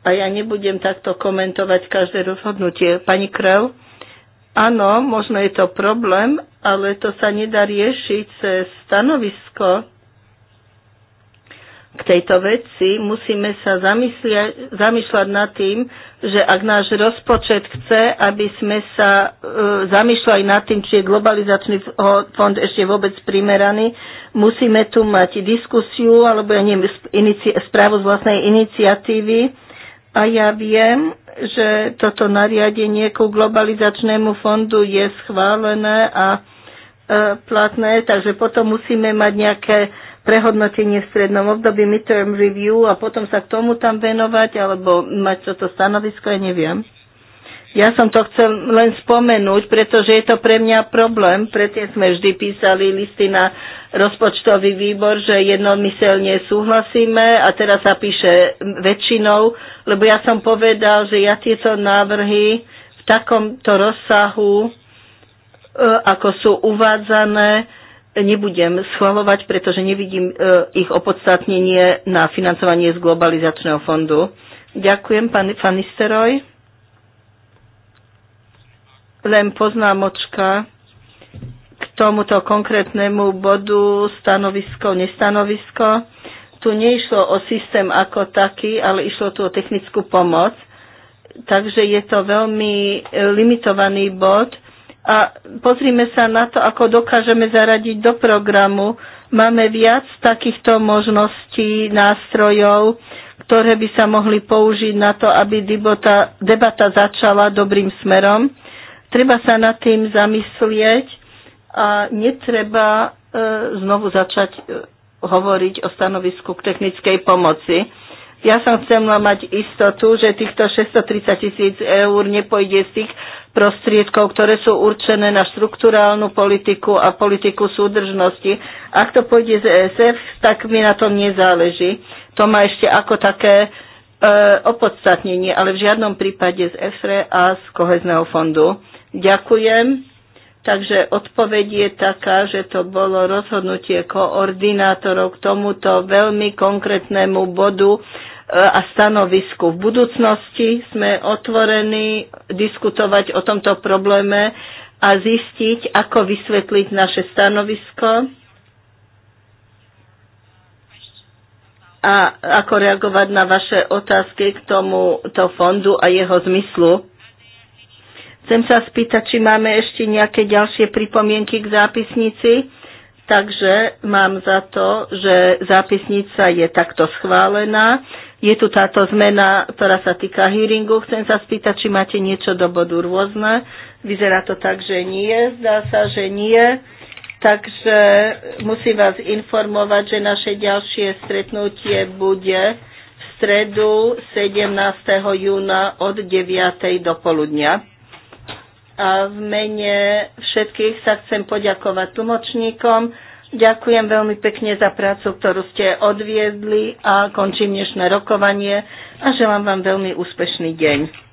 a ja nebudem takto komentovať každé rozhodnutie. Pani Krev, Áno, možno je to problém, ale to sa nedá riešiť cez stanovisko k tejto veci. Musíme sa zamýšľať nad tým, že ak náš rozpočet chce, aby sme sa e, zamýšľali nad tým, či je globalizačný fond ešte vôbec primeraný, musíme tu mať diskusiu alebo ja neviem, správu z vlastnej iniciatívy. A ja viem, že toto nariadenie ku globalizačnému fondu je schválené a e, platné, takže potom musíme mať nejaké prehodnotenie v strednom období, midterm review a potom sa k tomu tam venovať alebo mať toto stanovisko, ja neviem. Ja som to chcel len spomenúť, pretože je to pre mňa problém. Predtým sme vždy písali listy na rozpočtový výbor, že jednomyselne súhlasíme a teraz sa píše väčšinou, lebo ja som povedal, že ja tieto návrhy v takomto rozsahu, e, ako sú uvádzané, nebudem schvalovať, pretože nevidím e, ich opodstatnenie na financovanie z globalizačného fondu. Ďakujem, pán Fanisteroj. Len poznámočka k tomuto konkrétnemu bodu stanovisko, nestanovisko. Tu neišlo o systém ako taký, ale išlo tu o technickú pomoc. Takže je to veľmi limitovaný bod a pozrime sa na to, ako dokážeme zaradiť do programu. Máme viac takýchto možností, nástrojov, ktoré by sa mohli použiť na to, aby debata, debata začala dobrým smerom. Treba sa nad tým zamyslieť a netreba e, znovu začať e, hovoriť o stanovisku k technickej pomoci. Ja som chcela mať istotu, že týchto 630 tisíc eur nepojde z tých prostriedkov, ktoré sú určené na štruktúrálnu politiku a politiku súdržnosti. Ak to pôjde z ESF, tak mi na tom nezáleží. To má ešte ako také e, opodstatnenie, ale v žiadnom prípade z EFRE a z kohezného fondu. Ďakujem. Takže odpoveď je taká, že to bolo rozhodnutie koordinátorov k tomuto veľmi konkrétnemu bodu a stanovisku. V budúcnosti sme otvorení diskutovať o tomto probléme a zistiť, ako vysvetliť naše stanovisko a ako reagovať na vaše otázky k tomuto fondu a jeho zmyslu. Chcem sa spýtať, či máme ešte nejaké ďalšie pripomienky k zápisnici. Takže mám za to, že zápisnica je takto schválená. Je tu táto zmena, ktorá sa týka hearingu. Chcem sa spýtať, či máte niečo do bodu rôzne. Vyzerá to tak, že nie. Zdá sa, že nie. Takže musím vás informovať, že naše ďalšie stretnutie bude v stredu 17. júna od 9. do poludnia. A v mene všetkých sa chcem poďakovať tlmočníkom Ďakujem veľmi pekne za prácu, ktorú ste odviedli a končím dnešné rokovanie a želám vám veľmi úspešný deň.